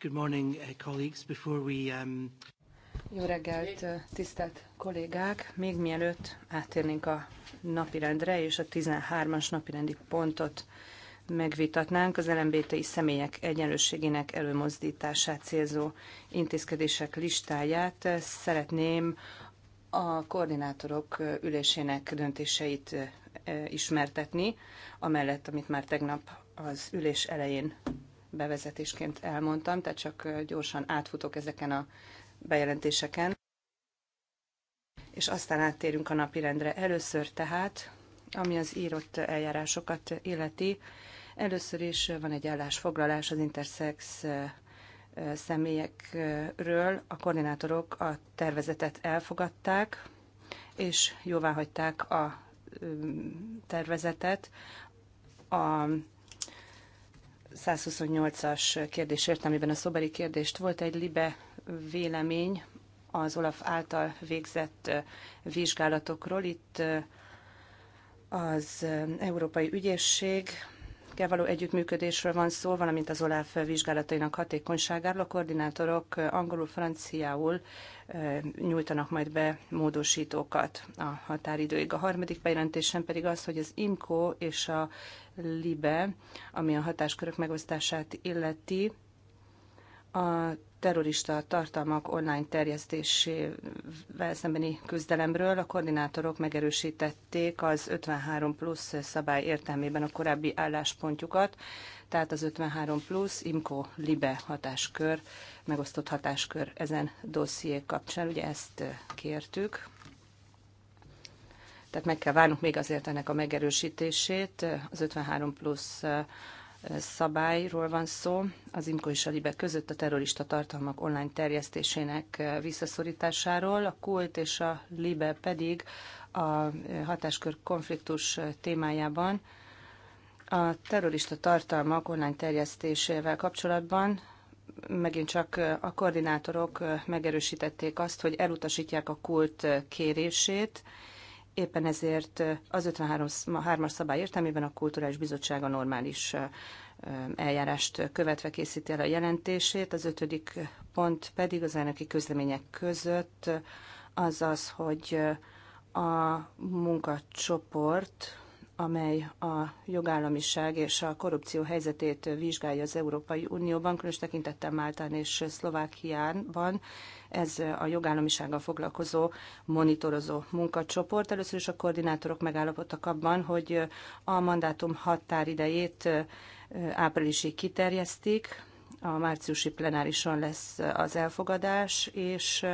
Good morning, eh, colleagues. Before we, um... Jó reggelt, eh, tisztelt kollégák! Még mielőtt átérnénk a napirendre, és a 13-as napirendi pontot megvitatnánk, az LMBTI személyek egyenlőségének előmozdítását célzó intézkedések listáját, eh, szeretném a koordinátorok ülésének döntéseit ismertetni, amellett, amit már tegnap az ülés elején bevezetésként elmondtam, tehát csak gyorsan átfutok ezeken a bejelentéseken. És aztán áttérünk a rendre. Először tehát, ami az írott eljárásokat illeti, először is van egy állásfoglalás az intersex személyekről. A koordinátorok a tervezetet elfogadták, és hagyták a tervezetet. A 128-as kérdés értelmében a szobeli kérdést volt egy libe vélemény az Olaf által végzett vizsgálatokról. Itt az Európai Ügyészség kell való együttműködésről van szó, valamint az OLAF vizsgálatainak hatékonyságáról. A koordinátorok angolul, franciául nyújtanak majd be módosítókat a határidőig. A harmadik bejelentésem pedig az, hogy az IMCO és a LIBE, ami a hatáskörök megosztását illeti, a terrorista tartalmak online terjesztésével szembeni küzdelemről a koordinátorok megerősítették az 53 plusz szabály értelmében a korábbi álláspontjukat, tehát az 53 plusz IMCO LIBE hatáskör, megosztott hatáskör ezen dosszié kapcsán, ugye ezt kértük. Tehát meg kell várnunk még azért ennek a megerősítését, az 53 plusz szabályról van szó, az IMCO és a LIBE között a terrorista tartalmak online terjesztésének eh, visszaszorításáról, a KULT és a LIBE pedig a eh, hatáskör konfliktus eh, témájában a terrorista tartalmak online terjesztésével kapcsolatban megint csak a koordinátorok megerősítették azt, hogy elutasítják a kult kérését, Éppen ezért az 53-as szabály értelmében a Kulturális Bizottság a normális eljárást követve készíti el a jelentését. Az ötödik pont pedig az elnöki közlemények között az az, hogy a munkacsoport, amely a jogállamiság és a korrupció helyzetét vizsgálja az Európai Unióban, különös tekintettel Máltán és Szlovákiában, ez a jogállamisággal foglalkozó monitorozó munkacsoport. Először is a koordinátorok megállapodtak abban, hogy a mandátum határidejét áprilisig kiterjesztik, a márciusi plenárison lesz az elfogadás, és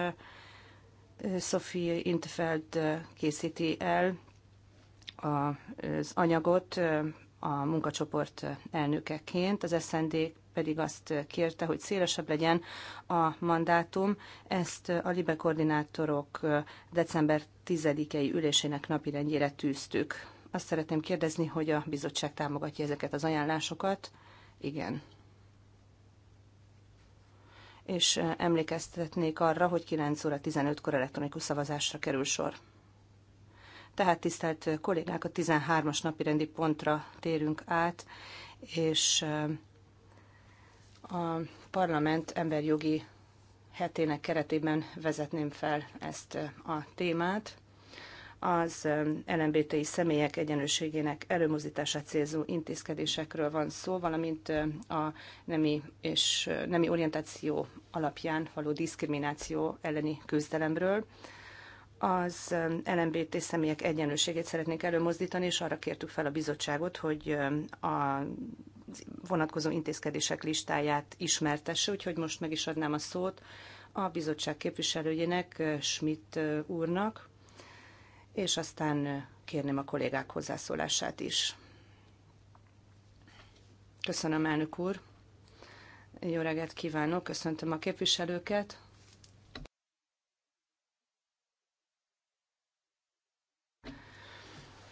Sophie Intfeld készíti el az anyagot a munkacsoport elnökeként. Az SND pedig azt kérte, hogy szélesebb legyen a mandátum. Ezt a LIBE koordinátorok december 10-i ülésének napirendjére tűztük. Azt szeretném kérdezni, hogy a bizottság támogatja ezeket az ajánlásokat. Igen és emlékeztetnék arra, hogy 9 óra 15-kor elektronikus szavazásra kerül sor. Tehát tisztelt kollégák, a 13-as napi rendi pontra térünk át, és a parlament emberjogi hetének keretében vezetném fel ezt a témát. Az LMBTI személyek egyenlőségének előmozdítását célzó intézkedésekről van szó, valamint a nemi és nemi orientáció alapján való diszkrimináció elleni küzdelemről az LMBT személyek egyenlőségét szeretnénk előmozdítani, és arra kértük fel a bizottságot, hogy a vonatkozó intézkedések listáját ismertesse, úgyhogy most meg is adnám a szót a bizottság képviselőjének, Schmidt úrnak, és aztán kérném a kollégák hozzászólását is. Köszönöm, elnök úr! Jó reggelt kívánok, köszöntöm a képviselőket!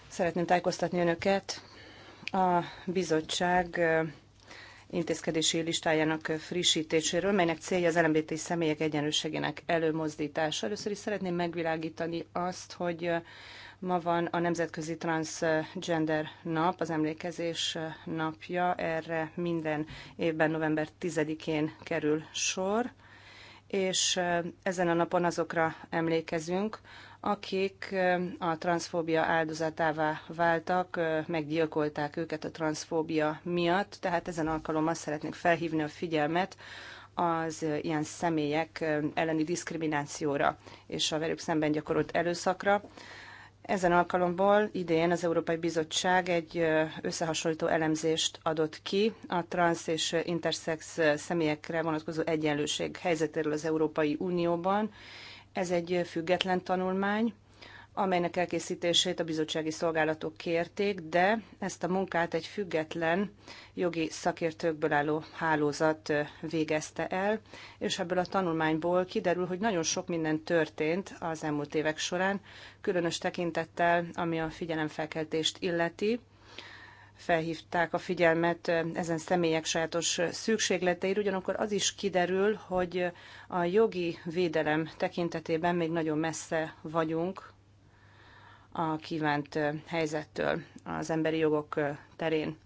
Szeretném tájékoztatni önöket a bizottság intézkedési listájának frissítéséről, melynek célja az LMBT személyek egyenlőségének előmozdítása. Először is szeretném megvilágítani azt, hogy ma van a Nemzetközi Transgender Nap, az emlékezés napja. Erre minden évben november 10-én kerül sor, és ezen a napon azokra emlékezünk, akik a transzfóbia áldozatává váltak, meggyilkolták őket a transzfóbia miatt, tehát ezen alkalommal szeretnék felhívni a figyelmet az ilyen személyek elleni diszkriminációra és a velük szemben gyakorolt előszakra. Ezen alkalomból idén az Európai Bizottság egy összehasonlító elemzést adott ki a transz és intersex személyekre vonatkozó egyenlőség helyzetéről az Európai Unióban, ez egy független tanulmány, amelynek elkészítését a bizottsági szolgálatok kérték, de ezt a munkát egy független jogi szakértőkből álló hálózat végezte el, és ebből a tanulmányból kiderül, hogy nagyon sok minden történt az elmúlt évek során, különös tekintettel, ami a figyelemfelkeltést illeti, felhívták a figyelmet ezen személyek sajátos szükségleteire, ugyanakkor az is kiderül, hogy a jogi védelem tekintetében még nagyon messze vagyunk a kívánt helyzettől az emberi jogok terén.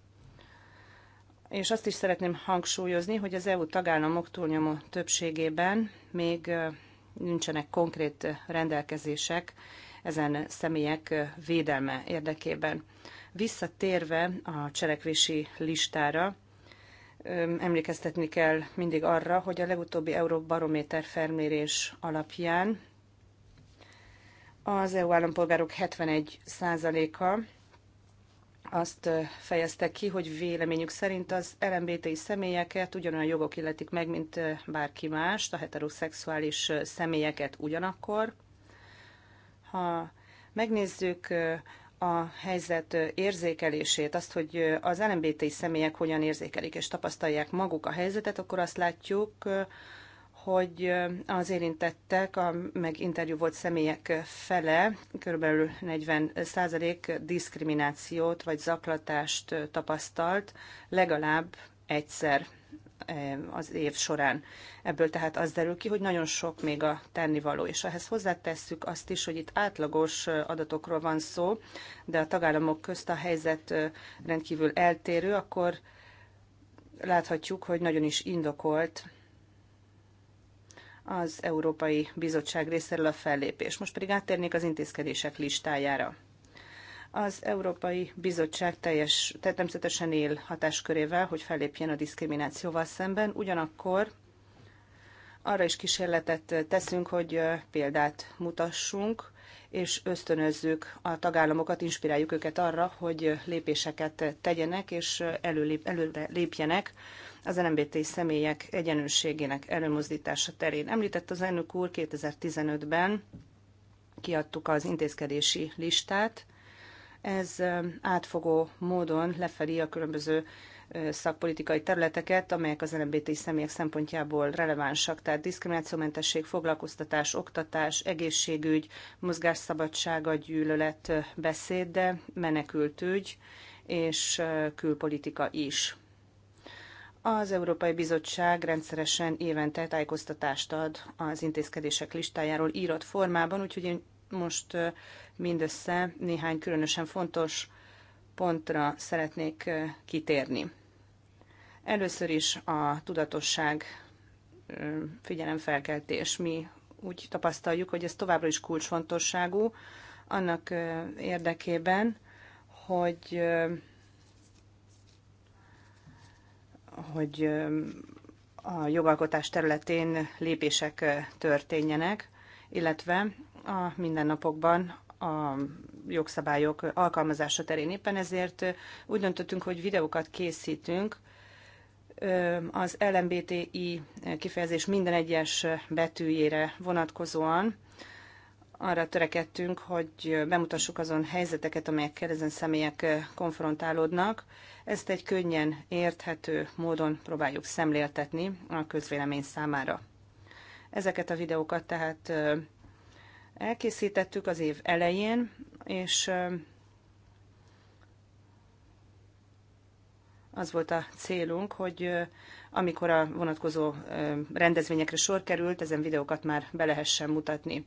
És azt is szeretném hangsúlyozni, hogy az EU tagállamok túlnyomó többségében még nincsenek konkrét rendelkezések ezen személyek védelme érdekében. Visszatérve a cselekvési listára, emlékeztetni kell mindig arra, hogy a legutóbbi Euróbarométer felmérés alapján az EU állampolgárok 71%-a azt fejezte ki, hogy véleményük szerint az LMBTI személyeket ugyanolyan jogok illetik meg, mint bárki mást, a heteroszexuális személyeket ugyanakkor. Ha megnézzük a helyzet érzékelését, azt, hogy az LMBT személyek hogyan érzékelik és tapasztalják maguk a helyzetet, akkor azt látjuk, hogy az érintettek, a, meg interjú volt személyek fele, körülbelül 40 százalék diszkriminációt vagy zaklatást tapasztalt legalább egyszer Eh, az év során. Ebből tehát az derül ki, hogy nagyon sok még a tennivaló, és ehhez hozzátesszük azt is, hogy itt átlagos eh, adatokról van szó, de a tagállamok közt a helyzet eh, rendkívül eltérő, akkor láthatjuk, hogy nagyon is indokolt az Európai Bizottság részéről a fellépés. Most pedig áttérnék az intézkedések listájára. Az Európai Bizottság teljes, természetesen él hatáskörével, hogy fellépjen a diszkriminációval szemben, ugyanakkor arra is kísérletet teszünk, hogy példát mutassunk, és ösztönözzük a tagállamokat, inspiráljuk őket arra, hogy lépéseket tegyenek és előlép, előre lépjenek az LMBT személyek egyenlőségének előmozdítása terén. Említett az elnök úr 2015-ben kiadtuk az intézkedési listát, ez átfogó módon lefedi a különböző szakpolitikai területeket, amelyek az LMBT személyek szempontjából relevánsak, tehát diszkriminációmentesség, foglalkoztatás, oktatás, egészségügy, mozgásszabadsága, gyűlölet, beszéd, de menekültügy és külpolitika is. Az Európai Bizottság rendszeresen évente tájékoztatást ad az intézkedések listájáról írott formában, úgyhogy én most mindössze néhány különösen fontos pontra szeretnék kitérni. Először is a tudatosság figyelemfelkeltés. Mi úgy tapasztaljuk, hogy ez továbbra is kulcsfontosságú annak érdekében, hogy hogy a jogalkotás területén lépések történjenek, illetve a mindennapokban a jogszabályok alkalmazása terén. Éppen ezért úgy döntöttünk, hogy videókat készítünk az LMBTI kifejezés minden egyes betűjére vonatkozóan. Arra törekedtünk, hogy bemutassuk azon helyzeteket, amelyekkel ezen személyek konfrontálódnak. Ezt egy könnyen érthető módon próbáljuk szemléltetni a közvélemény számára. Ezeket a videókat tehát elkészítettük az év elején, és az volt a célunk, hogy amikor a vonatkozó rendezvényekre sor került, ezen videókat már be lehessen mutatni.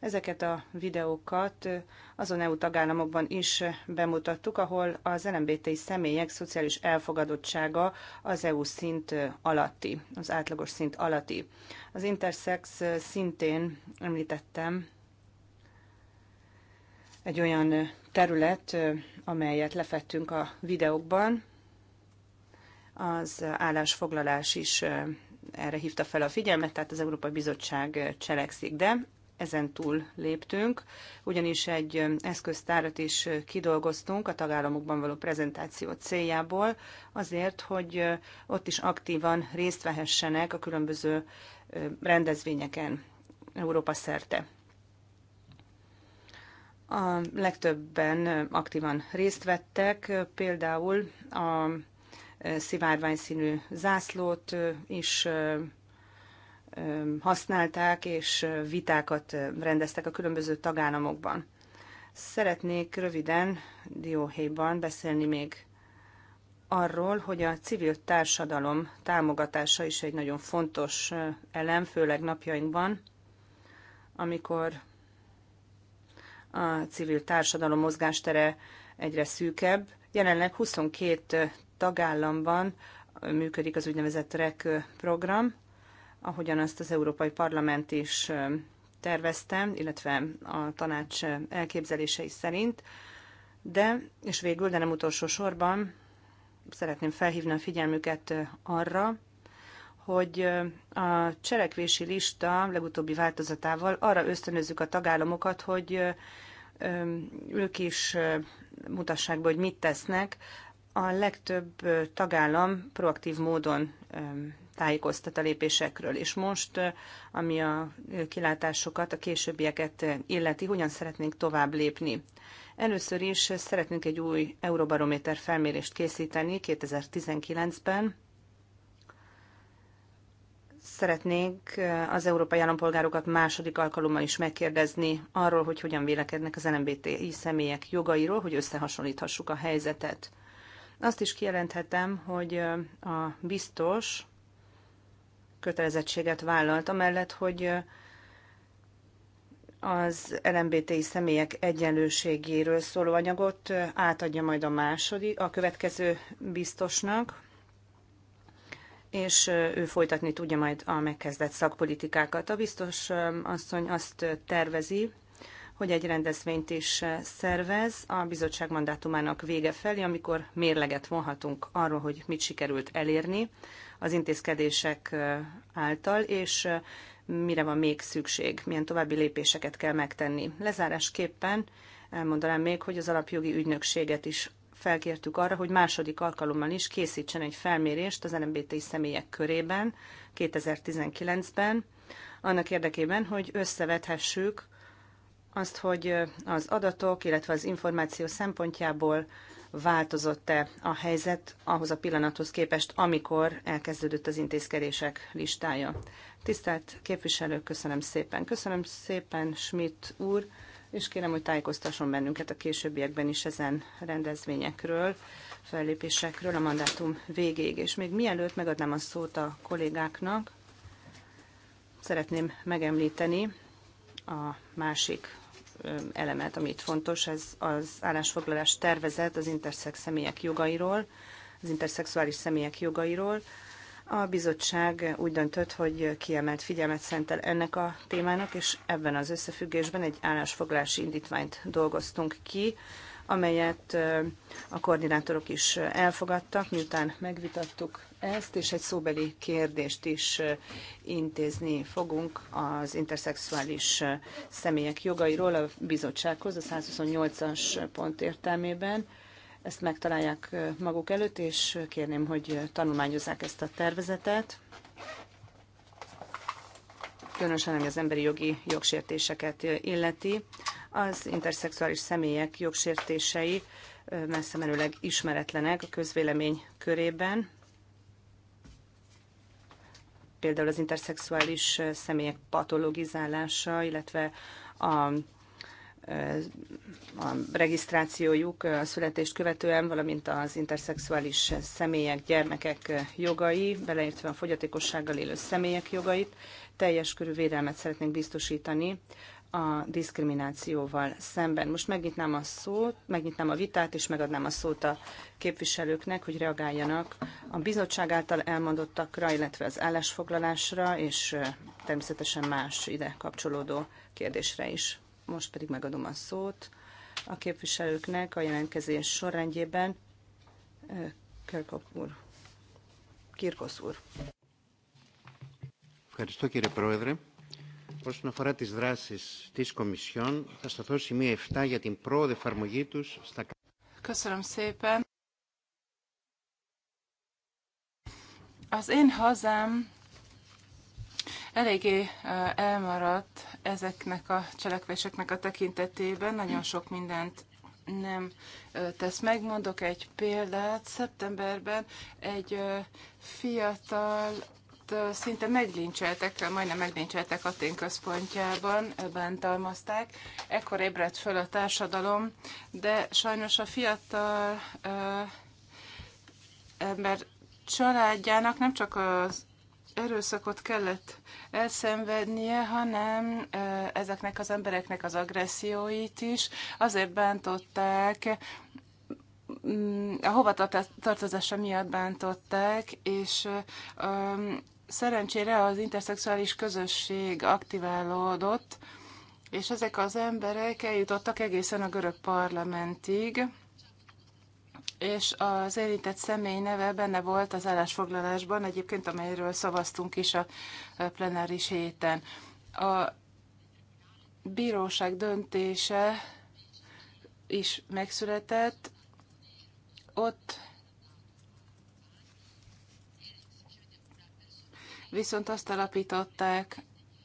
Ezeket a videókat azon EU tagállamokban is bemutattuk, ahol az LMBT személyek szociális elfogadottsága az EU szint alatti, az átlagos szint alatti. Az intersex szintén említettem egy olyan terület, amelyet lefettünk a videókban. Az állásfoglalás is erre hívta fel a figyelmet, tehát az Európai Bizottság cselekszik, de ezen túl léptünk, ugyanis egy eszköztárat is kidolgoztunk a tagállamokban való prezentáció céljából, azért, hogy ott is aktívan részt vehessenek a különböző rendezvényeken Európa szerte. A legtöbben aktívan részt vettek, például a szivárvány színű zászlót is használták, és vitákat rendeztek a különböző tagállamokban. Szeretnék röviden dióhéjban beszélni még arról, hogy a civil társadalom támogatása is egy nagyon fontos elem, főleg napjainkban, amikor a civil társadalom mozgástere egyre szűkebb. Jelenleg 22 tagállamban működik az úgynevezett REC program, ahogyan azt az Európai Parlament is tervezte, illetve a tanács elképzelései szerint. De, és végül, de nem utolsó sorban, szeretném felhívni a figyelmüket arra, hogy a cselekvési lista legutóbbi változatával arra ösztönözzük a tagállamokat, hogy ők is mutassák be, hogy mit tesznek. A legtöbb tagállam proaktív módon tájékoztat a lépésekről. És most, ami a kilátásokat, a későbbieket illeti, hogyan szeretnénk tovább lépni? Először is szeretnénk egy új Euróbarométer felmérést készíteni 2019-ben, szeretnénk eh, az európai állampolgárokat második alkalommal is megkérdezni arról, hogy hogyan vélekednek az LMBTI személyek jogairól, hogy összehasonlíthassuk a helyzetet. Azt is kijelenthetem, hogy eh, a biztos kötelezettséget vállalt, amellett, hogy eh, az LMBTI személyek egyenlőségéről szóló anyagot átadja majd a második, a következő biztosnak, és ő folytatni tudja majd a megkezdett szakpolitikákat. A biztos asszony azt tervezi, hogy egy rendezvényt is szervez a bizottság mandátumának vége felé, amikor mérleget vonhatunk arról, hogy mit sikerült elérni az intézkedések által, és mire van még szükség, milyen további lépéseket kell megtenni. Lezárásképpen elmondanám még, hogy az alapjogi ügynökséget is felkértük arra, hogy második alkalommal is készítsen egy felmérést az LMBTI személyek körében 2019-ben, annak érdekében, hogy összevethessük azt, hogy az adatok, illetve az információ szempontjából változott-e a helyzet ahhoz a pillanathoz képest, amikor elkezdődött az intézkedések listája. Tisztelt képviselők, köszönöm szépen. Köszönöm szépen, Schmidt úr és kérem, hogy tájékoztasson bennünket a későbbiekben is ezen rendezvényekről, fellépésekről a mandátum végéig. És még mielőtt megadnám a szót a kollégáknak, szeretném megemlíteni a másik elemet, amit fontos, ez az állásfoglalás tervezet az interszex személyek jogairól, az interszexuális személyek jogairól, a bizottság úgy döntött, hogy kiemelt figyelmet szentel ennek a témának, és ebben az összefüggésben egy állásfoglási indítványt dolgoztunk ki, amelyet a koordinátorok is elfogadtak, miután megvitattuk ezt, és egy szóbeli kérdést is intézni fogunk az interszexuális személyek jogairól a bizottsághoz a 128-as pont értelmében ezt megtalálják maguk előtt, és kérném, hogy tanulmányozzák ezt a tervezetet. Különösen, ami az emberi jogi jogsértéseket illeti. Az interszexuális személyek jogsértései messze menőleg ismeretlenek a közvélemény körében. Például az interszexuális személyek patologizálása, illetve a a regisztrációjuk a születést követően, valamint az interszexuális személyek, gyermekek jogai, beleértve a fogyatékossággal élő személyek jogait, teljes körű védelmet szeretnénk biztosítani a diszkriminációval szemben. Most megnyitnám a szót, megnyitnám a vitát, és megadnám a szót a képviselőknek, hogy reagáljanak a bizottság által elmondottakra, illetve az állásfoglalásra, és természetesen más ide kapcsolódó kérdésre is. Most pedig megadom a szót a képviselőknek a jelentkezés sorrendjében. Kirkop úr. Kirkosz úr. Ευχαριστώ κύριε Πρόεδρε. Όσον αφορά τις δράσεις της Κομισιόν, θα σταθώ σημεία 7 για την πρόοδο εφαρμογή τους στα... Köszönöm szépen. Az én hazám eléggé elmaradt ezeknek a cselekvéseknek a tekintetében, nagyon sok mindent nem tesz. Megmondok egy példát. Szeptemberben egy fiatal szinte meglincseltek, majdnem meglincseltek tény központjában, bántalmazták. Ekkor ébredt föl a társadalom, de sajnos a fiatal ö, ember családjának nem csak az erőszakot kellett elszenvednie, hanem ezeknek az embereknek az agresszióit is azért bántották, mm, a hovatartozása miatt bántották, és szerencsére az interszexuális közösség aktiválódott, és ezek az emberek eljutottak egészen a görög parlamentig, és az érintett személy neve benne volt az állásfoglalásban, egyébként amelyről szavaztunk is a plenáris héten. A bíróság döntése is megszületett. Ott viszont azt alapították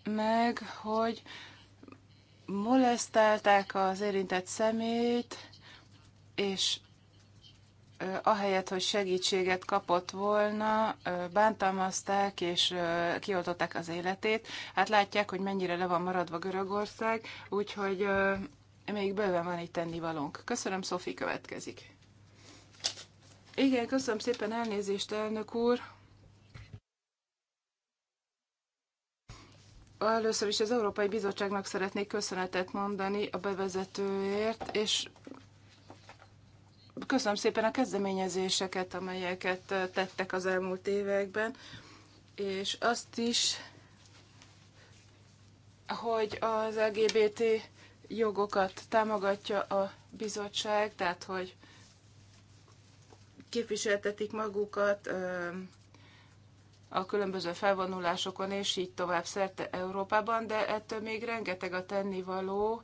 meg, hogy molesztálták az érintett szemét, és Eh, ahelyett, hogy segítséget kapott volna, eh, bántalmazták és eh, kioltották az életét. Hát látják, hogy mennyire le van maradva Görögország, úgyhogy még bőven van itt tennivalónk. Köszönöm, Szofi következik. Igen, köszönöm szépen elnézést, elnök úr. Először is az Európai Bizottságnak szeretnék köszönetet mondani a bevezetőért, és Köszönöm szépen a kezdeményezéseket, amelyeket tettek az elmúlt években, és azt is, hogy az LGBT jogokat támogatja a bizottság, tehát hogy képviseltetik magukat a különböző felvonulásokon, és így tovább szerte Európában, de ettől még rengeteg a tennivaló,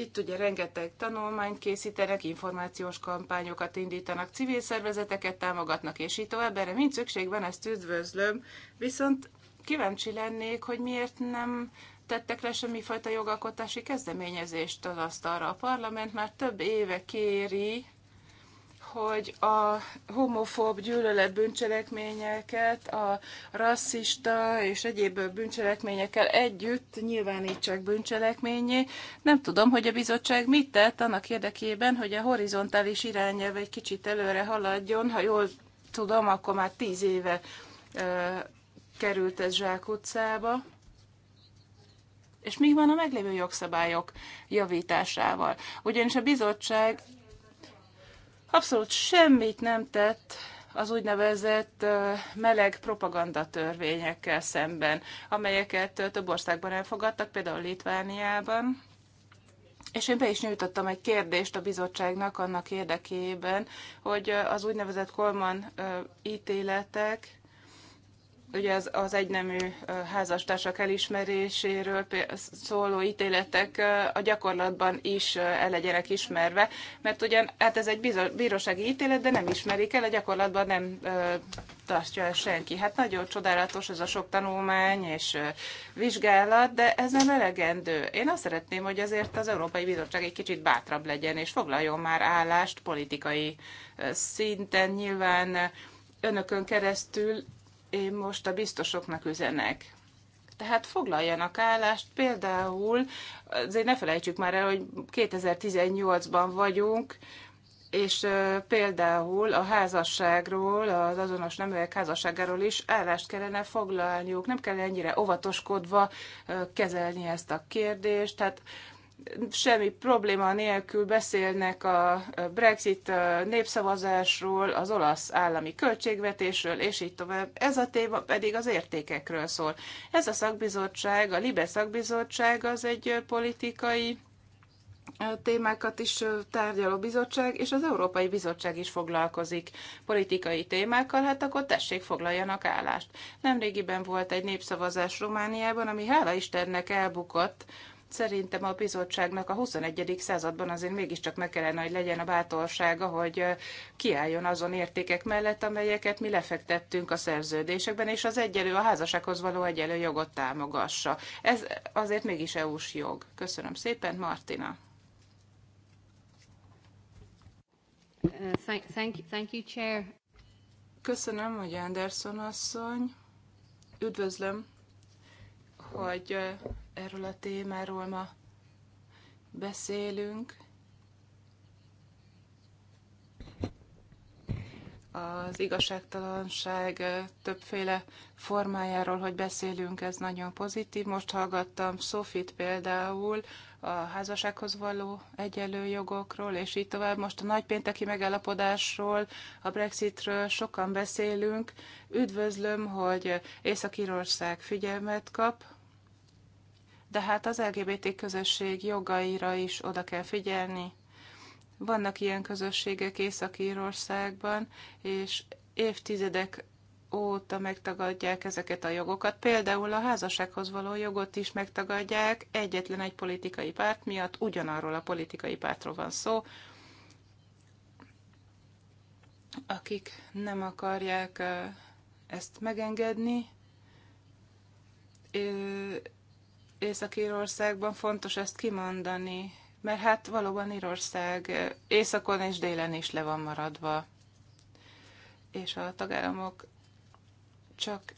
itt ugye rengeteg tanulmányt készítenek, információs kampányokat indítanak, civil szervezeteket támogatnak, és így tovább. Erre mind szükség van, ezt üdvözlöm. Viszont kíváncsi lennék, hogy miért nem tettek le semmifajta jogalkotási kezdeményezést az asztalra. A parlament már több éve kéri, hogy a homofób gyűlölet bűncselekményeket, a rasszista és egyéb bűncselekményekkel együtt nyilvánítsák bűncselekményé. Nem tudom, hogy a bizottság mit tett annak érdekében, hogy a horizontális irányelv egy kicsit előre haladjon. Ha jól tudom, akkor már tíz éve ö, került ez zsákutcába. És mi van a meglévő jogszabályok javításával? Ugyanis a bizottság abszolút semmit nem tett az úgynevezett meleg propaganda törvényekkel szemben, amelyeket több országban elfogadtak, például Litvániában. És én be is nyújtottam egy kérdést a bizottságnak annak érdekében, hogy az úgynevezett Kolman ítéletek ugye az, az egynemű házastársak elismeréséről szóló ítéletek a gyakorlatban is el legyenek ismerve, mert ugyan hát ez egy bírósági ítélet, de nem ismerik el, a gyakorlatban nem tartja el senki. Hát nagyon csodálatos ez a sok tanulmány és vizsgálat, de ez nem elegendő. Én azt szeretném, hogy azért az Európai Bizottság egy kicsit bátrabb legyen, és foglaljon már állást politikai szinten nyilván önökön keresztül én most a biztosoknak üzenek. Tehát foglaljanak állást, például, azért ne felejtsük már el, hogy 2018-ban vagyunk, és például a házasságról, az azonos neműek házasságáról is állást kellene foglalniuk, nem kell ennyire óvatoskodva kezelni ezt a kérdést, tehát semmi probléma nélkül beszélnek a Brexit népszavazásról, az olasz állami költségvetésről, és így tovább. Ez a téma pedig az értékekről szól. Ez a szakbizottság, a Libe szakbizottság az egy politikai témákat is tárgyaló bizottság, és az Európai Bizottság is foglalkozik politikai témákkal, hát akkor tessék, foglaljanak állást. Nemrégiben volt egy népszavazás Romániában, ami hála Istennek elbukott, Szerintem a bizottságnak a 21. században azért mégiscsak meg kellene, hogy legyen a bátorsága, hogy kiálljon azon értékek mellett, amelyeket mi lefektettünk a szerződésekben, és az egyelő a házasághoz való egyelő jogot támogassa. Ez azért mégis EU-s jog. Köszönöm szépen, Martina. Thank, you, Chair. Köszönöm, hogy Anderson asszony. Üdvözlöm, hogy erről a témáról ma beszélünk. Az igazságtalanság többféle formájáról, hogy beszélünk, ez nagyon pozitív. Most hallgattam Sofit például a házassághoz való egyenlő jogokról, és így tovább. Most a nagypénteki megállapodásról, a Brexitről sokan beszélünk. Üdvözlöm, hogy Észak-Írország figyelmet kap, de hát az LGBT közösség jogaira is oda kell figyelni. Vannak ilyen közösségek Észak-Írországban, és évtizedek óta megtagadják ezeket a jogokat. Például a házassághoz való jogot is megtagadják egyetlen egy politikai párt miatt, ugyanarról a politikai pártról van szó, akik nem akarják ezt megengedni, Észak-Írországban fontos ezt kimondani, mert hát valóban Írország északon és délen is le van maradva. És a tagállamok csak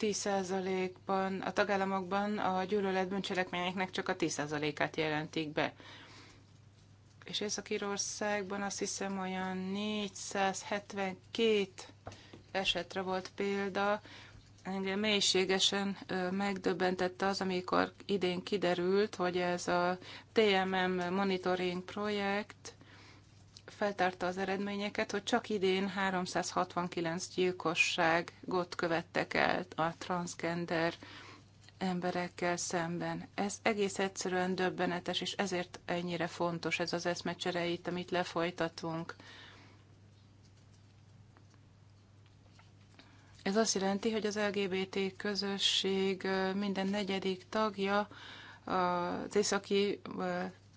10%-ban, a tagállamokban a gyűlölet bűncselekményeknek csak a 10%-át jelentik be. És Észak-Írországban azt hiszem olyan 472 esetre volt példa, Engem mélységesen megdöbbentette az, amikor idén kiderült, hogy ez a TMM monitoring projekt feltárta az eredményeket, hogy csak idén 369 gyilkosságot követtek el a transgender emberekkel szemben. Ez egész egyszerűen döbbenetes, és ezért ennyire fontos ez az eszmecsere itt, amit lefolytatunk Ez azt jelenti, hogy az LGBT közösség minden negyedik tagja az északi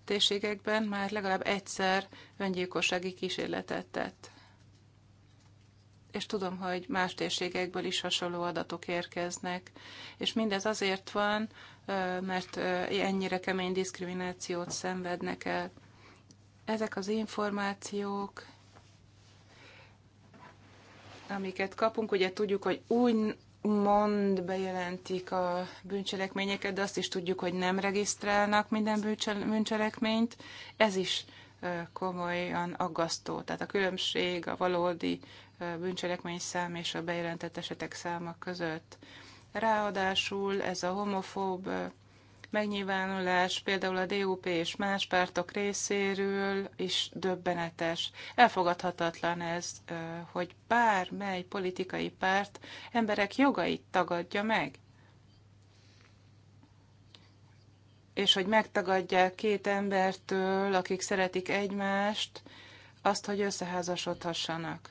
térségekben már legalább egyszer öngyilkossági kísérletet tett. És tudom, hogy más térségekből is hasonló adatok érkeznek. És mindez azért van, mert ennyire kemény diszkriminációt szenvednek el. Ezek az információk amiket kapunk, ugye tudjuk, hogy úgy mond bejelentik a bűncselekményeket, de azt is tudjuk, hogy nem regisztrálnak minden bűncselekményt. Ez is komolyan aggasztó. Tehát a különbség a valódi bűncselekmény szám és a bejelentett esetek száma között. Ráadásul ez a homofób megnyilvánulás, például a DUP és más pártok részéről is döbbenetes. Elfogadhatatlan ez, hogy bármely politikai párt emberek jogait tagadja meg. És hogy megtagadják két embertől, akik szeretik egymást, azt, hogy összeházasodhassanak.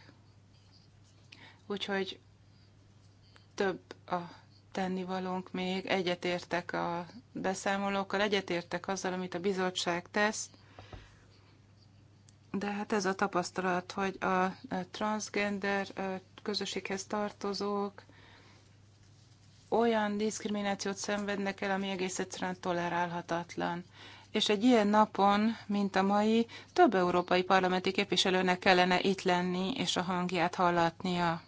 Úgyhogy több a tennivalónk még. Egyetértek a beszámolókkal, egyetértek azzal, amit a bizottság tesz, de hát ez a tapasztalat, hogy a transgender közösséghez tartozók olyan diszkriminációt szenvednek el, ami egész egyszerűen tolerálhatatlan. És egy ilyen napon, mint a mai, több európai parlamenti képviselőnek kellene itt lenni és a hangját hallatnia.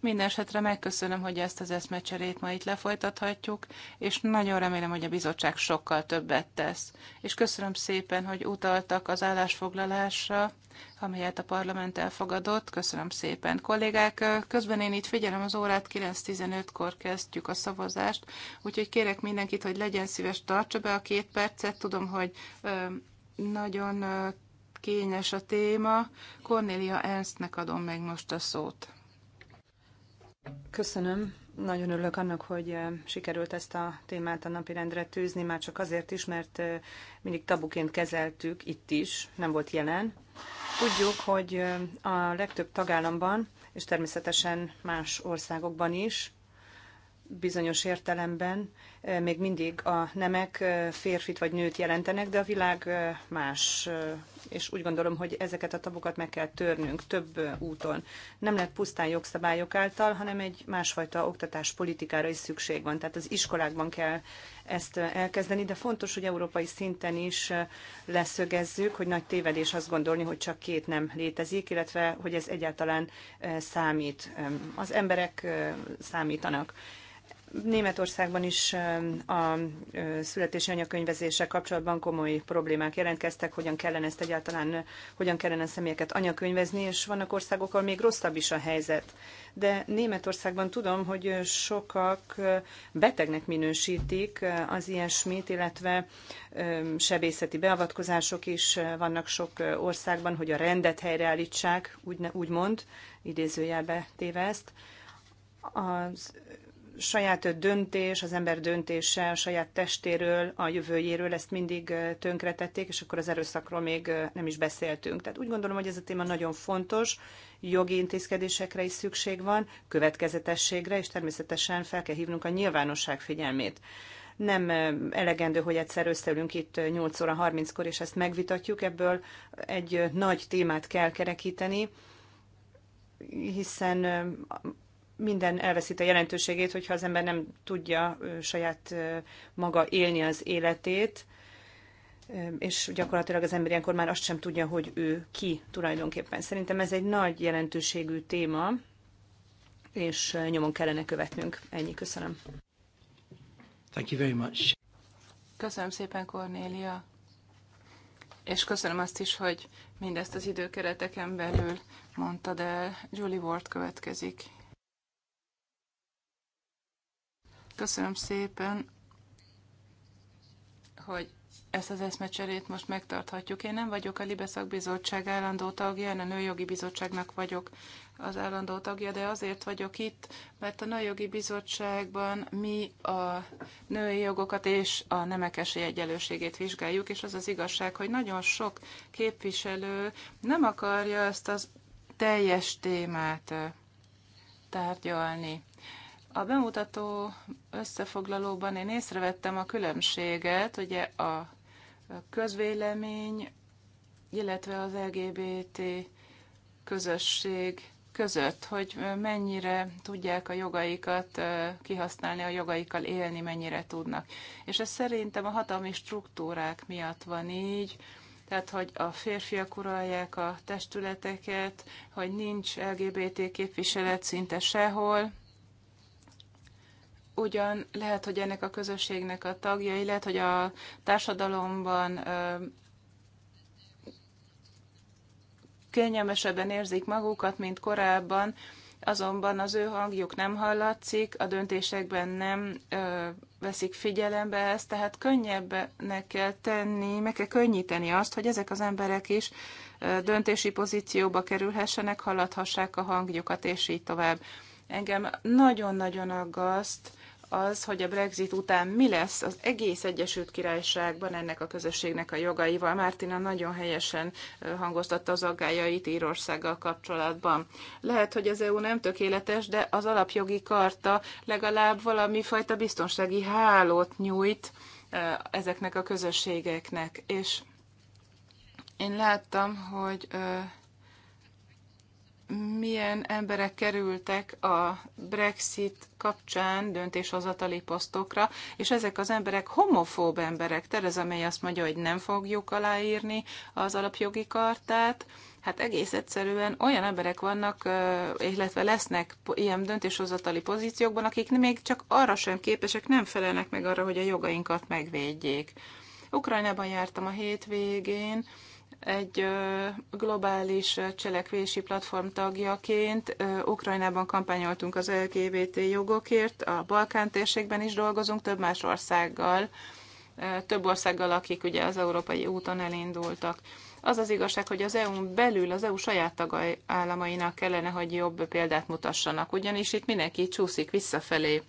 Minden esetre megköszönöm, hogy ezt az eszmecserét ma itt lefolytathatjuk, és nagyon remélem, hogy a bizottság sokkal többet tesz. És köszönöm szépen, hogy utaltak az állásfoglalásra, amelyet a parlament elfogadott. Köszönöm szépen. Kollégák, közben én itt figyelem az órát, 9.15-kor kezdjük a szavazást, úgyhogy kérek mindenkit, hogy legyen szíves, tartsa be a két percet. Tudom, hogy nagyon kényes a téma. Cornélia Ernstnek adom meg most a szót. Köszönöm. Nagyon örülök annak, hogy eh, sikerült ezt a témát a napirendre tűzni, már csak azért is, mert eh, mindig tabuként kezeltük itt is, nem volt jelen. Tudjuk, hogy eh, a legtöbb tagállamban, és természetesen más országokban is bizonyos értelemben eh, még mindig a nemek eh, férfit vagy nőt jelentenek, de a világ eh, más, és úgy gondolom, hogy ezeket a tabukat meg kell törnünk több úton. Nem lehet pusztán jogszabályok által, hanem egy másfajta oktatáspolitikára is szükség van. Tehát az iskolákban kell ezt elkezdeni, de fontos, hogy európai szinten is leszögezzük, hogy nagy tévedés azt gondolni, hogy csak két nem létezik, illetve hogy ez egyáltalán számít. Az emberek számítanak. Németországban is a születési anyakönyvezéssel kapcsolatban komoly problémák jelentkeztek, hogyan kellene ezt egyáltalán, hogyan kellene személyeket anyakönyvezni, és vannak országok, ahol még rosszabb is a helyzet. De Németországban tudom, hogy sokak betegnek minősítik az ilyesmit, illetve sebészeti beavatkozások is vannak sok országban, hogy a rendet helyreállítsák, úgy, úgymond, idézőjelbe téve ezt. Az saját döntés, az ember döntése a saját testéről, a jövőjéről, ezt mindig tönkretették, és akkor az erőszakról még nem is beszéltünk. Tehát úgy gondolom, hogy ez a téma nagyon fontos, jogi intézkedésekre is szükség van, következetességre, és természetesen fel kell hívnunk a nyilvánosság figyelmét nem elegendő, hogy egyszer összeülünk itt 8 óra 30-kor, és ezt megvitatjuk, ebből egy nagy témát kell kerekíteni, hiszen minden elveszít a jelentőségét, hogyha az ember nem tudja saját maga élni az életét, és gyakorlatilag az ember ilyenkor már azt sem tudja, hogy ő ki tulajdonképpen. Szerintem ez egy nagy jelentőségű téma, és nyomon kellene követnünk. Ennyi, köszönöm. Thank you very much. Köszönöm szépen, Kornélia. És köszönöm azt is, hogy mindezt az időkereteken belül mondtad el. Julie Ward következik. Köszönöm szépen, hogy ezt az eszmecserét most megtarthatjuk. Én nem vagyok a Libeszak bizottság állandó tagja, én a Nőjogi Bizottságnak vagyok az állandó tagja, de azért vagyok itt, mert a Nőjogi Bizottságban mi a női jogokat és a nemek esélyegyelőségét vizsgáljuk, és az az igazság, hogy nagyon sok képviselő nem akarja ezt az teljes témát tárgyalni. A bemutató összefoglalóban én észrevettem a különbséget, ugye a közvélemény, illetve az LGBT közösség között, hogy mennyire tudják a jogaikat kihasználni, a jogaikkal élni, mennyire tudnak. És ez szerintem a hatalmi struktúrák miatt van így, tehát hogy a férfiak uralják a testületeket, hogy nincs LGBT képviselet szinte sehol, ugyan lehet, hogy ennek a közösségnek a tagjai, lehet, hogy a társadalomban kényelmesebben érzik magukat, mint korábban, azonban az ő hangjuk nem hallatszik, a döntésekben nem ö, veszik figyelembe ezt, tehát könnyebbnek kell tenni, meg kell könnyíteni azt, hogy ezek az emberek is ö, döntési pozícióba kerülhessenek, hallathassák a hangjukat, és így tovább. Engem nagyon-nagyon aggaszt az, hogy a Brexit után mi lesz az egész Egyesült Királyságban ennek a közösségnek a jogaival. Mártina nagyon helyesen hangoztatta az aggájait Írországgal kapcsolatban. Lehet, hogy az EU nem tökéletes, de az alapjogi karta legalább valami fajta biztonsági hálót nyújt ezeknek a közösségeknek. És én láttam, hogy milyen emberek kerültek a Brexit kapcsán döntéshozatali posztokra, és ezek az emberek homofób emberek. Tereza May azt mondja, hogy nem fogjuk aláírni az alapjogi kartát, hát egész egyszerűen olyan emberek vannak, illetve lesznek ilyen döntéshozatali pozíciókban, akik még csak arra sem képesek, nem felelnek meg arra, hogy a jogainkat megvédjék. Ukrajnában jártam a hétvégén, egy globális cselekvési platform tagjaként Ukrajnában kampányoltunk az LGBT jogokért, a Balkán térségben is dolgozunk több más országgal, több országgal, akik ugye az európai úton elindultak. Az az igazság, hogy az EU-n belül az EU saját tagállamainak kellene, hogy jobb példát mutassanak, ugyanis itt mindenki csúszik visszafelé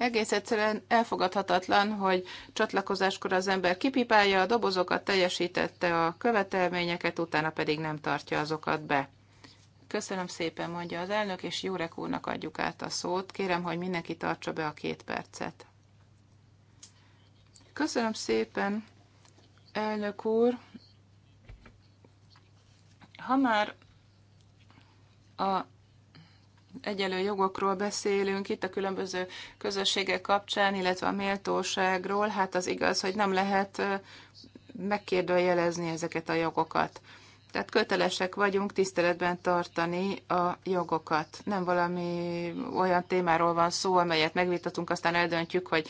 egész egyszerűen elfogadhatatlan, hogy csatlakozáskor az ember kipipálja a dobozokat, teljesítette a követelményeket, utána pedig nem tartja azokat be. Köszönöm szépen, mondja az elnök, és Jurek úrnak adjuk át a szót. Kérem, hogy mindenki tartsa be a két percet. Köszönöm szépen, elnök úr. Ha már a egyenlő jogokról beszélünk itt a különböző közösségek kapcsán, illetve a méltóságról, hát az igaz, hogy nem lehet megkérdőjelezni ezeket a jogokat. Tehát kötelesek vagyunk tiszteletben tartani a jogokat. Nem valami olyan témáról van szó, amelyet megvitatunk, aztán eldöntjük, hogy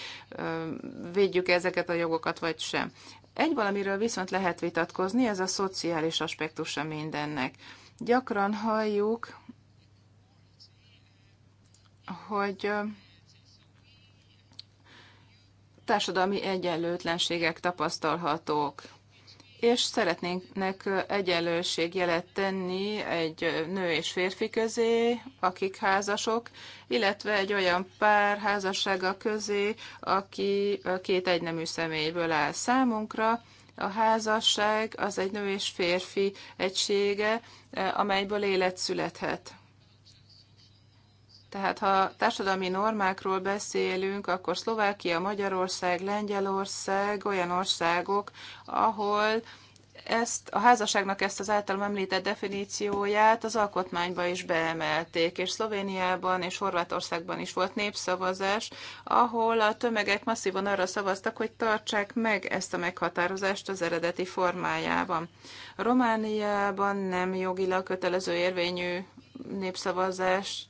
védjük -e ezeket a jogokat, vagy sem. Egy valamiről viszont lehet vitatkozni, ez a szociális aspektusa mindennek. Gyakran halljuk hogy társadalmi egyenlőtlenségek tapasztalhatók, és szeretnénk jelet tenni egy nő és férfi közé, akik házasok, illetve egy olyan pár házassága közé, aki két egynemű személyből áll számunkra. A házasság az egy nő és férfi egysége, amelyből élet születhet. Tehát ha társadalmi normákról beszélünk, akkor Szlovákia, Magyarország, Lengyelország olyan országok, ahol ezt a házasságnak ezt az általam említett definícióját az alkotmányba is beemelték, és Szlovéniában és Horvátországban is volt népszavazás, ahol a tömegek masszívan arra szavaztak, hogy tartsák meg ezt a meghatározást az eredeti formájában. Romániában nem jogilag kötelező érvényű népszavazást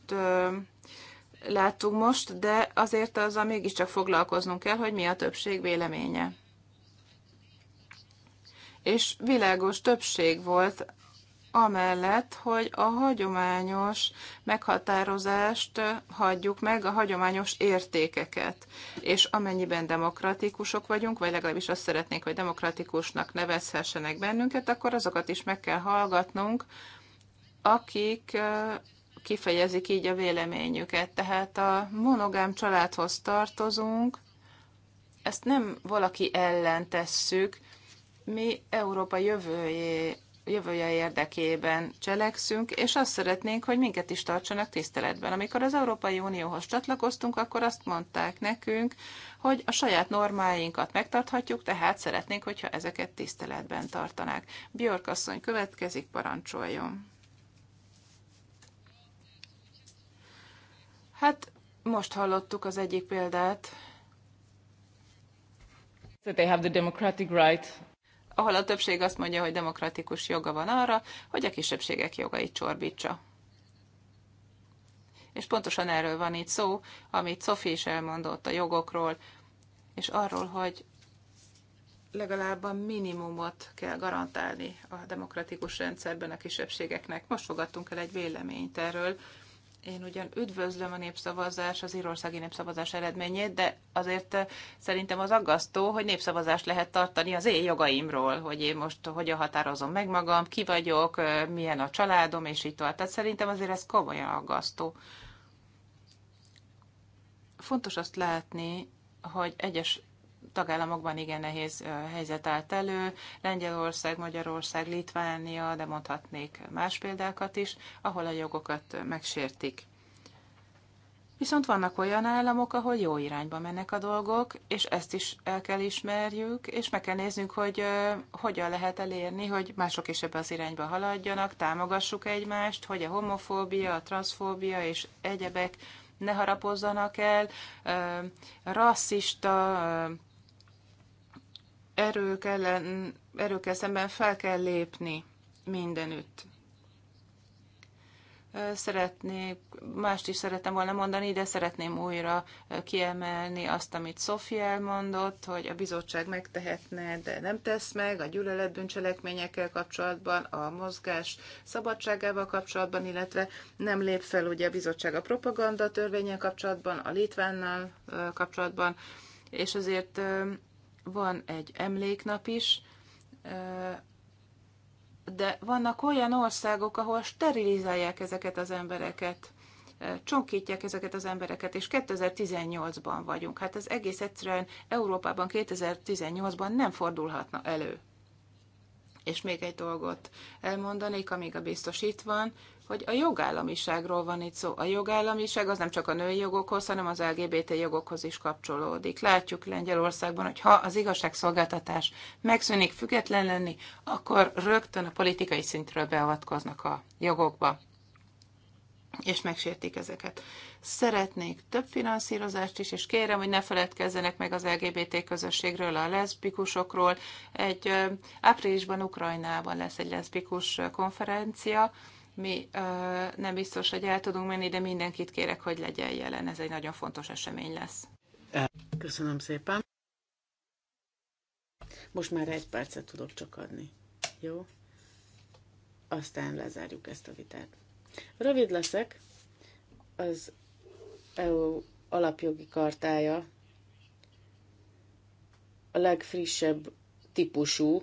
láttuk most, de azért azzal mégiscsak foglalkoznunk kell, hogy mi a többség véleménye. És világos többség volt amellett, hogy a hagyományos meghatározást hagyjuk meg, a hagyományos értékeket. És amennyiben demokratikusok vagyunk, vagy legalábbis azt szeretnénk, hogy demokratikusnak nevezhessenek bennünket, akkor azokat is meg kell hallgatnunk, akik kifejezik így a véleményüket. Tehát a monogám családhoz tartozunk, ezt nem valaki ellen tesszük, mi Európa jövője, jövője érdekében cselekszünk, és azt szeretnénk, hogy minket is tartsanak tiszteletben. Amikor az Európai Unióhoz csatlakoztunk, akkor azt mondták nekünk, hogy a saját normáinkat megtarthatjuk, tehát szeretnénk, hogyha ezeket tiszteletben tartanák. Björk asszony következik, parancsoljon. Hát most hallottuk az egyik példát. That they have the democratic right ahol a többség azt mondja, hogy demokratikus joga van arra, hogy a kisebbségek jogait csorbítsa. És pontosan erről van itt szó, amit Sophie is elmondott a jogokról, és arról, hogy legalább a minimumot kell garantálni a demokratikus rendszerben a kisebbségeknek. Most fogadtunk el egy véleményt erről, én ugyan üdvözlöm a népszavazás, az írországi népszavazás eredményét, de azért eh, szerintem az aggasztó, hogy népszavazást lehet tartani az én jogaimról, hogy én most hogyan határozom meg magam, ki vagyok, eh, milyen a családom, és így tovább. Tehát szerintem azért ez komolyan aggasztó. Fontos azt látni, hogy egyes tagállamokban igen nehéz helyzet állt elő, Lengyelország, Magyarország, Litvánia, de mondhatnék más példákat is, ahol a jogokat megsértik. Viszont vannak olyan államok, ahol jó irányba mennek a dolgok, és ezt is el kell ismerjük, és meg kell néznünk, hogy hogyan lehet elérni, hogy mások is ebbe az irányba haladjanak, támogassuk egymást, hogy a homofóbia, a transzfóbia és egyebek ne harapozzanak el, rasszista erők ellen, erőkkel szemben fel kell lépni mindenütt. Szeretnék, mást is szerettem volna mondani, de szeretném újra kiemelni azt, amit Sofia elmondott, hogy a bizottság megtehetne, de nem tesz meg a gyűlöletbűncselekményekkel kapcsolatban, a mozgás szabadságával kapcsolatban, illetve nem lép fel ugye a bizottság a propaganda törvényel kapcsolatban, a Litvánnal kapcsolatban, és azért van egy emléknap is, de vannak olyan országok, ahol sterilizálják ezeket az embereket, csonkítják ezeket az embereket, és 2018-ban vagyunk. Hát ez egész egyszerűen Európában 2018-ban nem fordulhatna elő. És még egy dolgot elmondanék, amíg a biztos itt van, hogy a jogállamiságról van itt szó. A jogállamiság az nem csak a női jogokhoz, hanem az LGBT jogokhoz is kapcsolódik. Látjuk Lengyelországban, hogy ha az igazságszolgáltatás megszűnik független lenni, akkor rögtön a politikai szintről beavatkoznak a jogokba és megsértik ezeket. Szeretnék több finanszírozást is, és kérem, hogy ne feledkezzenek meg az LGBT közösségről, a leszbikusokról. Egy áprilisban Ukrajnában lesz egy leszbikus konferencia, mi ö, nem biztos, hogy el tudunk menni, de mindenkit kérek, hogy legyen jelen. Ez egy nagyon fontos esemény lesz. Köszönöm szépen. Most már egy percet tudok csak adni. Jó? Aztán lezárjuk ezt a vitát. Rövid leszek. Az EU alapjogi kartája a legfrissebb típusú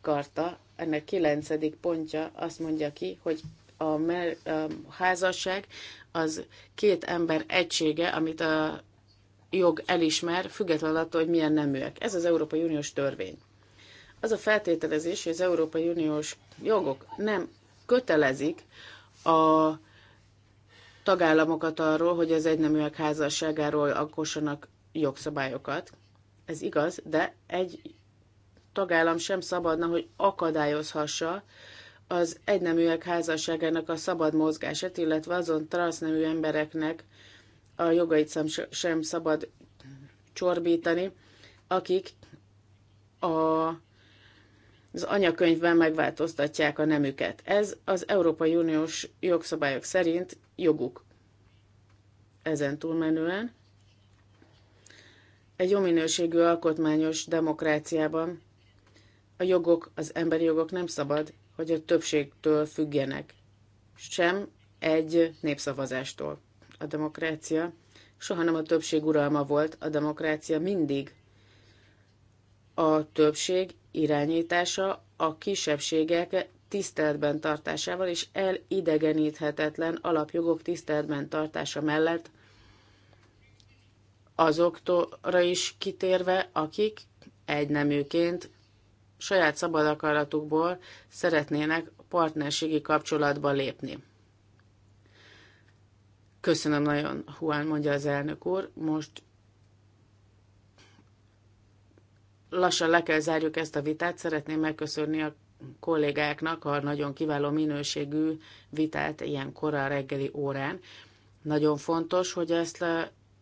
karta, ennek kilencedik pontja azt mondja ki, hogy a, mer, a házasság az két ember egysége, amit a jog elismer, függetlenül attól, hogy milyen neműek. Ez az Európai Uniós törvény. Az a feltételezés, hogy az Európai Uniós jogok nem kötelezik a tagállamokat arról, hogy az egyneműek házasságáról alkossanak jogszabályokat. Ez igaz, de egy tagállam sem szabadna, hogy akadályozhassa az egyneműek házasságának a szabad mozgását, illetve azon transznemű embereknek a jogait sem szabad csorbítani, akik a az anyakönyvben megváltoztatják a nemüket. Ez az Európai Uniós jogszabályok szerint joguk. Ezen túlmenően egy jó minőségű alkotmányos demokráciában a jogok, az emberi jogok nem szabad hogy a többségtől függjenek, sem egy népszavazástól. A demokrácia soha nem a többség uralma volt, a demokrácia mindig a többség irányítása a kisebbségek tiszteletben tartásával és elidegeníthetetlen alapjogok tiszteletben tartása mellett azoktól is kitérve, akik egy neműként saját szabad akaratukból szeretnének partnerségi kapcsolatba lépni. Köszönöm nagyon, Juan, mondja az elnök úr. Most lassan le kell zárjuk ezt a vitát. Szeretném megköszönni a kollégáknak a nagyon kiváló minőségű vitát ilyen korán reggeli órán. Nagyon fontos, hogy ezt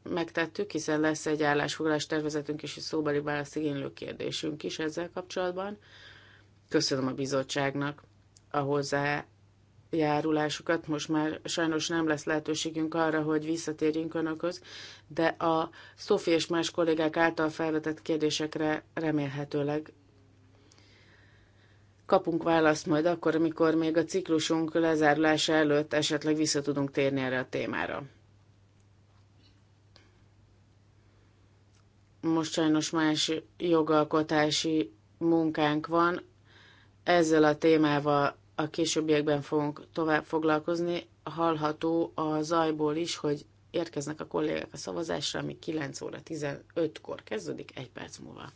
megtettük, hiszen lesz egy állásfoglalás tervezetünk és egy szóbeli választ igénylő kérdésünk is ezzel kapcsolatban. Köszönöm a bizottságnak a hozzájárulásukat. Most már sajnos nem lesz lehetőségünk arra, hogy visszatérjünk önökhöz, de a Szofi és más kollégák által felvetett kérdésekre remélhetőleg kapunk választ majd akkor, amikor még a ciklusunk lezárulása előtt esetleg vissza tudunk térni erre a témára. most sajnos más jogalkotási munkánk van. Ezzel a témával a későbbiekben fogunk tovább foglalkozni. Hallható a zajból is, hogy érkeznek a kollégák a szavazásra, ami 9 óra 15-kor kezdődik, egy perc múlva.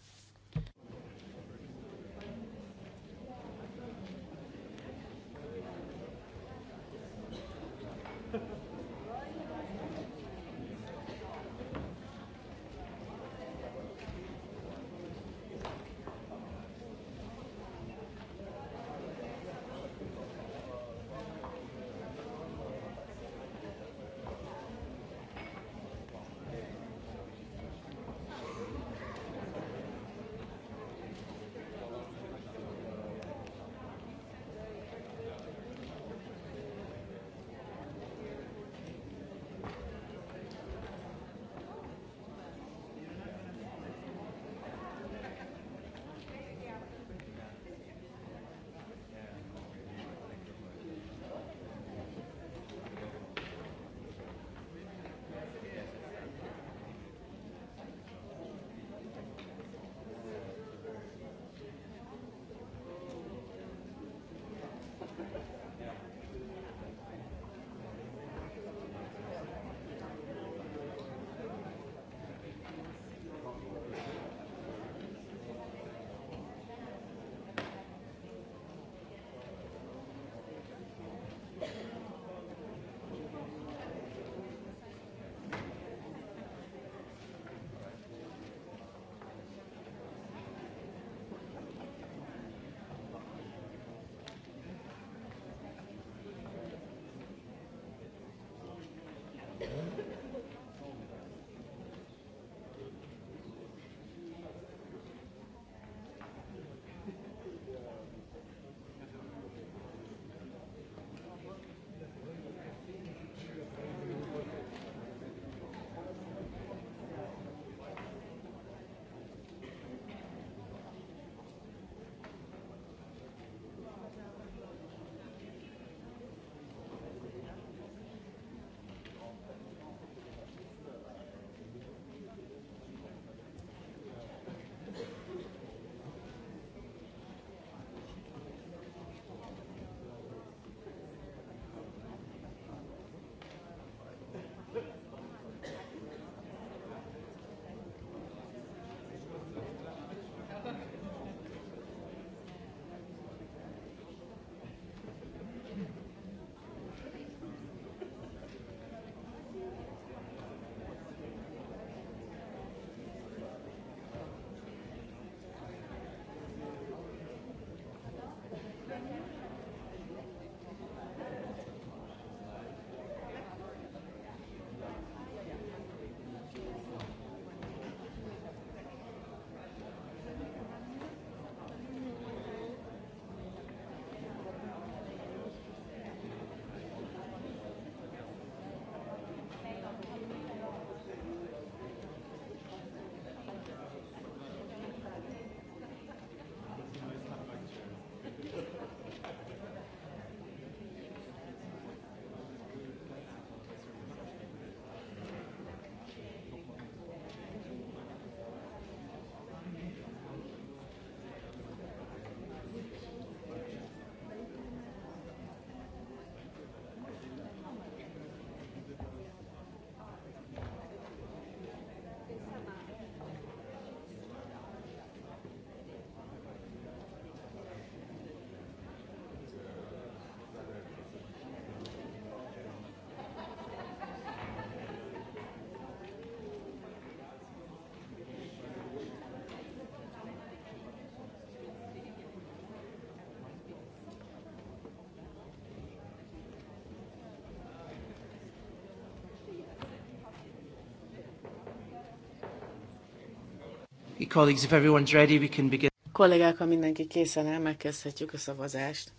Colleagues, if everyone's ready, we can begin. Kollégák, ha mindenki készen áll, megkezdhetjük a szavazást.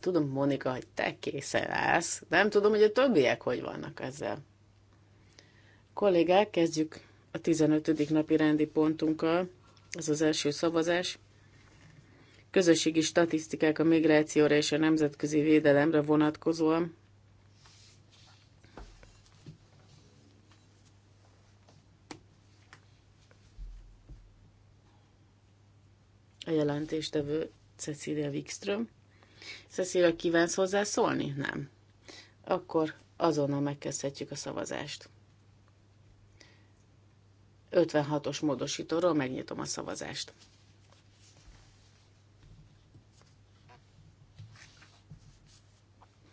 Tudom, Monika, hogy te készen állsz. Nem tudom, hogy a többiek hogy vannak ezzel. Kollégák, kezdjük a 15. napi rendi pontunkkal. Ez az első szavazás. Közösségi statisztikák a migrációra és a nemzetközi védelemre vonatkozóan jelentéstevő Cecilia Wikström. Cecilia, kívánsz hozzászólni? Nem. Akkor azonnal megkezdhetjük a szavazást. 56-os módosítóról megnyitom a szavazást.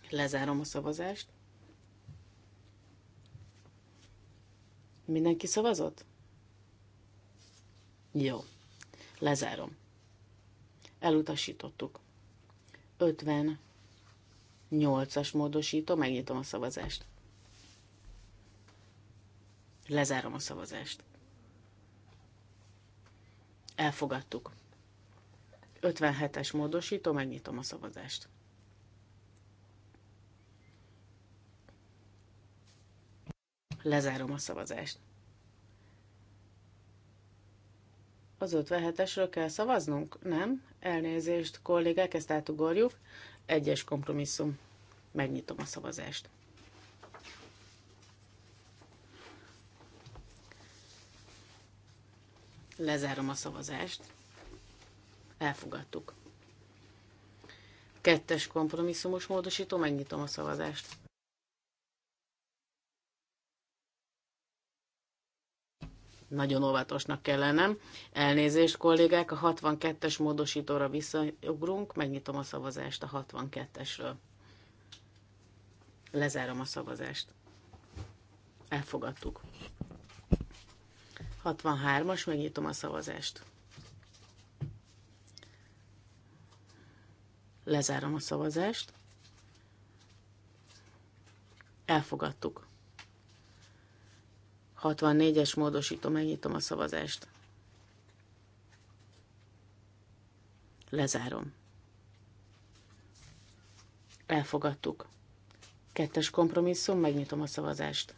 Lezárom a szavazást. Mindenki szavazott? Jó. Lezárom. Elutasítottuk. 58-as módosító, megnyitom a szavazást. Lezárom a szavazást. Elfogadtuk. 57-es módosító, megnyitom a szavazást. Lezárom a szavazást. Az 57-esről kell szavaznunk, nem? Elnézést, kollégák, ezt átugorjuk. Egyes kompromisszum. Megnyitom a szavazást. Lezárom a szavazást. Elfogadtuk. Kettes kompromisszumos módosító, megnyitom a szavazást. nagyon óvatosnak kell lennem. Elnézést, kollégák, a 62-es módosítóra visszaugrunk, megnyitom a szavazást a 62-esről. Lezárom a szavazást. Elfogadtuk. 63-as, megnyitom a szavazást. Lezárom a szavazást. Elfogadtuk. 64-es módosítom, megnyitom a szavazást. Lezárom. Elfogadtuk. Kettes kompromisszum, megnyitom a szavazást.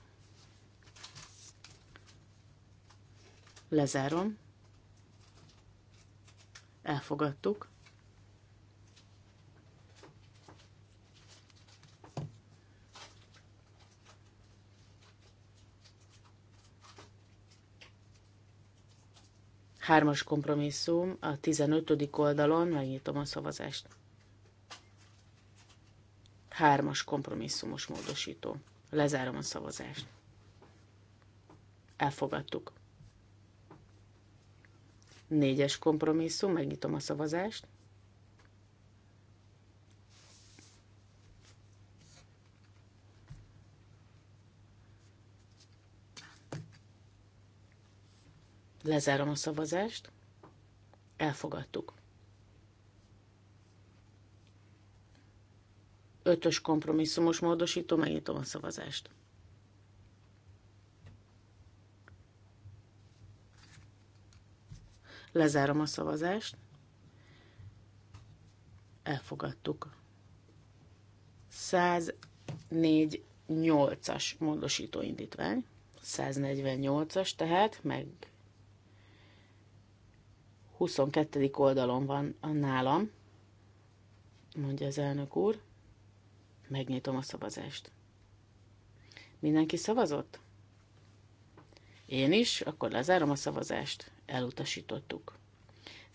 Lezárom. Elfogadtuk. Hármas kompromisszum a 15. oldalon, megnyitom a szavazást. Hármas kompromisszumos módosító. Lezárom a szavazást. Elfogadtuk. Négyes kompromisszum, megnyitom a szavazást. Lezárom a szavazást. Elfogadtuk. Ötös kompromisszumos módosító, megnyitom a szavazást. Lezárom a szavazást. Elfogadtuk. 104 8-as módosító indítvány. 148-as, tehát meg 22. oldalon van nálam, mondja az elnök úr. Megnyitom a szavazást. Mindenki szavazott? Én is, akkor lezárom a szavazást. Elutasítottuk.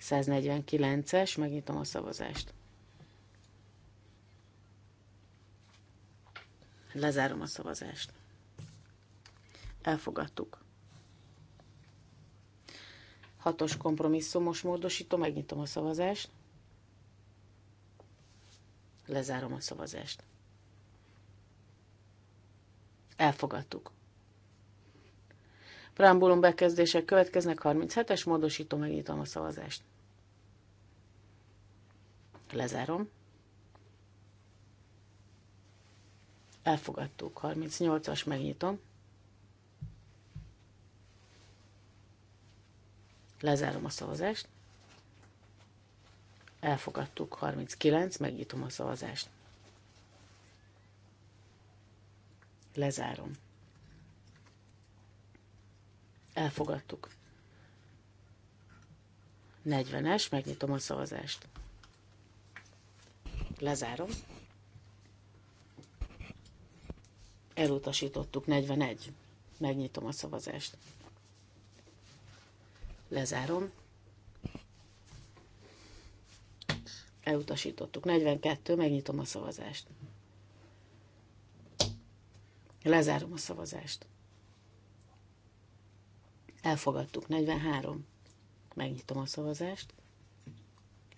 149-es, megnyitom a szavazást. Lezárom a szavazást. Elfogadtuk. Hatos kompromisszumos módosító, megnyitom a szavazást. Lezárom a szavazást. Elfogadtuk. Prámbulum bekezdések következnek, 37-es módosító, megnyitom a szavazást. Lezárom. Elfogadtuk, 38-as, megnyitom. Lezárom a szavazást. Elfogadtuk 39, megnyitom a szavazást. Lezárom. Elfogadtuk. 40-es, megnyitom a szavazást. Lezárom. Elutasítottuk 41. Megnyitom a szavazást. Lezárom. Elutasítottuk. 42, megnyitom a szavazást. Lezárom a szavazást. Elfogadtuk. 43. Megnyitom a szavazást.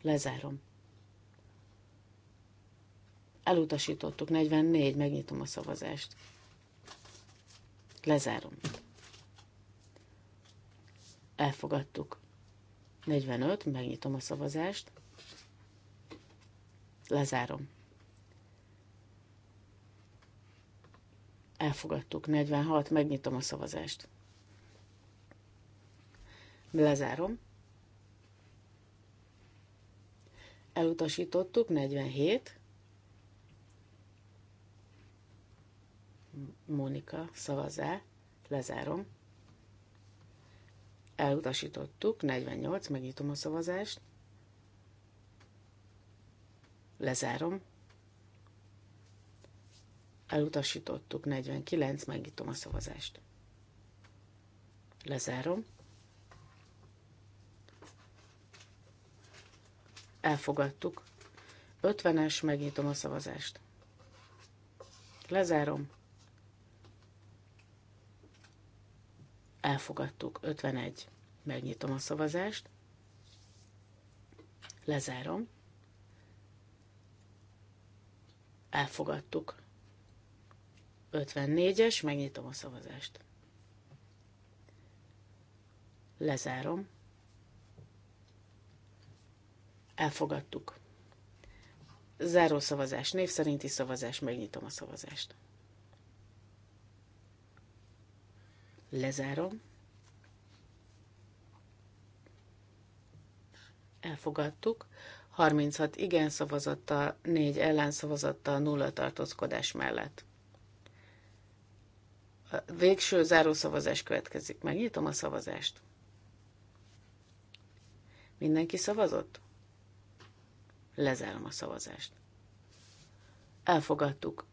Lezárom. Elutasítottuk. 44. Megnyitom a szavazást. Lezárom. Elfogadtuk. 45, megnyitom a szavazást. Lezárom. Elfogadtuk. 46, megnyitom a szavazást. Lezárom. Elutasítottuk, 47. Mónika, szavazá Lezárom. Elutasítottuk, 48, megnyitom a szavazást. Lezárom. Elutasítottuk, 49, megnyitom a szavazást. Lezárom. Elfogadtuk. 50-es, megnyitom a szavazást. Lezárom. Elfogadtuk. 51. Megnyitom a szavazást. Lezárom. Elfogadtuk. 54-es, megnyitom a szavazást. Lezárom. Elfogadtuk. Záró szavazás, név szerinti szavazás, megnyitom a szavazást. Lezárom. Elfogadtuk. 36 igen szavazattal, 4 ellenszavazattal, 0 tartózkodás mellett. A végső zárószavazás következik. Megnyitom a szavazást. Mindenki szavazott? Lezárom a szavazást. Elfogadtuk.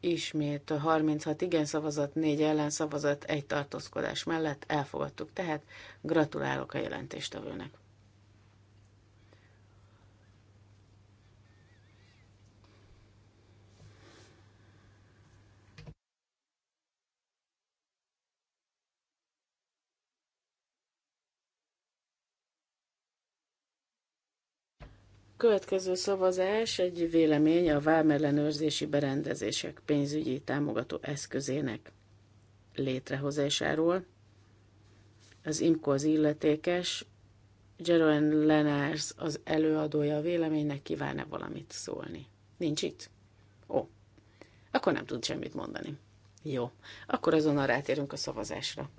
Ismét a 36 igen szavazat, 4 ellen szavazat, egy tartózkodás mellett elfogadtuk. Tehát gratulálok a jelentéstevőnek. Következő szavazás egy vélemény a vámellenőrzési berendezések pénzügyi támogató eszközének létrehozásáról. Az IMCO az illetékes, Jeroen Lenars az előadója a véleménynek kíván -e valamit szólni. Nincs itt? Ó, akkor nem tud semmit mondani. Jó, akkor azonnal rátérünk a szavazásra.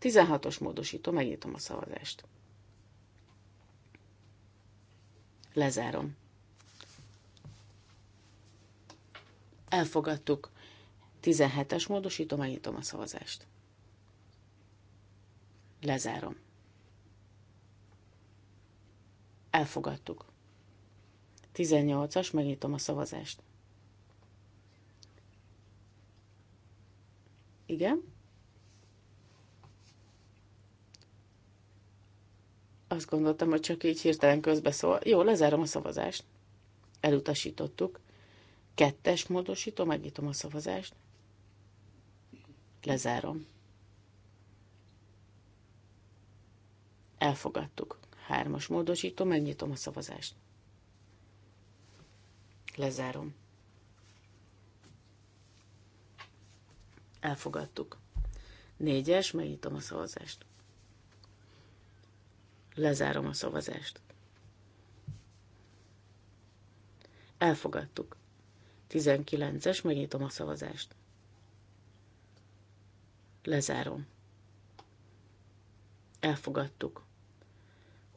16-os módosító, megnyitom a szavazást. Lezárom. Elfogadtuk. 17-es módosítom, megnyitom a szavazást. Lezárom. Elfogadtuk. 18-as, megnyitom a szavazást. Igen? Azt gondoltam, hogy csak így hirtelen közbeszól. Jó, lezárom a szavazást. Elutasítottuk. Kettes módosító, megnyitom a szavazást. Lezárom. Elfogadtuk. Hármas módosító, megnyitom a szavazást. Lezárom. Elfogadtuk. Négyes, megnyitom a szavazást. Lezárom a szavazást. Elfogadtuk. 19-es, megnyitom a szavazást. Lezárom. Elfogadtuk.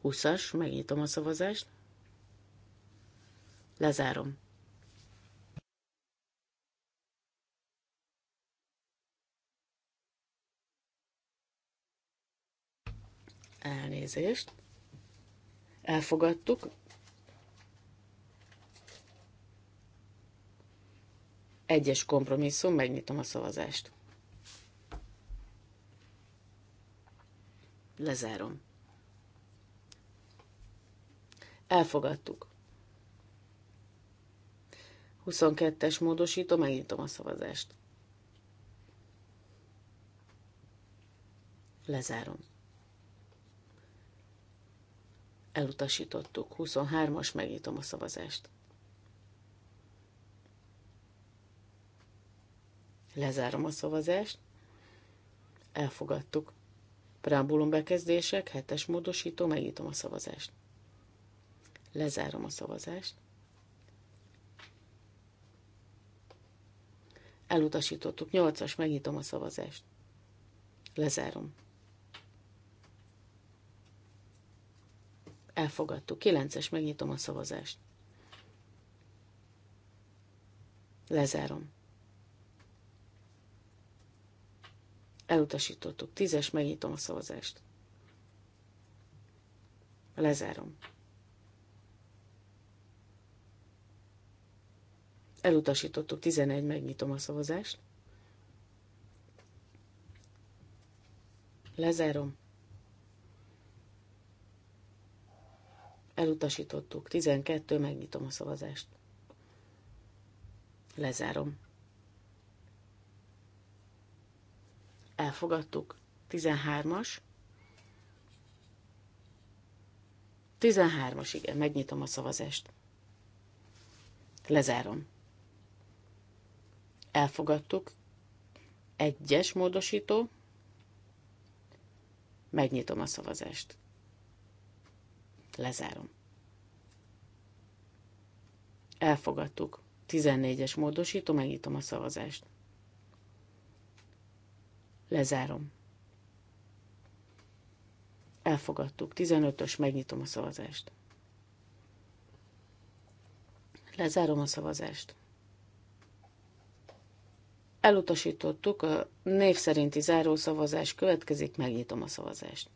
20-as, megnyitom a szavazást. Lezárom. Elnézést. Elfogadtuk. Egyes kompromisszum, megnyitom a szavazást. Lezárom. Elfogadtuk. 22-es módosító, megnyitom a szavazást. Lezárom. Elutasítottuk. 23-as, megnyitom a szavazást. Lezárom a szavazást. Elfogadtuk. Preambulum bekezdések, hetes módosító, megnyitom a szavazást. Lezárom a szavazást. Elutasítottuk. 8-as megnyitom a szavazást. Lezárom. Elfogadtuk. Kilences, megnyitom a szavazást. Lezárom. Elutasítottuk. Tízes, megnyitom a szavazást. Lezárom. Elutasítottuk. Tizenegy, megnyitom a szavazást. Lezárom. Elutasítottuk. 12. Megnyitom a szavazást. Lezárom. Elfogadtuk. 13-as. 13-as, igen, megnyitom a szavazást. Lezárom. Elfogadtuk. Egyes módosító. Megnyitom a szavazást. Lezárom. Elfogadtuk. 14-es módosító, megnyitom a szavazást. Lezárom. Elfogadtuk. 15-ös, megnyitom a szavazást. Lezárom a szavazást. Elutasítottuk, a név szerinti zárószavazás következik, megnyitom a szavazást.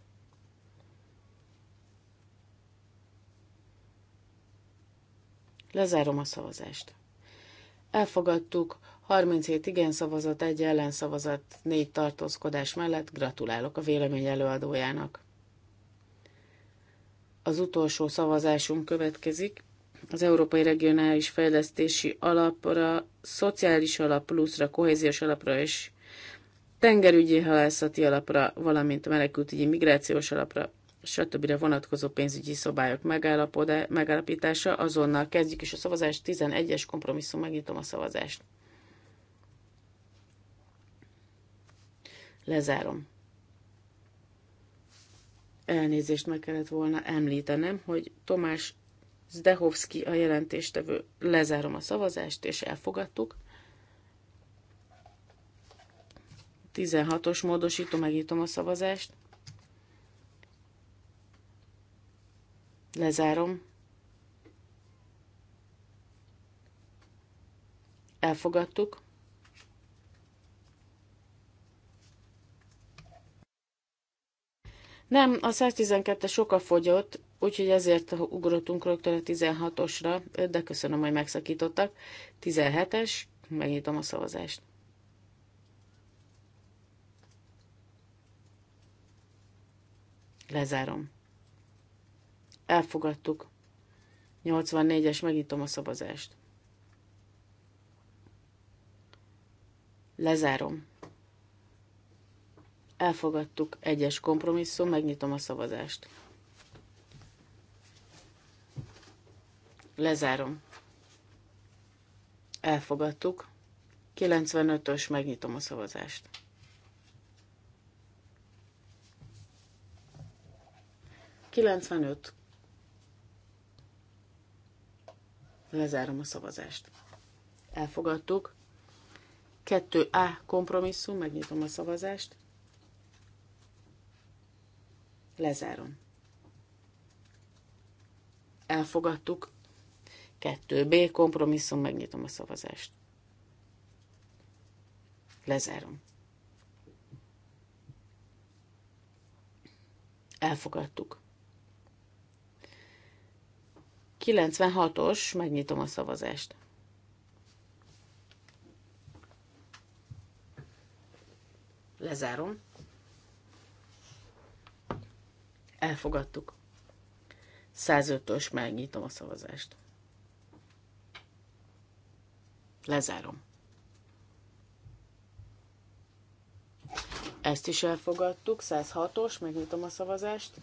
Lezárom a szavazást. Elfogadtuk 37 igen szavazat, egy ellenszavazat, négy tartózkodás mellett. Gratulálok a vélemény előadójának. Az utolsó szavazásunk következik. Az Európai Regionális Fejlesztési Alapra, Szociális Alap Pluszra, Kohéziós Alapra és Tengerügyi Halászati Alapra, valamint Menekültügyi Migrációs Alapra stb. vonatkozó pénzügyi szabályok megállapítása. Azonnal kezdjük is a szavazást. 11-es kompromisszum, megnyitom a szavazást. Lezárom. Elnézést meg kellett volna említenem, hogy Tomás Zdehovszki a jelentéstevő. Lezárom a szavazást, és elfogadtuk. 16-os módosító, megítom a szavazást. Lezárom. Elfogadtuk. Nem, a 112-es soka fogyott, úgyhogy ezért ugrottunk rögtön a 16-osra, de köszönöm, hogy megszakítottak. 17-es, megnyitom a szavazást. Lezárom. Elfogadtuk. 84-es, megnyitom a szavazást. Lezárom. Elfogadtuk. Egyes kompromisszum, megnyitom a szavazást. Lezárom. Elfogadtuk. 95-ös, megnyitom a szavazást. Kilencvenöt Lezárom a szavazást. Elfogadtuk. 2A kompromisszum, megnyitom a szavazást. Lezárom. Elfogadtuk. 2B kompromisszum, megnyitom a szavazást. Lezárom. Elfogadtuk. 96-os, megnyitom a szavazást. Lezárom. Elfogadtuk. 105-ös, megnyitom a szavazást. Lezárom. Ezt is elfogadtuk. 106-os, megnyitom a szavazást.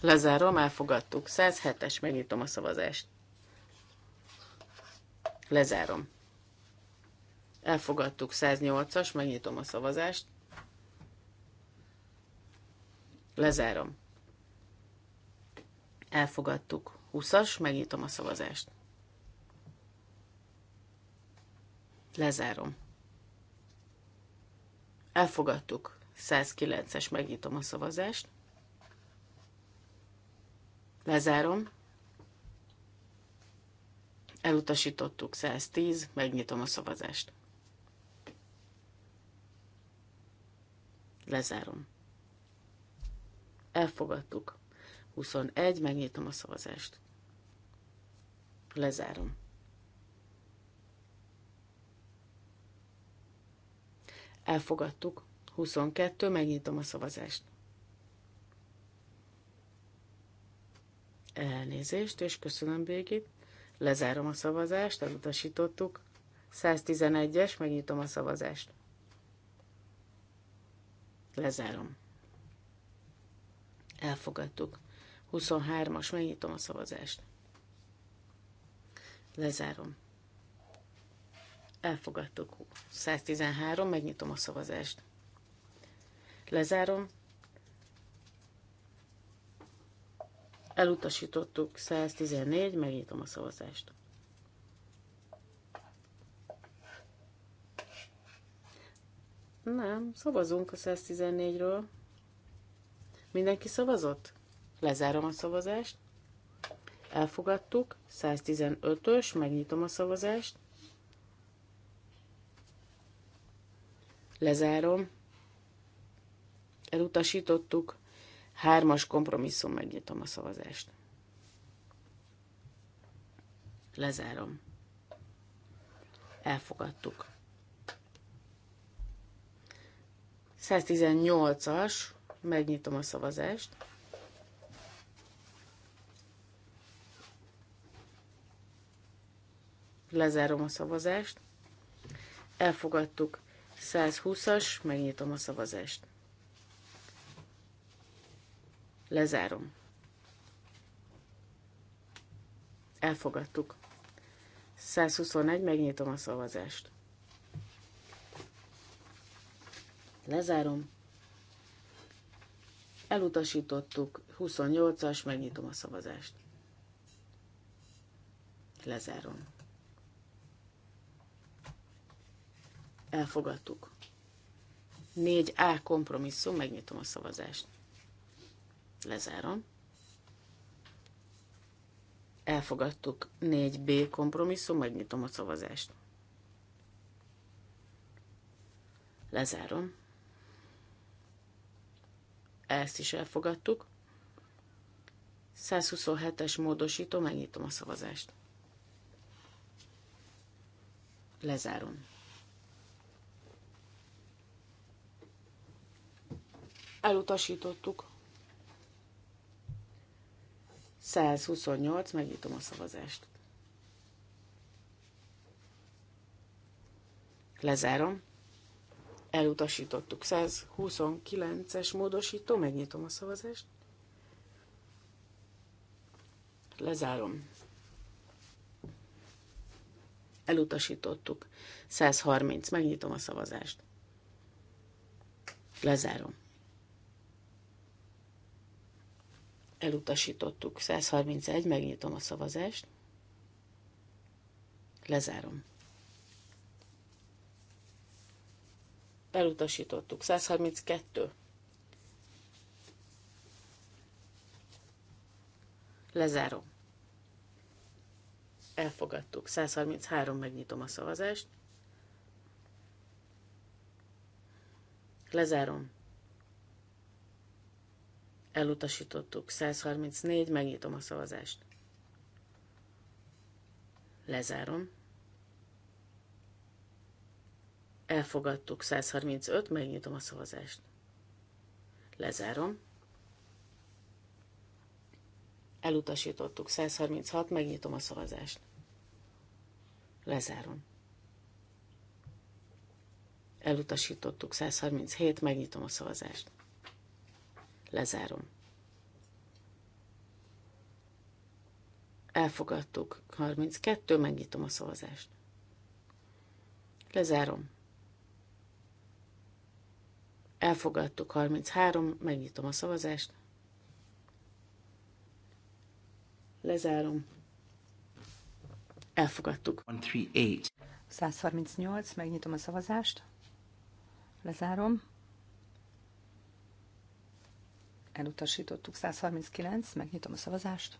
Lezárom, elfogadtuk. 107-es, megnyitom a szavazást. Lezárom. Elfogadtuk 108-as, megnyitom a szavazást. Lezárom. Elfogadtuk 20-as, megnyitom a szavazást. Lezárom. Elfogadtuk 109-es, megnyitom a szavazást. Lezárom. Elutasítottuk 110, megnyitom a szavazást. Lezárom. Elfogadtuk. 21, megnyitom a szavazást. Lezárom. Elfogadtuk. 22, megnyitom a szavazást. Elnézést, és köszönöm Birgit. Lezárom a szavazást, elutasítottuk. 111-es, megnyitom a szavazást. Lezárom. Elfogadtuk. 23-as, megnyitom a szavazást. Lezárom. Elfogadtuk. 113, megnyitom a szavazást. Lezárom. Elutasítottuk 114, megnyitom a szavazást. Nem, szavazunk a 114-ről. Mindenki szavazott? Lezárom a szavazást. Elfogadtuk. 115-ös, megnyitom a szavazást. Lezárom. Elutasítottuk. Hármas kompromisszum, megnyitom a szavazást. Lezárom. Elfogadtuk. 118-as, megnyitom a szavazást. Lezárom a szavazást. Elfogadtuk. 120-as, megnyitom a szavazást. Lezárom. Elfogadtuk. 121, megnyitom a szavazást. Lezárom. Elutasítottuk. 28-as, megnyitom a szavazást. Lezárom. Elfogadtuk. 4A kompromisszum, megnyitom a szavazást. Lezárom. Elfogadtuk 4B kompromisszum, megnyitom a szavazást. Lezárom. Ezt is elfogadtuk. 127-es módosító, megnyitom a szavazást. Lezárom. Elutasítottuk. 128, megnyitom a szavazást. Lezárom. Elutasítottuk 129-es módosító, megnyitom a szavazást. Lezárom. Elutasítottuk. 130, megnyitom a szavazást. Lezárom. Elutasítottuk. 131, megnyitom a szavazást. Lezárom. Elutasítottuk. 132. Lezárom. Elfogadtuk. 133, megnyitom a szavazást. Lezárom. Elutasítottuk. 134, megnyitom a szavazást. Lezárom. Elfogadtuk. 135, megnyitom a szavazást. Lezárom. Elutasítottuk. 136, megnyitom a szavazást. Lezárom. Elutasítottuk. 137, megnyitom a szavazást. Lezárom. Elfogadtuk. 32. Megnyitom a szavazást. Lezárom. Elfogadtuk. 33. Megnyitom a szavazást. Lezárom. Elfogadtuk. 138. 138. Megnyitom a szavazást. Lezárom elutasítottuk. 139, megnyitom a szavazást.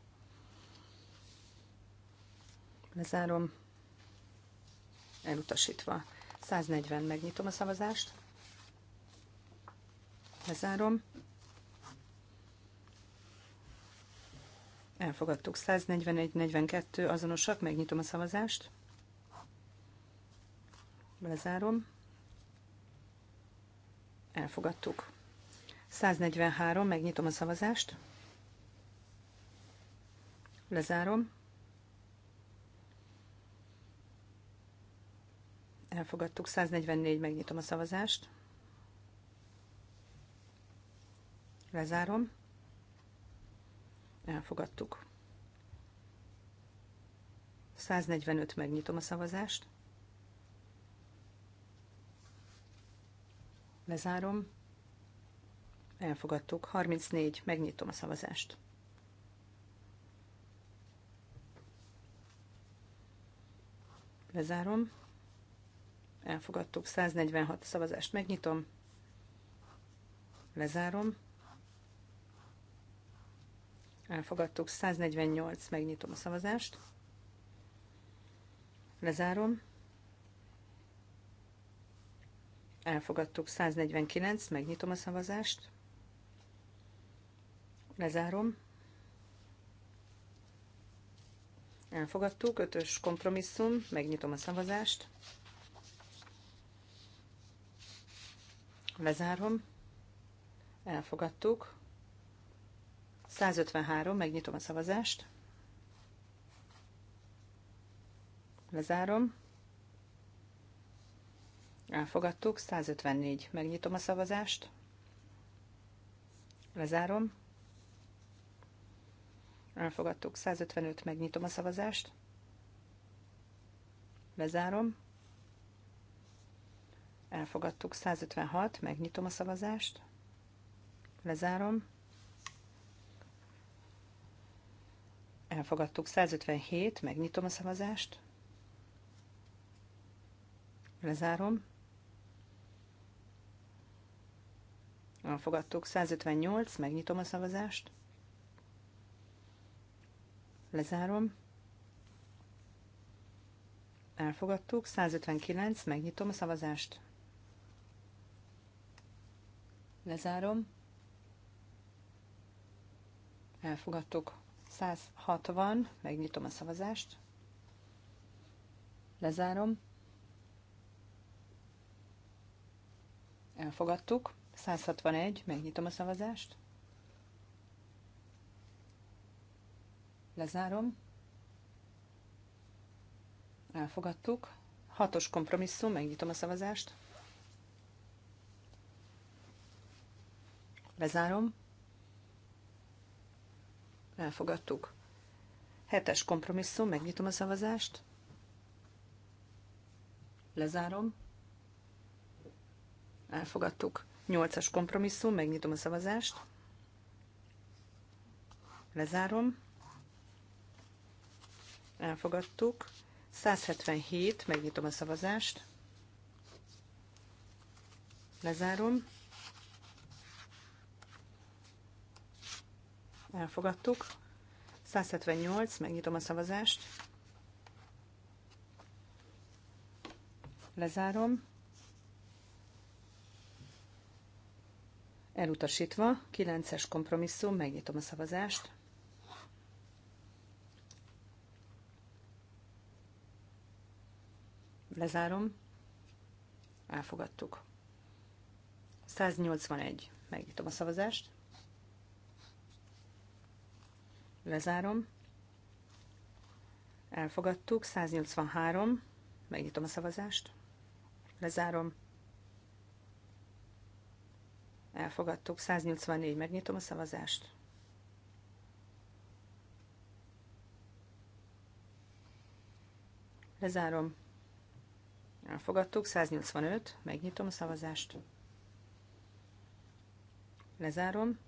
Lezárom. Elutasítva. 140, megnyitom a szavazást. Lezárom. Elfogadtuk. 141-42 azonosak, megnyitom a szavazást. Lezárom. Elfogadtuk. 143, megnyitom a szavazást. Lezárom. Elfogadtuk. 144, megnyitom a szavazást. Lezárom. Elfogadtuk. 145, megnyitom a szavazást. Lezárom elfogadtuk. 34, megnyitom a szavazást. Lezárom. Elfogadtuk. 146 szavazást megnyitom. Lezárom. Elfogadtuk. 148, megnyitom a szavazást. Lezárom. Elfogadtuk. 149, megnyitom a szavazást. Lezárom. Elfogadtuk. Ötös kompromisszum. Megnyitom a szavazást. Lezárom. Elfogadtuk. 153. Megnyitom a szavazást. Lezárom. Elfogadtuk. 154. Megnyitom a szavazást. Lezárom. Elfogadtuk. 155. Megnyitom a szavazást. Lezárom. Elfogadtuk. 156. Megnyitom a szavazást. Lezárom. Elfogadtuk. 157. Megnyitom a szavazást. Lezárom. Elfogadtuk. 158. Megnyitom a szavazást. Lezárom. Elfogadtuk. 159. Megnyitom a szavazást. Lezárom. Elfogadtuk. 160. Megnyitom a szavazást. Lezárom. Elfogadtuk. 161. Megnyitom a szavazást. Lezárom. Elfogadtuk. Hatos kompromisszum, megnyitom a szavazást. Lezárom. Elfogadtuk. Hetes kompromisszum, megnyitom a szavazást. Lezárom. Elfogadtuk. Nyolcas kompromisszum, megnyitom a szavazást. Lezárom elfogadtuk. 177, megnyitom a szavazást. Lezárom. Elfogadtuk. 178, megnyitom a szavazást. Lezárom. Elutasítva, 9-es kompromisszum, megnyitom a szavazást. Lezárom. Elfogadtuk. 181. Megnyitom a szavazást. Lezárom. Elfogadtuk. 183. Megnyitom a szavazást. Lezárom. Elfogadtuk. 184. Megnyitom a szavazást. Lezárom. Elfogadtuk. 185. Megnyitom a szavazást. Lezárom.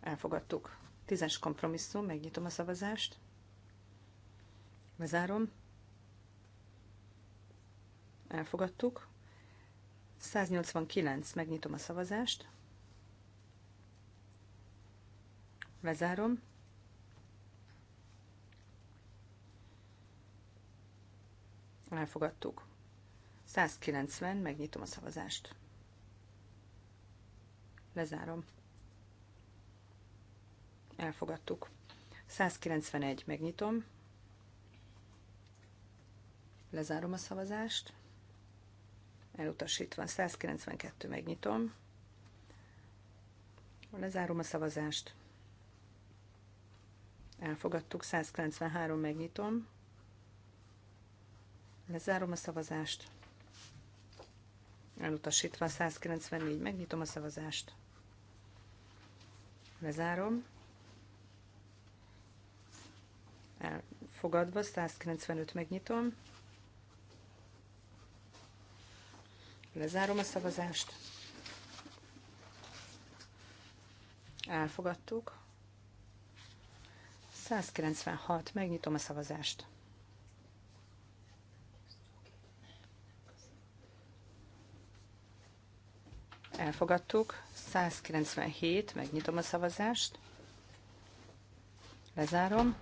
Elfogadtuk. Tízes kompromisszum. Megnyitom a szavazást. Lezárom. Elfogadtuk. 189. Megnyitom a szavazást. Lezárom. Elfogadtuk. 190, megnyitom a szavazást. Lezárom. Elfogadtuk. 191, megnyitom. Lezárom a szavazást. Elutasítva. 192, megnyitom. Lezárom a szavazást. Elfogadtuk. 193, megnyitom. Lezárom a szavazást. Elutasítva 194. Megnyitom a szavazást. Lezárom. Elfogadva 195. Megnyitom. Lezárom a szavazást. Elfogadtuk. 196. Megnyitom a szavazást. elfogadtuk. 197, megnyitom a szavazást. Lezárom.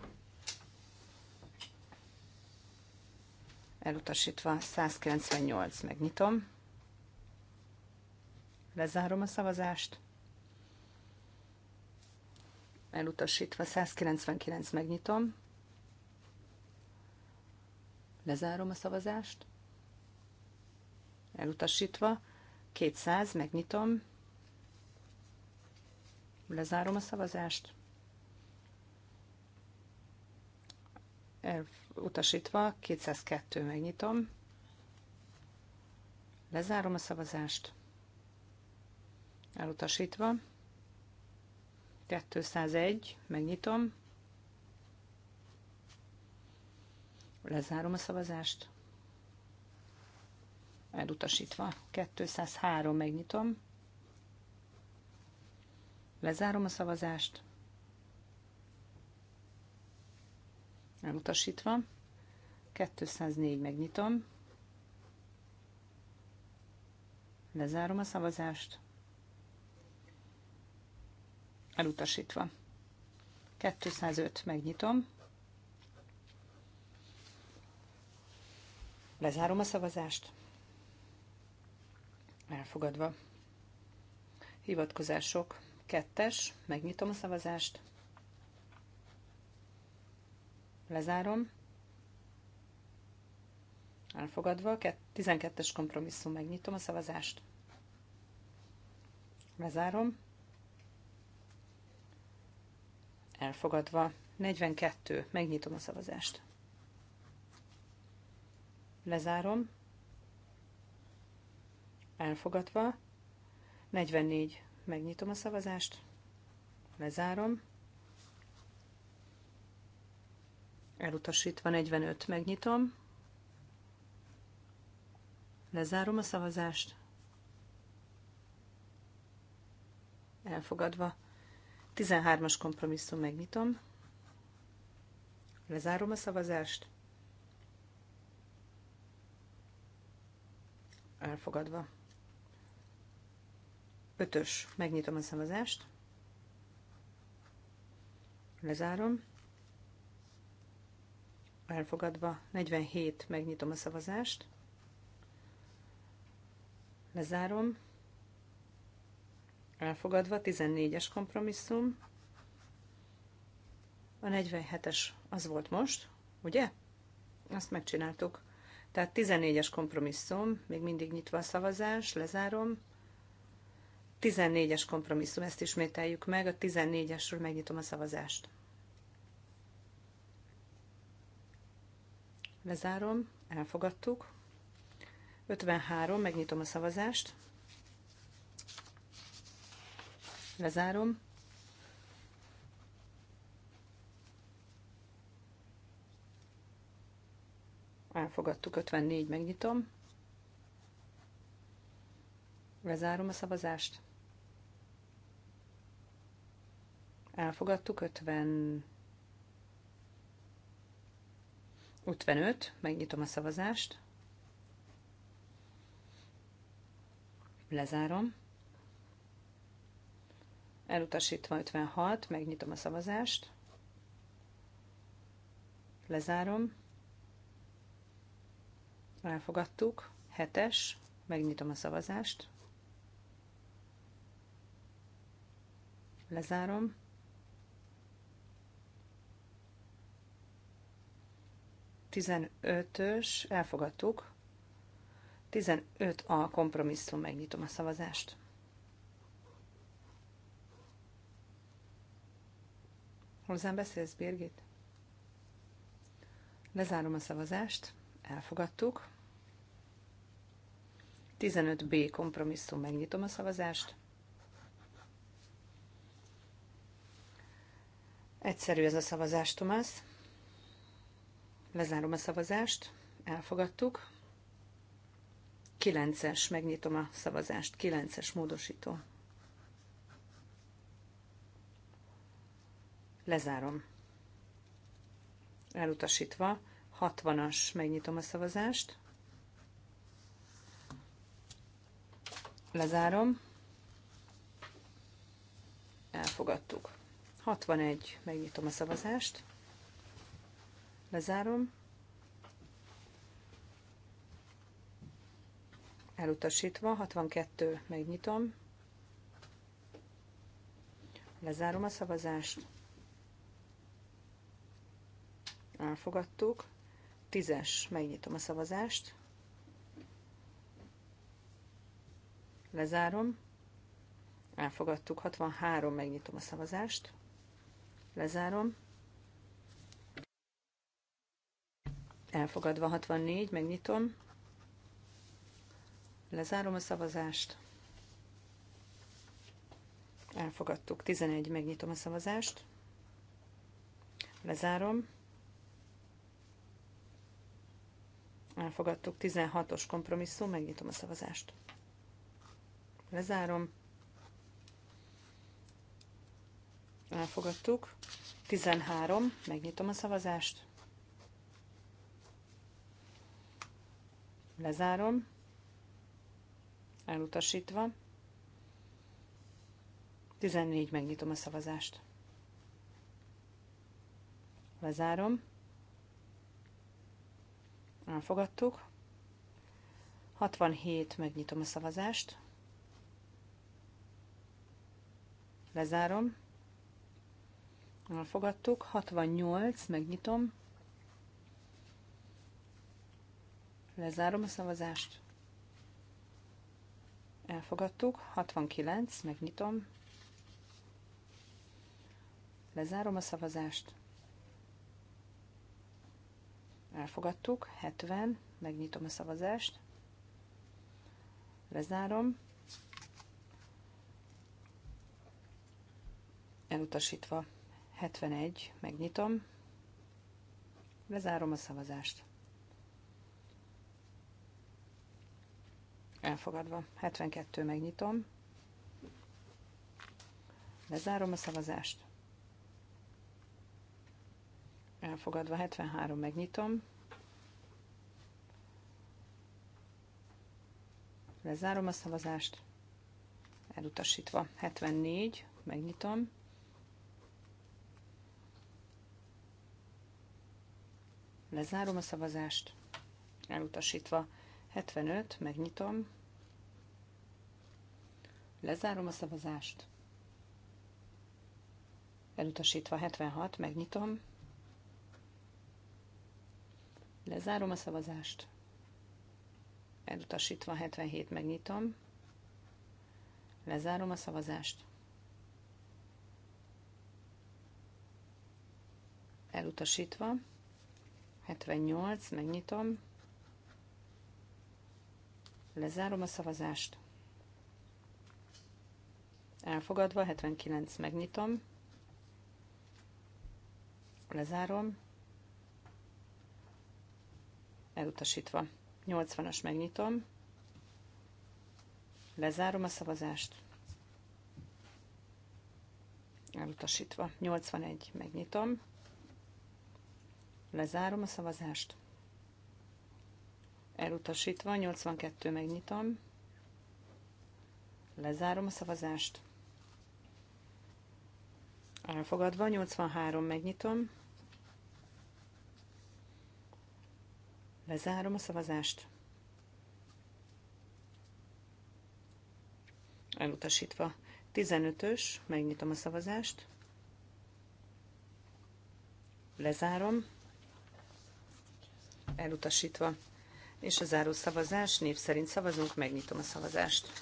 Elutasítva 198, megnyitom. Lezárom a szavazást. Elutasítva 199, megnyitom. Lezárom a szavazást. Elutasítva 200, megnyitom. Lezárom a szavazást. Utasítva, 202, megnyitom. Lezárom a szavazást. Elutasítva. 201, megnyitom. Lezárom a szavazást elutasítva. 203 megnyitom. Lezárom a szavazást. Elutasítva. 204 megnyitom. Lezárom a szavazást. Elutasítva. 205 megnyitom. Lezárom a szavazást. Elfogadva. Hivatkozások. Kettes. Megnyitom a szavazást. Lezárom. Elfogadva. 12-es kompromisszum. Megnyitom a szavazást. Lezárom. Elfogadva. 42. Megnyitom a szavazást. Lezárom elfogadva. 44. Megnyitom a szavazást, lezárom. Elutasítva 45. Megnyitom. Lezárom a szavazást. Elfogadva. 13-as kompromisszum megnyitom. Lezárom a szavazást. Elfogadva. Ötös. Megnyitom a szavazást. Lezárom. Elfogadva. 47. Megnyitom a szavazást. Lezárom. Elfogadva. 14-es kompromisszum. A 47-es az volt most, ugye? Azt megcsináltuk. Tehát 14-es kompromisszum, még mindig nyitva a szavazás, lezárom 14-es kompromisszum, ezt ismételjük meg, a 14-esről megnyitom a szavazást. Lezárom, elfogadtuk. 53, megnyitom a szavazást. Lezárom. 54, megnyitom. Lezárom a szavazást. elfogadtuk, 50, 55, megnyitom a szavazást, lezárom, elutasítva 56, megnyitom a szavazást, lezárom, elfogadtuk, 7-es, megnyitom a szavazást, lezárom, 15-ös, elfogadtuk. 15 a kompromisszum, megnyitom a szavazást. Hozzám beszélsz, Birgit? Lezárom a szavazást, elfogadtuk. 15B kompromisszum, megnyitom a szavazást. Egyszerű ez a szavazás, Tomasz. Lezárom a szavazást. Elfogadtuk. 9-es, megnyitom a szavazást. 9-es módosító. Lezárom. Elutasítva. 60-as, megnyitom a szavazást. Lezárom. Elfogadtuk. 61, megnyitom a szavazást. Lezárom. Elutasítva. 62. Megnyitom. Lezárom a szavazást. Elfogadtuk. Tízes. Megnyitom a szavazást. Lezárom. Elfogadtuk. 63. Megnyitom a szavazást. Lezárom. Elfogadva 64, megnyitom. Lezárom a szavazást. Elfogadtuk. 11, megnyitom a szavazást. Lezárom. Elfogadtuk. 16-os kompromisszum, megnyitom a szavazást. Lezárom. Elfogadtuk. 13, megnyitom a szavazást. Lezárom. Elutasítva. 14. Megnyitom a szavazást. Lezárom. Elfogadtuk. 67. Megnyitom a szavazást. Lezárom. Elfogadtuk. 68. Megnyitom. Lezárom a szavazást. Elfogadtuk. 69, megnyitom. Lezárom a szavazást. Elfogadtuk. 70, megnyitom a szavazást. Lezárom. Elutasítva. 71, megnyitom. Lezárom a szavazást. Elfogadva. 72 megnyitom. Lezárom a szavazást. Elfogadva. 73 megnyitom. Lezárom a szavazást. Elutasítva. 74. Megnyitom. Lezárom a szavazást. Elutasítva. 75, megnyitom. Lezárom a szavazást. Elutasítva 76, megnyitom. Lezárom a szavazást. Elutasítva 77, megnyitom. Lezárom a szavazást. Elutasítva 78, megnyitom Lezárom a szavazást. Elfogadva, 79 megnyitom. Lezárom. Elutasítva. 80-as megnyitom. Lezárom a szavazást. Elutasítva. 81 megnyitom. Lezárom a szavazást elutasítva, 82 megnyitom, lezárom a szavazást, elfogadva, 83 megnyitom, lezárom a szavazást, elutasítva, 15-ös, megnyitom a szavazást, lezárom, elutasítva és a záró szavazás név szerint szavazunk, megnyitom a szavazást.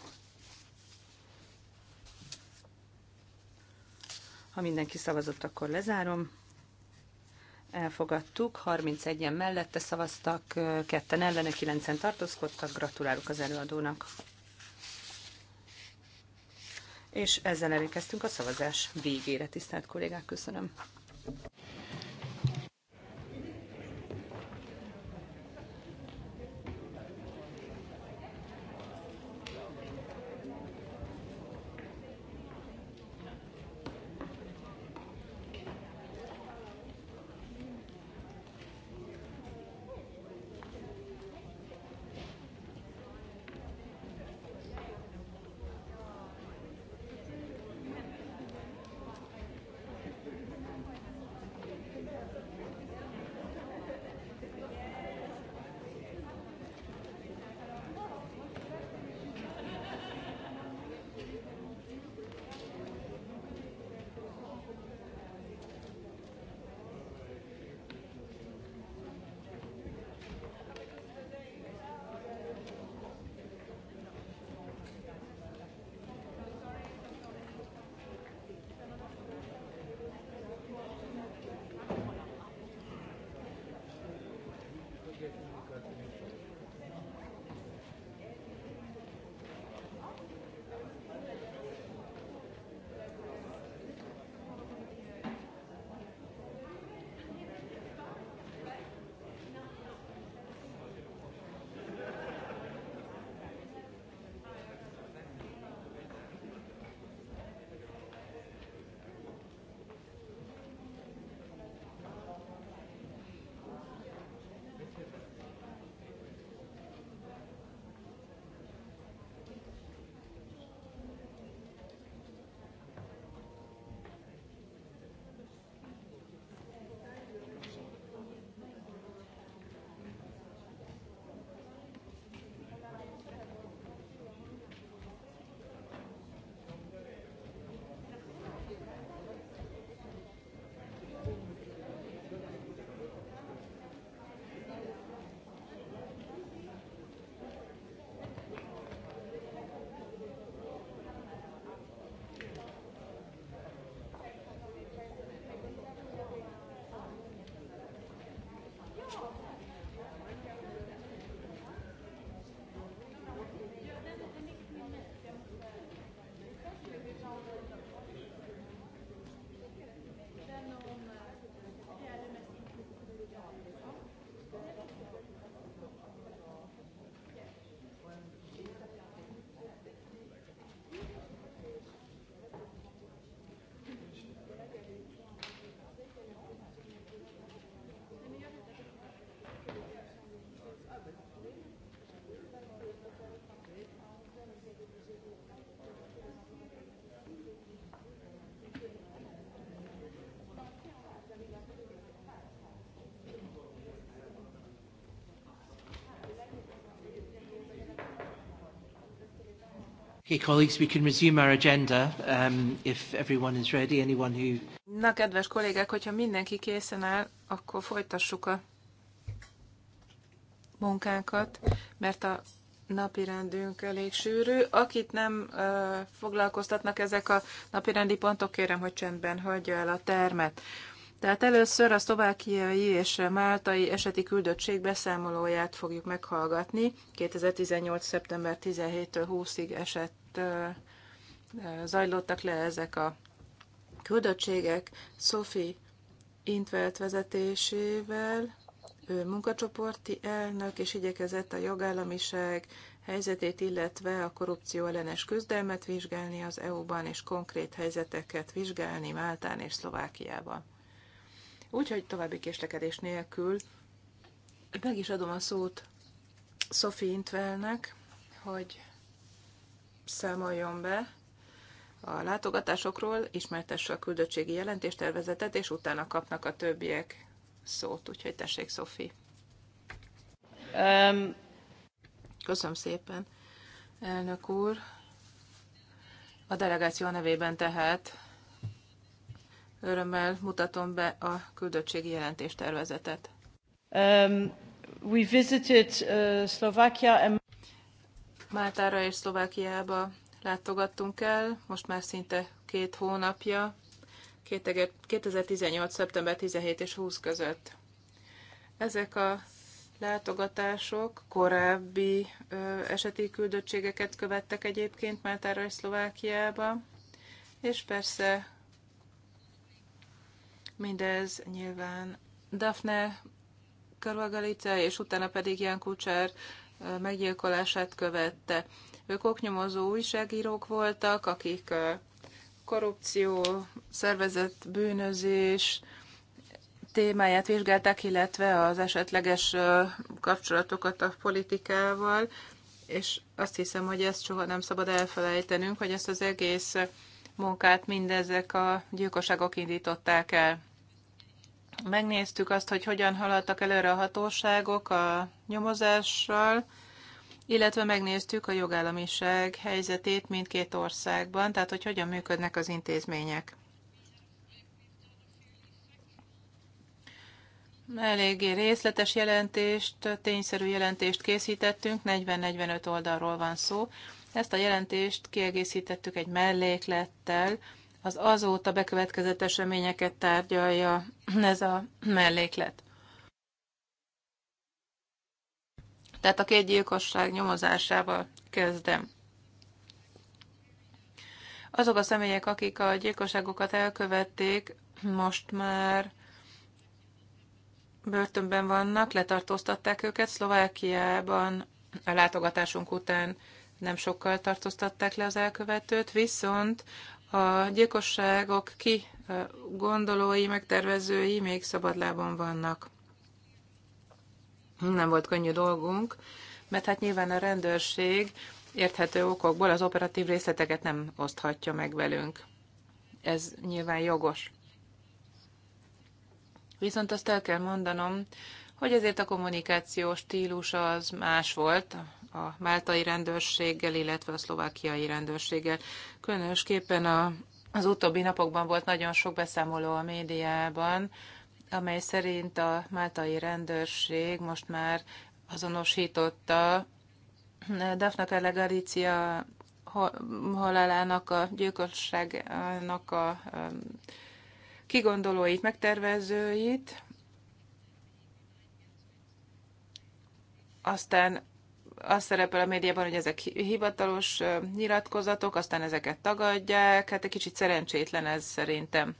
Ha mindenki szavazott, akkor lezárom. Elfogadtuk, 31-en mellette szavaztak, ketten ellene, 9-en tartózkodtak. Gratulálok az előadónak. És ezzel elérkeztünk a szavazás végére, tisztelt kollégák, köszönöm. Okay, colleagues, we can resume our agenda um, if everyone is ready. Anyone who... Na, kedves kollégák, hogyha mindenki készen áll, akkor folytassuk a munkánkat, mert a rendünk elég sűrű. Akit nem uh, foglalkoztatnak ezek a rendi pontok, kérem, hogy csendben hagyja el a termet. Tehát először a szlovákiai és máltai eseti küldöttség beszámolóját fogjuk meghallgatni. 2018. szeptember 17-től 20-ig esett, zajlottak le ezek a küldöttségek. Sophie Intvelt vezetésével, ő munkacsoporti elnök, és igyekezett a jogállamiság helyzetét, illetve a korrupció ellenes küzdelmet vizsgálni az EU-ban, és konkrét helyzeteket vizsgálni Máltán és Szlovákiában. Úgyhogy további késlekedés nélkül meg is adom a szót Sophie Intvelnek, hogy számoljon be a látogatásokról, ismertesse a küldöttségi jelentéstervezetet, és utána kapnak a többiek szót. Úgyhogy tessék, Sophie. Um, Köszönöm szépen, elnök úr. A delegáció nevében tehát örömmel mutatom be a küldöttségi jelentéstervezetet. Um, we visited uh, Slovakia and... Máltára és Szlovákiába látogattunk el, most már szinte két hónapja, 2018. szeptember 17 és 20 között. Ezek a látogatások korábbi ö, eseti küldöttségeket követtek egyébként Máltára és Szlovákiába, és persze Mindez nyilván Daphne Karuagalica, és utána pedig Ján Kucsár meggyilkolását követte. Ők oknyomozó újságírók voltak, akik korrupció, szervezett bűnözés témáját vizsgálták, illetve az esetleges kapcsolatokat a politikával, és azt hiszem, hogy ezt soha nem szabad elfelejtenünk, hogy ezt az egész munkát mindezek a gyilkosságok indították el. Megnéztük azt, hogy hogyan haladtak előre a hatóságok a nyomozással, illetve megnéztük a jogállamiság helyzetét mindkét országban, tehát hogy hogyan működnek az intézmények. Eléggé részletes jelentést, tényszerű jelentést készítettünk, 40-45 oldalról van szó. Ezt a jelentést kiegészítettük egy melléklettel, az azóta bekövetkezett eseményeket tárgyalja ez a melléklet. Tehát a két gyilkosság nyomozásával kezdem. Azok a személyek, akik a gyilkosságokat elkövették, most már börtönben vannak, letartóztatták őket. Szlovákiában a látogatásunk után nem sokkal tartóztatták le az elkövetőt, viszont a gyilkosságok ki gondolói, megtervezői még szabadlábon vannak. Nem volt könnyű dolgunk, mert hát nyilván a rendőrség érthető okokból az operatív részleteket nem oszthatja meg velünk. Ez nyilván jogos. Viszont azt el kell mondanom, hogy ezért a kommunikációs stílus az más volt a máltai rendőrséggel, illetve a szlovákiai rendőrséggel. Különösképpen a, az utóbbi napokban volt nagyon sok beszámoló a médiában, amely szerint a máltai rendőrség most már azonosította Daphne Pelle halálának, a gyilkosságnak a um, kigondolóit, megtervezőit, aztán azt szerepel a médiában, hogy ezek hivatalos nyilatkozatok, aztán ezeket tagadják, hát egy kicsit szerencsétlen ez szerintem.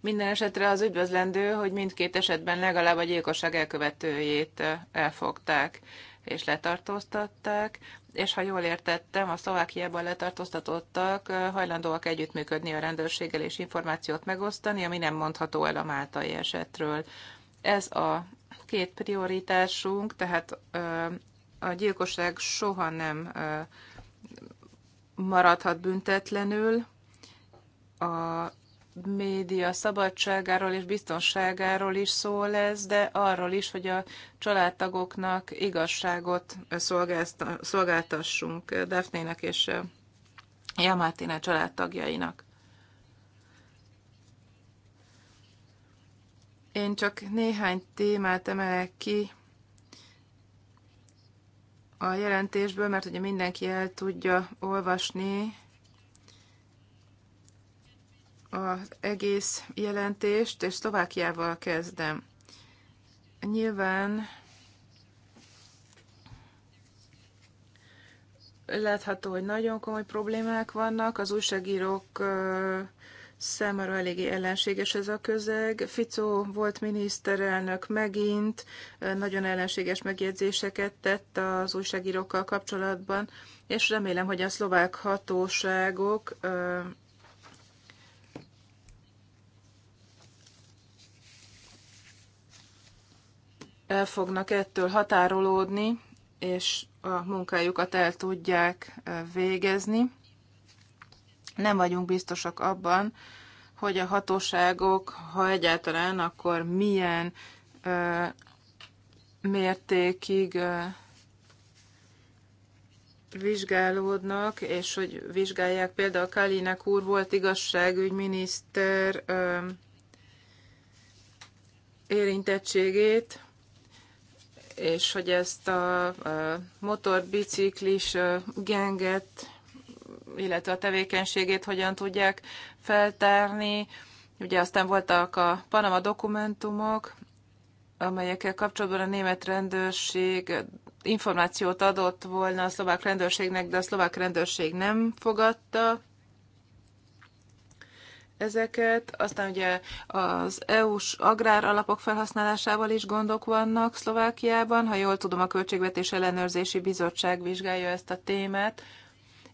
Minden esetre az üdvözlendő, hogy mindkét esetben legalább a gyilkosság elkövetőjét elfogták és letartóztatták, és ha jól értettem, a Szlovákiában letartóztatottak hajlandóak együttműködni a rendőrséggel és információt megosztani, ami nem mondható el a máltai esetről. Ez a két prioritásunk, tehát a gyilkosság soha nem maradhat büntetlenül. A média szabadságáról és biztonságáról is szól ez, de arról is, hogy a családtagoknak igazságot szolgáltassunk defnének és Jamátina családtagjainak. Én csak néhány témát emelek ki a jelentésből, mert ugye mindenki el tudja olvasni az egész jelentést, és Szlovákiával kezdem. Nyilván látható, hogy nagyon komoly problémák vannak. Az újságírók számára eléggé ellenséges ez a közeg. Ficó volt miniszterelnök megint, nagyon ellenséges megjegyzéseket tett az újságírókkal kapcsolatban, és remélem, hogy a szlovák hatóságok el fognak ettől határolódni, és a munkájukat el tudják végezni nem vagyunk biztosak abban, hogy a hatóságok, ha egyáltalán, akkor milyen ö, mértékig ö, vizsgálódnak, és hogy vizsgálják például Kalinek úr volt igazságügyminiszter ö, érintettségét, és hogy ezt a, a motorbiciklis genget illetve a tevékenységét hogyan tudják feltárni. Ugye aztán voltak a Panama dokumentumok, amelyekkel kapcsolatban a német rendőrség információt adott volna a szlovák rendőrségnek, de a szlovák rendőrség nem fogadta ezeket. Aztán ugye az EU-s agrár alapok felhasználásával is gondok vannak Szlovákiában. Ha jól tudom, a Költségvetés Ellenőrzési Bizottság vizsgálja ezt a témát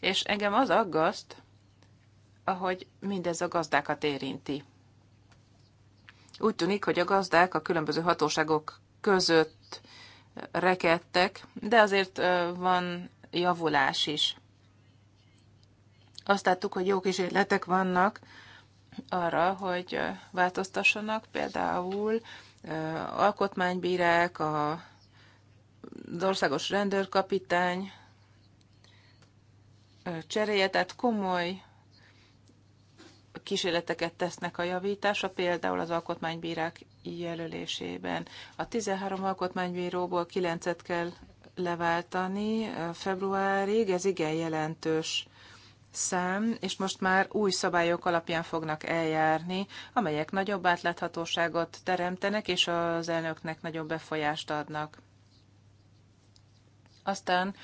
és engem az aggaszt, ahogy mindez a gazdákat érinti. Úgy tűnik, hogy a gazdák a különböző hatóságok között rekedtek, de azért van javulás is. Azt láttuk, hogy jó kísérletek vannak arra, hogy változtassanak, például alkotmánybírák, a, az országos rendőrkapitány cseréje, tehát komoly kísérleteket tesznek a javításra, például az alkotmánybírák jelölésében. A 13 alkotmánybíróból 9-et kell leváltani februárig, ez igen jelentős szám, és most már új szabályok alapján fognak eljárni, amelyek nagyobb átláthatóságot teremtenek, és az elnöknek nagyobb befolyást adnak. Aztán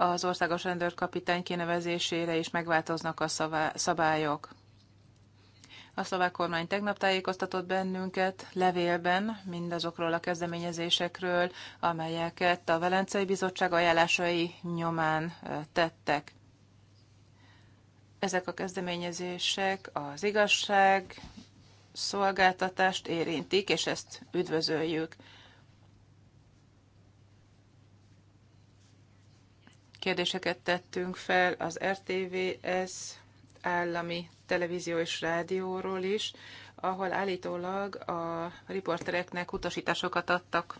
az országos rendőrkapitány kinevezésére is megváltoznak a szabályok. A szlovák kormány tegnap tájékoztatott bennünket levélben mindazokról a kezdeményezésekről, amelyeket a Velencei Bizottság ajánlásai nyomán tettek. Ezek a kezdeményezések az igazság szolgáltatást érintik, és ezt üdvözöljük. kérdéseket tettünk fel az RTVS állami televízió és rádióról is, ahol állítólag a riportereknek utasításokat adtak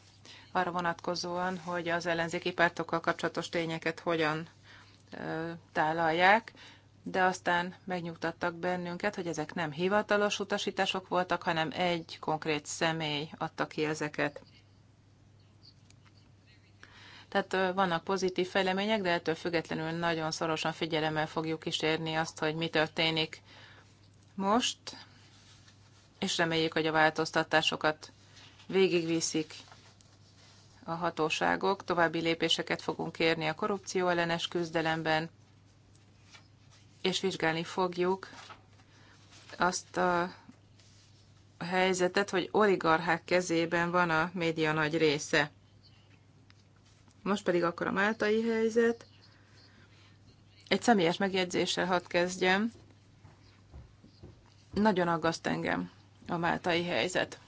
arra vonatkozóan, hogy az ellenzéki pártokkal kapcsolatos tényeket hogyan tálalják, de aztán megnyugtattak bennünket, hogy ezek nem hivatalos utasítások voltak, hanem egy konkrét személy adta ki ezeket. Tehát vannak pozitív fejlemények, de ettől függetlenül nagyon szorosan figyelemmel fogjuk kísérni azt, hogy mi történik most, és reméljük, hogy a változtatásokat végigviszik a hatóságok. További lépéseket fogunk kérni a korrupció ellenes küzdelemben, és vizsgálni fogjuk azt a helyzetet, hogy oligarchák kezében van a média nagy része. Most pedig akkor a máltai helyzet. Egy személyes megjegyzéssel hadd kezdjem. Nagyon aggaszt engem a máltai helyzet.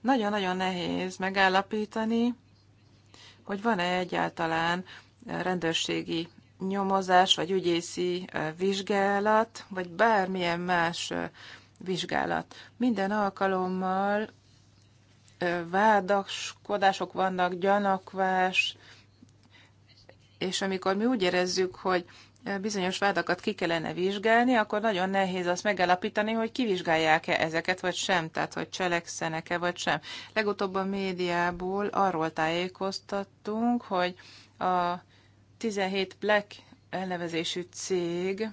Nagyon-nagyon nehéz megállapítani, hogy van-e egyáltalán rendőrségi nyomozás, vagy ügyészi vizsgálat, vagy bármilyen más vizsgálat. Minden alkalommal vádaskodások vannak, gyanakvás, és amikor mi úgy érezzük, hogy bizonyos vádakat ki kellene vizsgálni, akkor nagyon nehéz azt megállapítani, hogy kivizsgálják-e ezeket, vagy sem, tehát hogy cselekszenek-e, vagy sem. Legutóbb a médiából arról tájékoztattunk, hogy a 17 Black elnevezésű cég,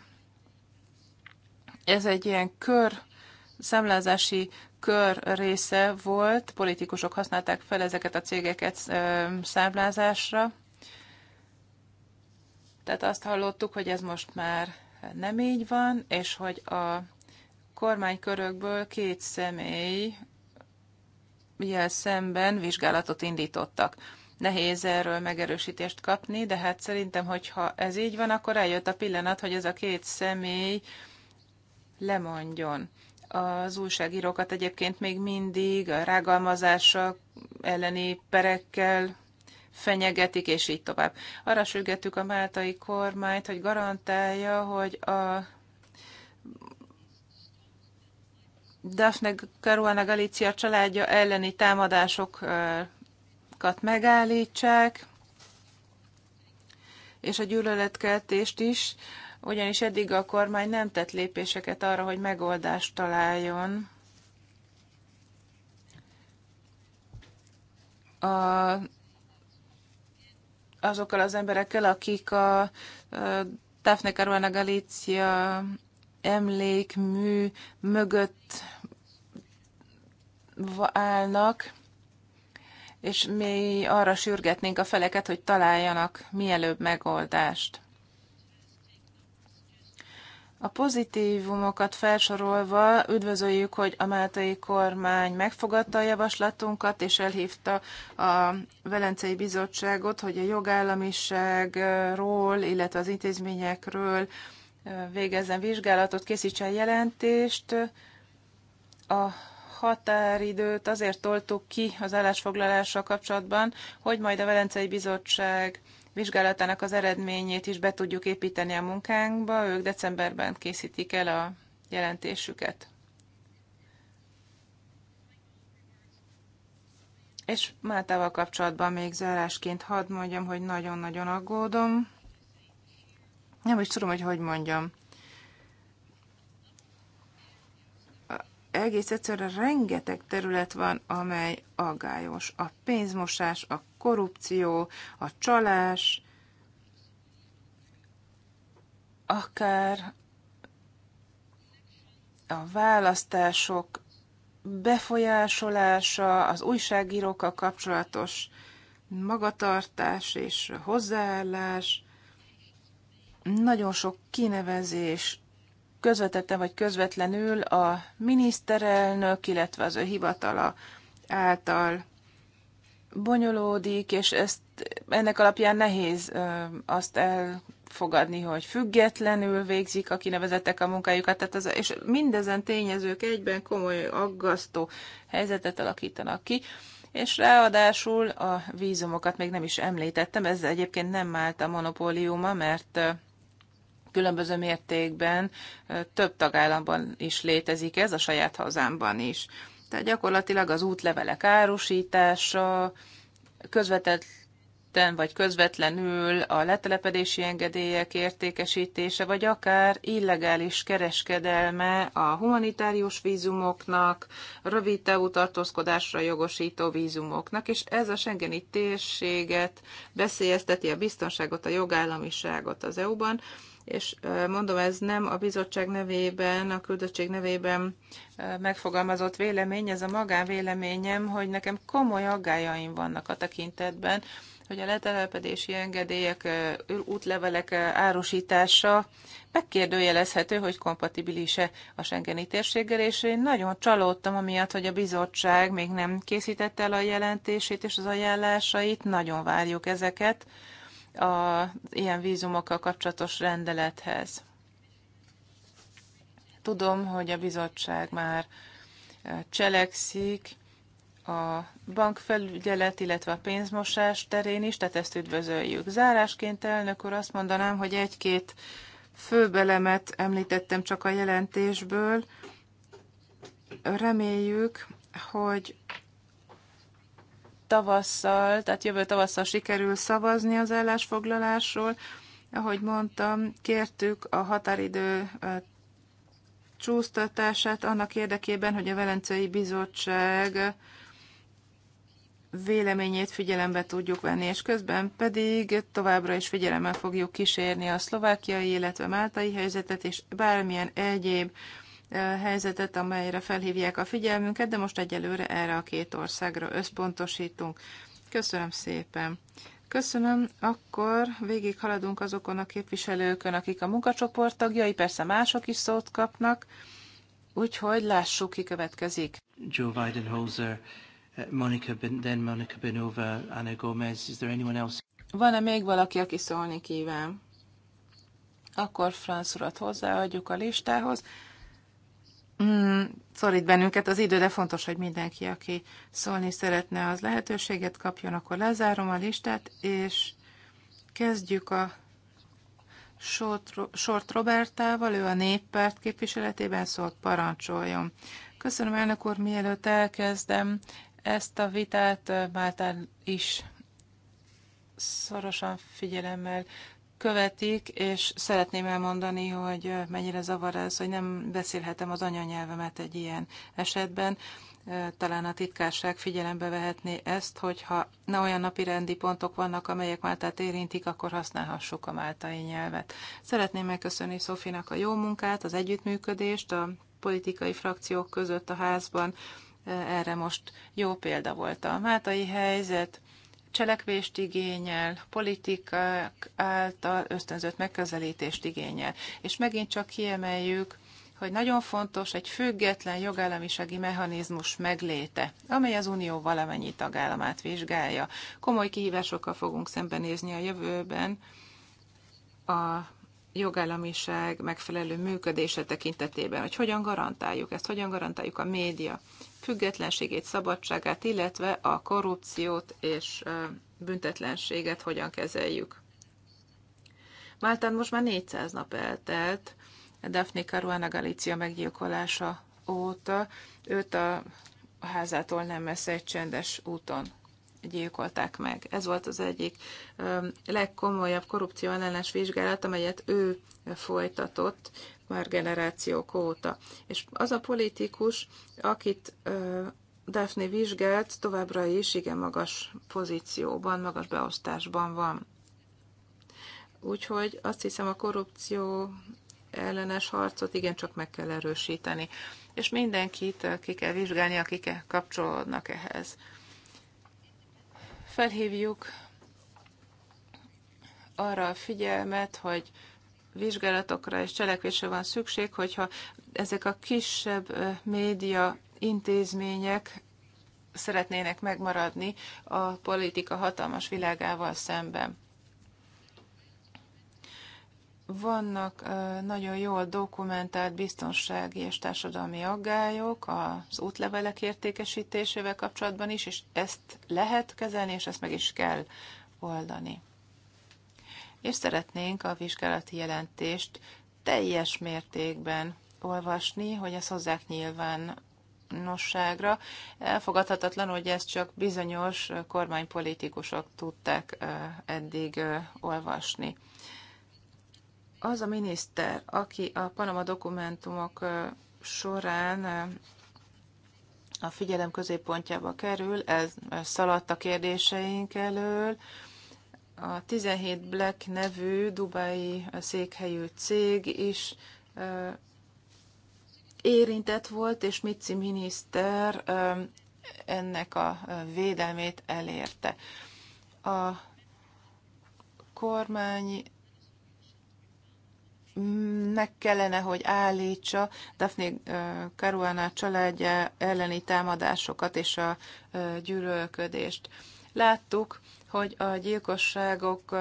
ez egy ilyen kör számlázási kör része volt, politikusok használták fel ezeket a cégeket számlázásra. Tehát azt hallottuk, hogy ez most már nem így van, és hogy a kormánykörökből két személy ilyen szemben vizsgálatot indítottak. Nehéz erről megerősítést kapni, de hát szerintem, hogyha ez így van, akkor eljött a pillanat, hogy ez a két személy lemondjon. Az újságírókat egyébként még mindig a rágalmazása elleni perekkel fenyegetik, és így tovább. Arra sürgetük a máltai kormányt, hogy garantálja, hogy a Daphne Caruana Galicia családja elleni támadásokat megállítsák, és a gyűlöletkeltést is ugyanis eddig a kormány nem tett lépéseket arra, hogy megoldást találjon a, azokkal az emberekkel, akik a, a Daphne Caruana Galizia emlékmű mögött állnak, és mi arra sürgetnénk a feleket, hogy találjanak mielőbb megoldást. A pozitívumokat felsorolva üdvözöljük, hogy a máltai kormány megfogadta a javaslatunkat, és elhívta a Velencei Bizottságot, hogy a jogállamiságról, illetve az intézményekről végezzen vizsgálatot, készítsen jelentést. A határidőt azért toltuk ki az állásfoglalással kapcsolatban, hogy majd a Velencei Bizottság vizsgálatának az eredményét is be tudjuk építeni a munkánkba. Ők decemberben készítik el a jelentésüket. És Máltával kapcsolatban még zárásként hadd mondjam, hogy nagyon-nagyon aggódom. Nem is tudom, hogy hogy mondjam. egész egyszerűen rengeteg terület van, amely aggályos. A pénzmosás, a korrupció, a csalás, akár a választások befolyásolása, az újságírókkal kapcsolatos magatartás és hozzáállás, nagyon sok kinevezés közvetetten vagy közvetlenül a miniszterelnök, illetve az ő hivatala által bonyolódik, és ezt ennek alapján nehéz azt elfogadni, hogy függetlenül végzik a kinevezettek a munkájukat, tehát az, és mindezen tényezők egyben komoly, aggasztó helyzetet alakítanak ki, és ráadásul a vízumokat még nem is említettem, ez egyébként nem állt a monopóliuma, mert különböző mértékben több tagállamban is létezik ez, a saját hazámban is. Tehát gyakorlatilag az útlevelek árusítása, közvetetten vagy közvetlenül a letelepedési engedélyek értékesítése, vagy akár illegális kereskedelme a humanitárius vízumoknak, rövid távú tartózkodásra jogosító vízumoknak, és ez a Schengeni térséget beszélyezteti a biztonságot, a jogállamiságot az EU-ban, és mondom, ez nem a bizottság nevében, a küldöttség nevében megfogalmazott vélemény, ez a magánvéleményem, hogy nekem komoly aggájaim vannak a tekintetben, hogy a letelepedési engedélyek, útlevelek árusítása megkérdőjelezhető, hogy kompatibilise a Schengeni térséggel, és én nagyon csalódtam amiatt, hogy a bizottság még nem készítette el a jelentését és az ajánlásait, nagyon várjuk ezeket az ilyen vízumokkal kapcsolatos rendelethez. Tudom, hogy a bizottság már cselekszik a bankfelügyelet, illetve a pénzmosás terén is, tehát ezt üdvözöljük. Zárásként elnök úr azt mondanám, hogy egy-két főbelemet említettem csak a jelentésből. Reméljük, hogy tavasszal, tehát jövő tavasszal sikerül szavazni az állásfoglalásról. Ahogy mondtam, kértük a határidő csúsztatását annak érdekében, hogy a Velencei Bizottság véleményét figyelembe tudjuk venni, és közben pedig továbbra is figyelemmel fogjuk kísérni a szlovákiai, illetve máltai helyzetet, és bármilyen egyéb helyzetet, amelyre felhívják a figyelmünket, de most egyelőre erre a két országra összpontosítunk. Köszönöm szépen! Köszönöm. Akkor végig haladunk azokon a képviselőkön, akik a munkacsoport tagjai, persze mások is szót kapnak, úgyhogy lássuk, ki következik. Joe Weidenholzer, eh, Monica, then Monica Benova, Anna Gomez, is there anyone else? Van-e még valaki, aki szólni kíván? Akkor Franz urat hozzáadjuk a listához mm, szorít bennünket az idő, de fontos, hogy mindenki, aki szólni szeretne, az lehetőséget kapjon, akkor lezárom a listát, és kezdjük a Sort Robertával, ő a néppárt képviseletében szólt parancsoljon. Köszönöm, elnök úr, mielőtt elkezdem ezt a vitát, Máltán is szorosan figyelemmel követik, és szeretném elmondani, hogy mennyire zavar ez, hogy nem beszélhetem az anyanyelvemet egy ilyen esetben. Talán a titkárság figyelembe vehetné ezt, hogyha ne olyan napi rendi pontok vannak, amelyek Máltát érintik, akkor használhassuk a máltai nyelvet. Szeretném megköszönni Szofinak a jó munkát, az együttműködést a politikai frakciók között a házban. Erre most jó példa volt a máltai helyzet cselekvést igényel, politikák által ösztönzött megközelítést igényel. És megint csak kiemeljük, hogy nagyon fontos egy független jogállamisági mechanizmus megléte, amely az Unió valamennyi tagállamát vizsgálja. Komoly kihívásokkal fogunk szembenézni a jövőben a jogállamiság megfelelő működése tekintetében, hogy hogyan garantáljuk ezt, hogyan garantáljuk a média függetlenségét, szabadságát, illetve a korrupciót és büntetlenséget hogyan kezeljük. Máltán most már 400 nap eltelt Daphne Caruana Galizia meggyilkolása óta. Őt a házától nem messze egy csendes úton gyilkolták meg. Ez volt az egyik legkomolyabb korrupció ellenes vizsgálat, amelyet ő folytatott, már generációk óta. És az a politikus, akit Daphne vizsgált, továbbra is igen magas pozícióban, magas beosztásban van. Úgyhogy azt hiszem a korrupció ellenes harcot igencsak meg kell erősíteni. És mindenkit ki kell vizsgálni, akik kapcsolódnak ehhez. Felhívjuk arra a figyelmet, hogy vizsgálatokra és cselekvésre van szükség, hogyha ezek a kisebb média intézmények szeretnének megmaradni a politika hatalmas világával szemben. Vannak nagyon jól dokumentált biztonsági és társadalmi aggályok az útlevelek értékesítésével kapcsolatban is, és ezt lehet kezelni, és ezt meg is kell oldani és szeretnénk a vizsgálati jelentést teljes mértékben olvasni, hogy ezt hozzák nyilván nosságra. Elfogadhatatlan, hogy ezt csak bizonyos kormánypolitikusok tudták eddig olvasni. Az a miniszter, aki a Panama dokumentumok során a figyelem középpontjába kerül, ez szaladt a kérdéseink elől, a 17 Black nevű dubai székhelyű cég is érintett volt, és Mitzi miniszter ennek a védelmét elérte. A kormány meg kellene, hogy állítsa Daphne Caruana családja elleni támadásokat és a gyűlölködést. Láttuk, hogy a gyilkosságok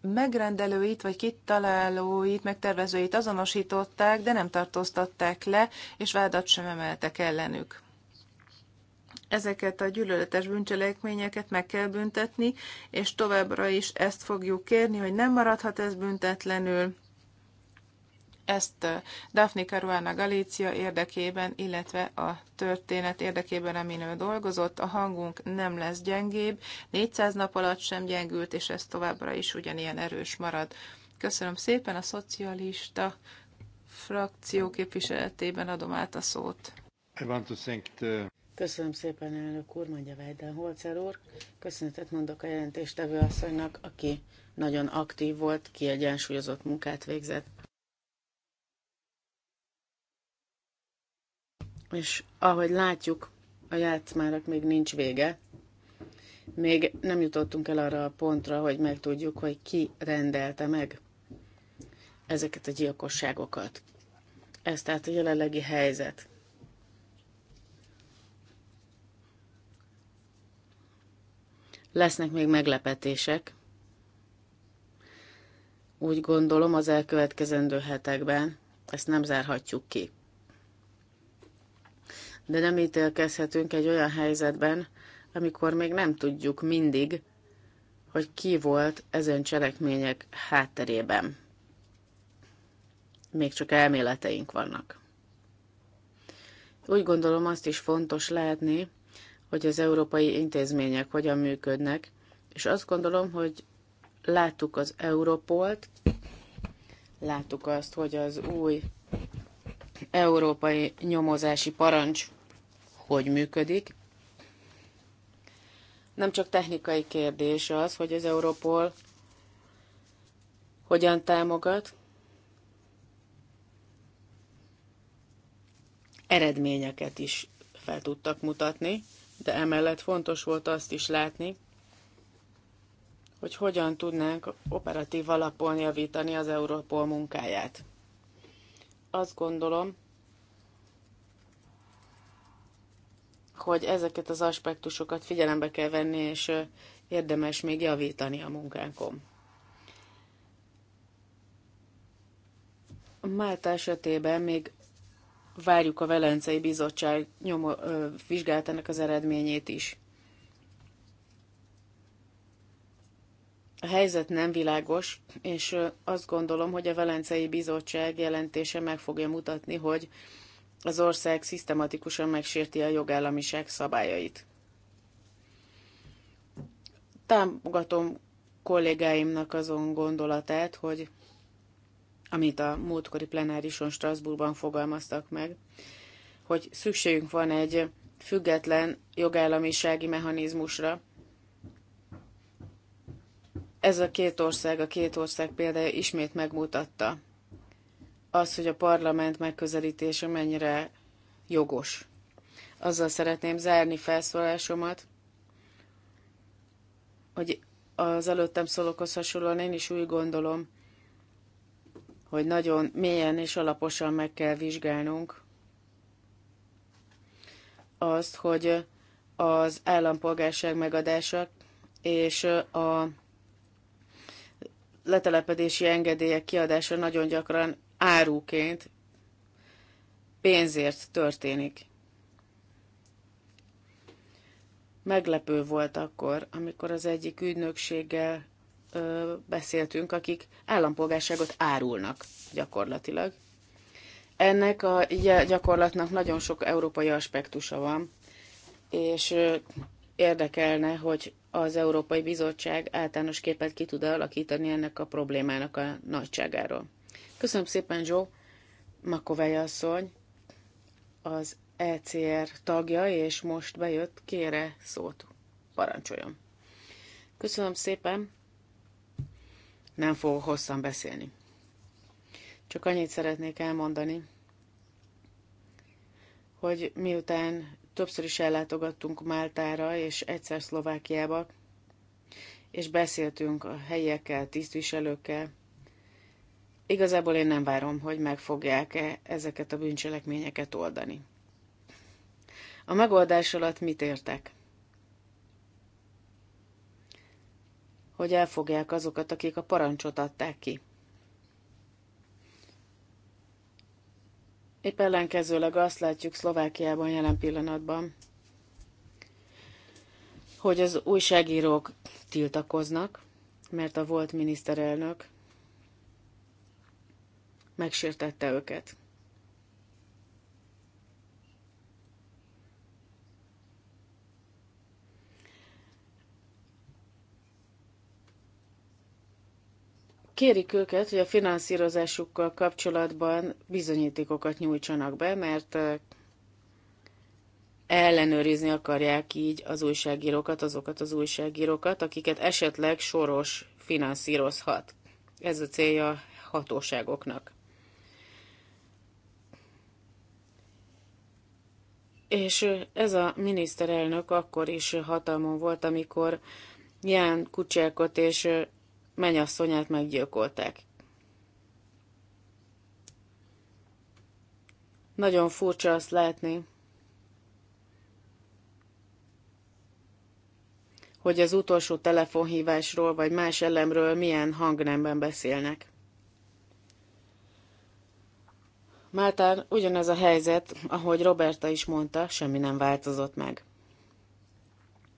megrendelőit, vagy kitalálóit, megtervezőit azonosították, de nem tartóztatták le, és vádat sem emeltek ellenük. Ezeket a gyűlöletes bűncselekményeket meg kell büntetni, és továbbra is ezt fogjuk kérni, hogy nem maradhat ez büntetlenül, ezt Daphne Caruana Galícia érdekében, illetve a történet érdekében, amin ő dolgozott, a hangunk nem lesz gyengébb, 400 nap alatt sem gyengült, és ez továbbra is ugyanilyen erős marad. Köszönöm szépen a szocialista frakció képviseletében adom át a szót. I want to thank the... Köszönöm szépen, elnök úr, mondja Weiden Holzer úr. Köszönetet mondok a jelentéstevő asszonynak, aki nagyon aktív volt, kiegyensúlyozott munkát végzett. És ahogy látjuk, a játszmának még nincs vége. Még nem jutottunk el arra a pontra, hogy megtudjuk, hogy ki rendelte meg ezeket a gyilkosságokat. Ez tehát a jelenlegi helyzet. Lesznek még meglepetések. Úgy gondolom az elkövetkezendő hetekben ezt nem zárhatjuk ki de nem ítélkezhetünk egy olyan helyzetben, amikor még nem tudjuk mindig, hogy ki volt ezen cselekmények hátterében. Még csak elméleteink vannak. Úgy gondolom azt is fontos látni, hogy az európai intézmények hogyan működnek, és azt gondolom, hogy láttuk az Európolt, láttuk azt, hogy az új európai nyomozási parancs hogy működik. Nem csak technikai kérdés az, hogy az Europol hogyan támogat, eredményeket is fel tudtak mutatni, de emellett fontos volt azt is látni, hogy hogyan tudnánk operatív alapon javítani az Európol munkáját. Azt gondolom, hogy ezeket az aspektusokat figyelembe kell venni, és érdemes még javítani a munkánkon. Málta esetében még várjuk a Velencei Bizottság nyomo, ö, vizsgálatának az eredményét is. A helyzet nem világos, és azt gondolom, hogy a Velencei Bizottság jelentése meg fogja mutatni, hogy az ország szisztematikusan megsérti a jogállamiság szabályait. Támogatom kollégáimnak azon gondolatát, hogy amit a múltkori plenárison Strasbourgban fogalmaztak meg, hogy szükségünk van egy független jogállamisági mechanizmusra. Ez a két ország, a két ország példája ismét megmutatta, az, hogy a parlament megközelítése mennyire jogos. Azzal szeretném zárni felszólásomat, hogy az előttem szólókhoz hasonlóan én is úgy gondolom, hogy nagyon mélyen és alaposan meg kell vizsgálnunk azt, hogy az állampolgárság megadása és a letelepedési engedélyek kiadása nagyon gyakran áruként pénzért történik. Meglepő volt akkor, amikor az egyik ügynökséggel ö, beszéltünk, akik állampolgárságot árulnak gyakorlatilag. Ennek a gyakorlatnak nagyon sok európai aspektusa van, és érdekelne, hogy az Európai Bizottság általános képet ki tud alakítani ennek a problémának a nagyságáról. Köszönöm szépen, Joe. Makovely asszony, az ECR tagja, és most bejött, kére szót, parancsoljon. Köszönöm szépen, nem fogok hosszan beszélni. Csak annyit szeretnék elmondani, hogy miután többször is ellátogattunk Máltára és egyszer Szlovákiába, és beszéltünk a helyekkel, tisztviselőkkel, Igazából én nem várom, hogy meg fogják-e ezeket a bűncselekményeket oldani. A megoldás alatt mit értek? Hogy elfogják azokat, akik a parancsot adták ki. Épp ellenkezőleg azt látjuk Szlovákiában jelen pillanatban, hogy az újságírók tiltakoznak, mert a volt miniszterelnök megsértette őket. kérik őket, hogy a finanszírozásukkal kapcsolatban bizonyítékokat nyújtsanak be, mert ellenőrizni akarják így az újságírókat, azokat az újságírókat, akiket esetleg soros finanszírozhat. Ez a célja hatóságoknak. És ez a miniszterelnök akkor is hatalmon volt, amikor Ján Kucsákot és menyasszonyát meggyilkolták. Nagyon furcsa azt látni, hogy az utolsó telefonhívásról vagy más elemről milyen hangnemben beszélnek. Máltán ugyanez a helyzet, ahogy Roberta is mondta, semmi nem változott meg.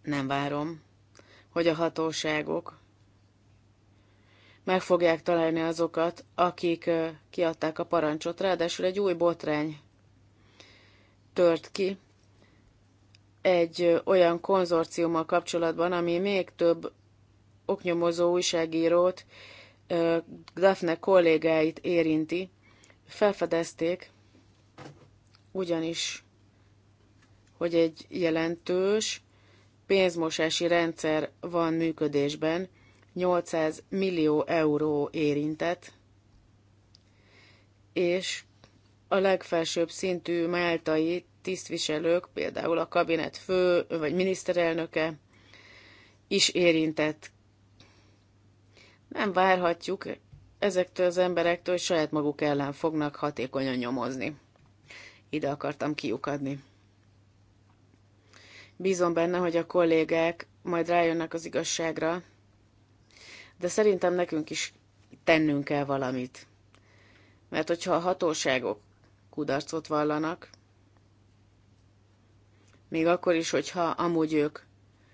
Nem várom, hogy a hatóságok meg fogják találni azokat, akik kiadták a parancsot. Ráadásul egy új botrány tört ki egy olyan konzorciummal kapcsolatban, ami még több oknyomozó újságírót, Daphne kollégáit érinti, Felfedezték ugyanis, hogy egy jelentős pénzmosási rendszer van működésben, 800 millió euró érintett, és a legfelsőbb szintű máltai tisztviselők, például a kabinet fő vagy miniszterelnöke is érintett. Nem várhatjuk ezektől az emberektől, hogy saját maguk ellen fognak hatékonyan nyomozni. Ide akartam kiukadni. Bízom benne, hogy a kollégák majd rájönnek az igazságra, de szerintem nekünk is tennünk kell valamit. Mert hogyha a hatóságok kudarcot vallanak, még akkor is, hogyha amúgy ők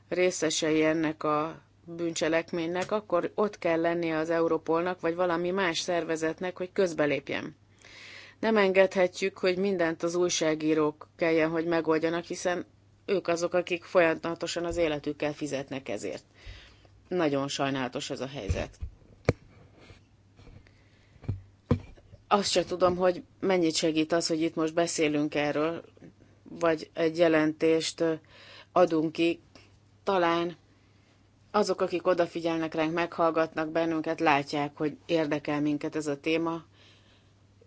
részesei ennek a bűncselekménynek, akkor ott kell lennie az Európolnak, vagy valami más szervezetnek, hogy közbelépjen. Nem engedhetjük, hogy mindent az újságírók kelljen, hogy megoldjanak, hiszen ők azok, akik folyamatosan az életükkel fizetnek ezért. Nagyon sajnálatos ez a helyzet. Azt se tudom, hogy mennyit segít az, hogy itt most beszélünk erről, vagy egy jelentést adunk ki. Talán azok, akik odafigyelnek ránk, meghallgatnak bennünket, látják, hogy érdekel minket ez a téma,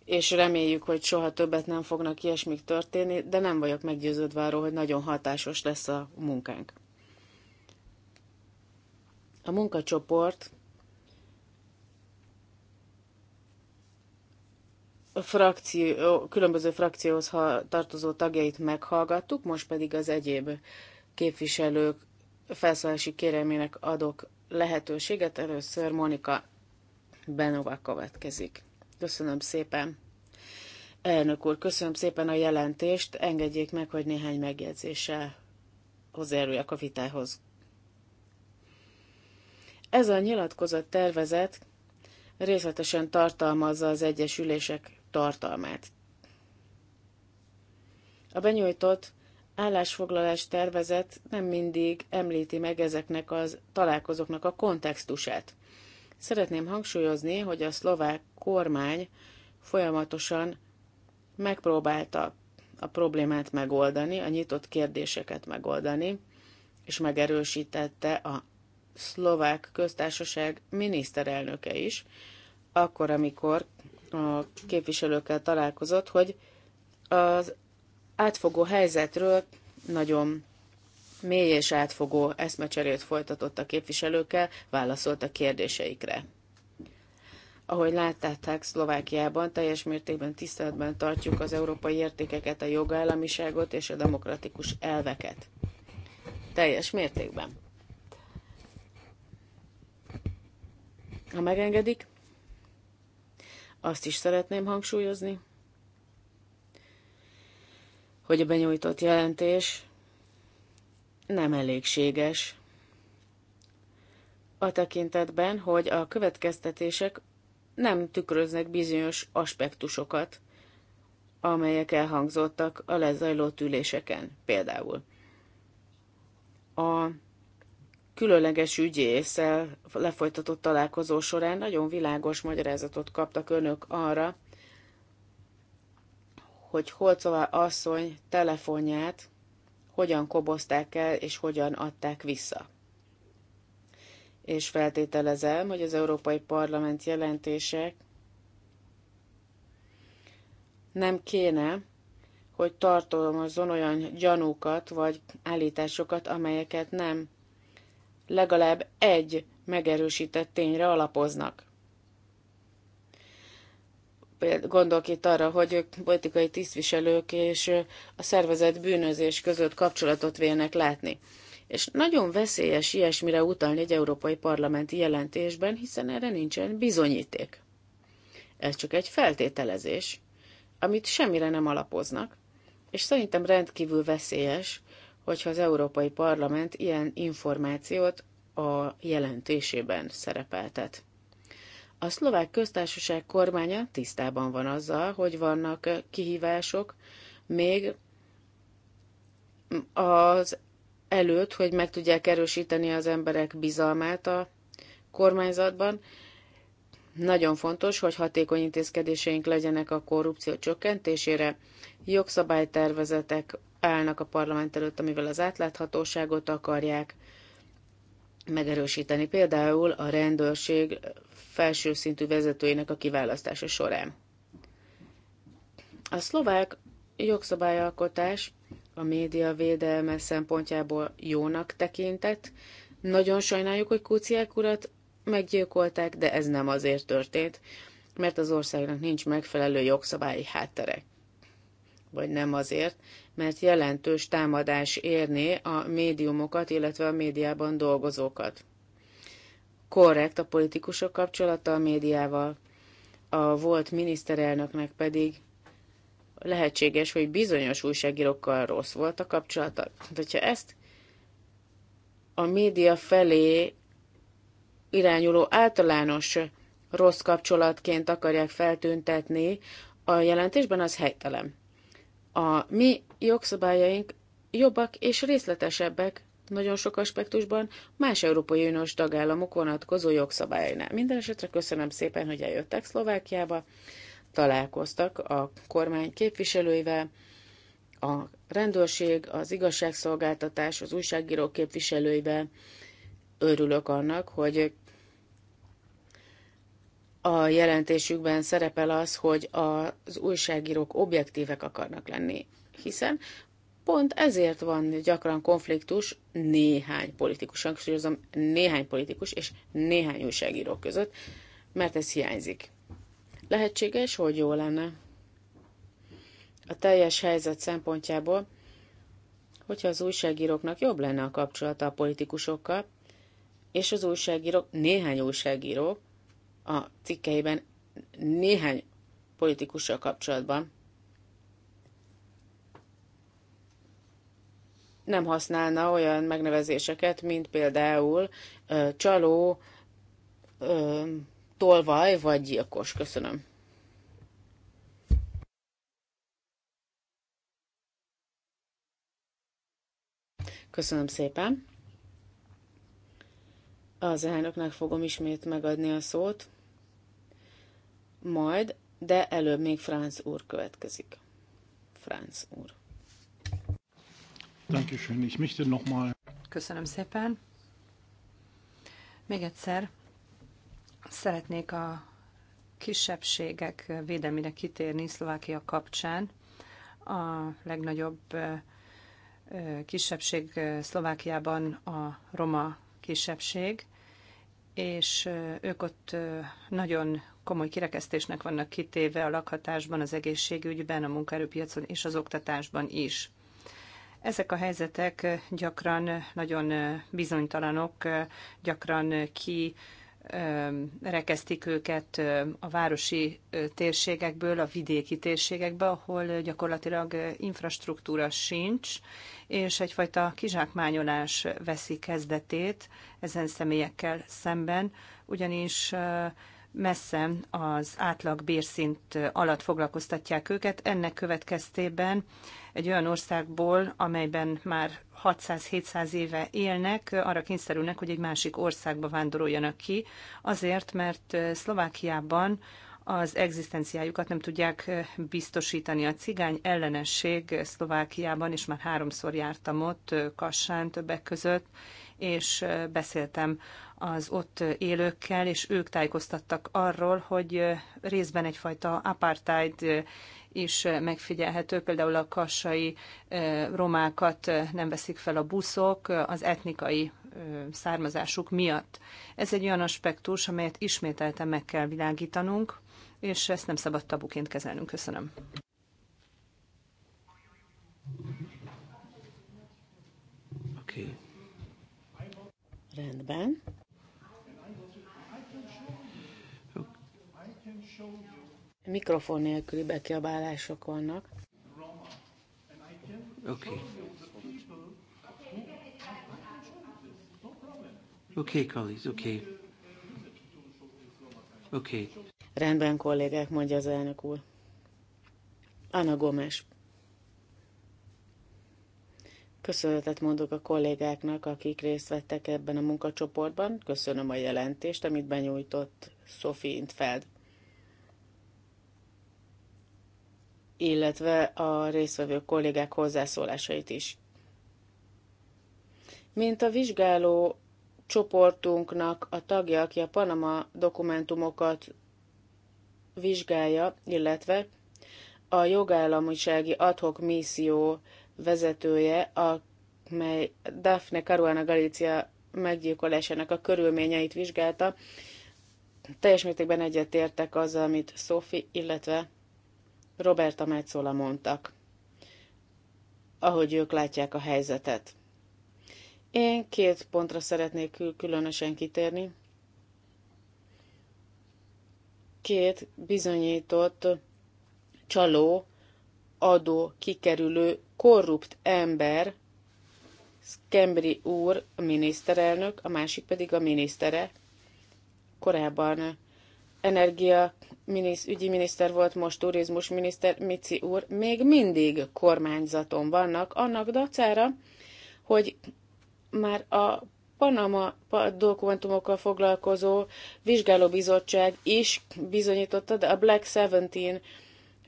és reméljük, hogy soha többet nem fognak ilyesmik történni, de nem vagyok meggyőződve arról, hogy nagyon hatásos lesz a munkánk. A munkacsoport a frakció, különböző frakcióhoz tartozó tagjait meghallgattuk, most pedig az egyéb képviselők felszólási kérelmének adok lehetőséget. Először Monika Benova következik. Köszönöm szépen. Elnök úr, köszönöm szépen a jelentést. Engedjék meg, hogy néhány megjegyzéssel hozzájáruljak a vitához. Ez a nyilatkozat tervezet részletesen tartalmazza az egyesülések tartalmát. A benyújtott állásfoglalás tervezet nem mindig említi meg ezeknek a találkozóknak a kontextusát. Szeretném hangsúlyozni, hogy a szlovák kormány folyamatosan megpróbálta a problémát megoldani, a nyitott kérdéseket megoldani, és megerősítette a szlovák köztársaság miniszterelnöke is, akkor, amikor a képviselőkkel találkozott, hogy az átfogó helyzetről nagyon mély és átfogó eszmecserét folytatott a képviselőkkel, válaszolt a kérdéseikre. Ahogy láttátok, Szlovákiában teljes mértékben tiszteletben tartjuk az európai értékeket, a jogállamiságot és a demokratikus elveket. Teljes mértékben. Ha megengedik, azt is szeretném hangsúlyozni, hogy a benyújtott jelentés nem elégséges a tekintetben, hogy a következtetések nem tükröznek bizonyos aspektusokat, amelyek elhangzottak a lezajlott üléseken például. A különleges ügyészsel lefolytatott találkozó során nagyon világos magyarázatot kaptak önök arra, hogy Holcová asszony telefonját hogyan kobozták el, és hogyan adták vissza. És feltételezem, hogy az Európai Parlament jelentések nem kéne, hogy tartalmazzon olyan gyanúkat vagy állításokat, amelyeket nem legalább egy megerősített tényre alapoznak gondolk itt arra, hogy politikai tisztviselők és a szervezet bűnözés között kapcsolatot vélnek látni. És nagyon veszélyes ilyesmire utalni egy európai parlamenti jelentésben, hiszen erre nincsen bizonyíték. Ez csak egy feltételezés, amit semmire nem alapoznak, és szerintem rendkívül veszélyes, hogyha az Európai Parlament ilyen információt a jelentésében szerepeltet. A szlovák köztársaság kormánya tisztában van azzal, hogy vannak eh, kihívások, még az előtt, hogy meg tudják erősíteni az emberek bizalmát a kormányzatban. Nagyon fontos, hogy hatékony intézkedéseink legyenek a korrupció csökkentésére. Jogszabálytervezetek állnak a parlament előtt, amivel az átláthatóságot akarják megerősíteni, például a rendőrség felső szintű vezetőinek a kiválasztása során. A szlovák jogszabályalkotás a média védelme szempontjából jónak tekintett. Nagyon sajnáljuk, hogy Kuciák urat meggyilkolták, de ez nem azért történt, mert az országnak nincs megfelelő jogszabályi háttere. Vagy nem azért, mert jelentős támadás érné a médiumokat, illetve a médiában dolgozókat. Korrekt a politikusok kapcsolata a médiával, a volt miniszterelnöknek pedig lehetséges, hogy bizonyos újságírókkal rossz volt a kapcsolata. De hát, hogyha ezt a média felé irányuló általános rossz kapcsolatként akarják feltüntetni, a jelentésben az helytelen. A mi jogszabályaink jobbak és részletesebbek nagyon sok aspektusban más Európai Uniós tagállamok vonatkozó jogszabályainál. Minden esetre köszönöm szépen, hogy eljöttek Szlovákiába, találkoztak a kormány képviselőivel, a rendőrség, az igazságszolgáltatás, az újságíró képviselőivel. Örülök annak, hogy a jelentésükben szerepel az, hogy az újságírók objektívek akarnak lenni, hiszen pont ezért van gyakran konfliktus néhány politikus, hangsúlyozom, néhány politikus és néhány újságíró között, mert ez hiányzik. Lehetséges, hogy jó lenne a teljes helyzet szempontjából, hogyha az újságíróknak jobb lenne a kapcsolata a politikusokkal, és az újságírók, néhány újságíró a cikkeiben néhány politikussal kapcsolatban nem használna olyan megnevezéseket, mint például ö, csaló, ö, tolvaj vagy gyilkos. Köszönöm. Köszönöm szépen. Az elnöknek fogom ismét megadni a szót, majd, de előbb még Franz úr következik. Franz úr. Dankeschön. Ich möchte nochmal. Köszönöm szépen. Még egyszer szeretnék a kisebbségek védelmére kitérni Szlovákia kapcsán. A legnagyobb kisebbség Szlovákiában a roma kisebbség, és ők ott nagyon komoly kirekesztésnek vannak kitéve a lakhatásban, az egészségügyben, a munkaerőpiacon és az oktatásban is. Ezek a helyzetek gyakran nagyon bizonytalanok, gyakran ki rekesztik őket a városi térségekből, a vidéki térségekbe, ahol gyakorlatilag infrastruktúra sincs, és egyfajta kizsákmányolás veszi kezdetét ezen személyekkel szemben, ugyanis messze az átlag bérszint alatt foglalkoztatják őket. Ennek következtében egy olyan országból, amelyben már 600-700 éve élnek, arra kényszerülnek, hogy egy másik országba vándoroljanak ki, azért, mert Szlovákiában az egzisztenciájukat nem tudják biztosítani. A cigány ellenesség Szlovákiában, és már háromszor jártam ott, Kassán többek között, és beszéltem az ott élőkkel, és ők tájékoztattak arról, hogy részben egyfajta apartheid is megfigyelhető, például a kassai romákat nem veszik fel a buszok az etnikai származásuk miatt. Ez egy olyan aspektus, amelyet ismételten meg kell világítanunk, és ezt nem szabad tabuként kezelnünk. Köszönöm. mikrofon nélküli bekiabálások vannak. Oké. Oké, kollégák, oké. Oké. Rendben, kollégák, mondja az elnök úr. Anna Gomes. Köszönetet mondok a kollégáknak, akik részt vettek ebben a munkacsoportban. Köszönöm a jelentést, amit benyújtott Sophie Intfeld. illetve a résztvevő kollégák hozzászólásait is. Mint a vizsgáló csoportunknak a tagja, aki a Panama dokumentumokat vizsgálja, illetve a jogállamisági adhok misszió vezetője, amely Daphne Caruana Galizia meggyilkolásának a körülményeit vizsgálta. Teljes mértékben egyetértek azzal, amit Sophie, illetve Roberta Metzola mondtak, ahogy ők látják a helyzetet. Én két pontra szeretnék különösen kitérni. Két bizonyított csaló, adó, kikerülő, korrupt ember, Skembri úr, a miniszterelnök, a másik pedig a minisztere, korábban energia minisz, ügyi miniszter volt, most turizmus miniszter, Mici úr, még mindig kormányzaton vannak, annak dacára, hogy már a Panama dokumentumokkal foglalkozó vizsgálóbizottság is bizonyította, de a Black 17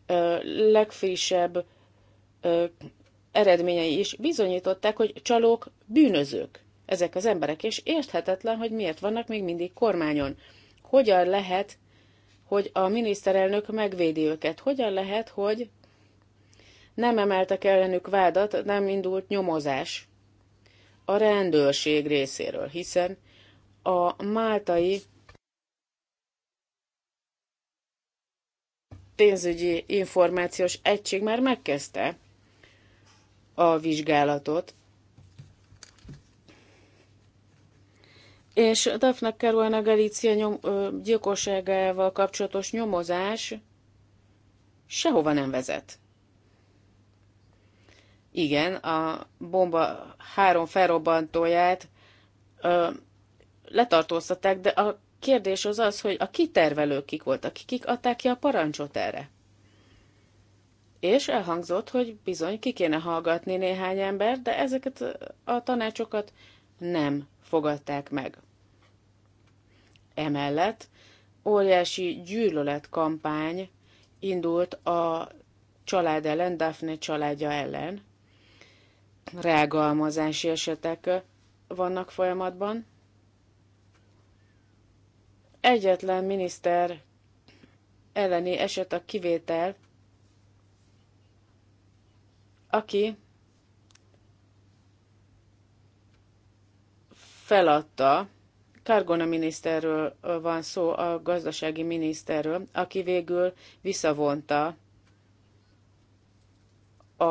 ö, legfrissebb ö, eredményei is bizonyították, hogy csalók bűnözők ezek az emberek, és érthetetlen, hogy miért vannak még mindig kormányon. Hogyan lehet hogy a miniszterelnök megvédi őket. Hogyan lehet, hogy nem emeltek ellenük vádat, nem indult nyomozás a rendőrség részéről, hiszen a máltai pénzügyi információs egység már megkezdte a vizsgálatot, És Daphne Caruana Galícia nyom, ö, gyilkosságával kapcsolatos nyomozás sehova nem vezet. Igen, a bomba három felrobbantóját ö, letartóztatták, de a kérdés az az, hogy a kitervelők kik voltak, kik adták ki a parancsot erre. És elhangzott, hogy bizony ki kéne hallgatni néhány ember, de ezeket a tanácsokat nem fogadták meg. Emellett óriási gyűlöletkampány indult a család ellen, Daphne családja ellen. Rágalmazási esetek vannak folyamatban. Egyetlen miniszter elleni eset a kivétel, aki feladta, Kargona miniszterről van szó, a gazdasági miniszterről, aki végül visszavonta a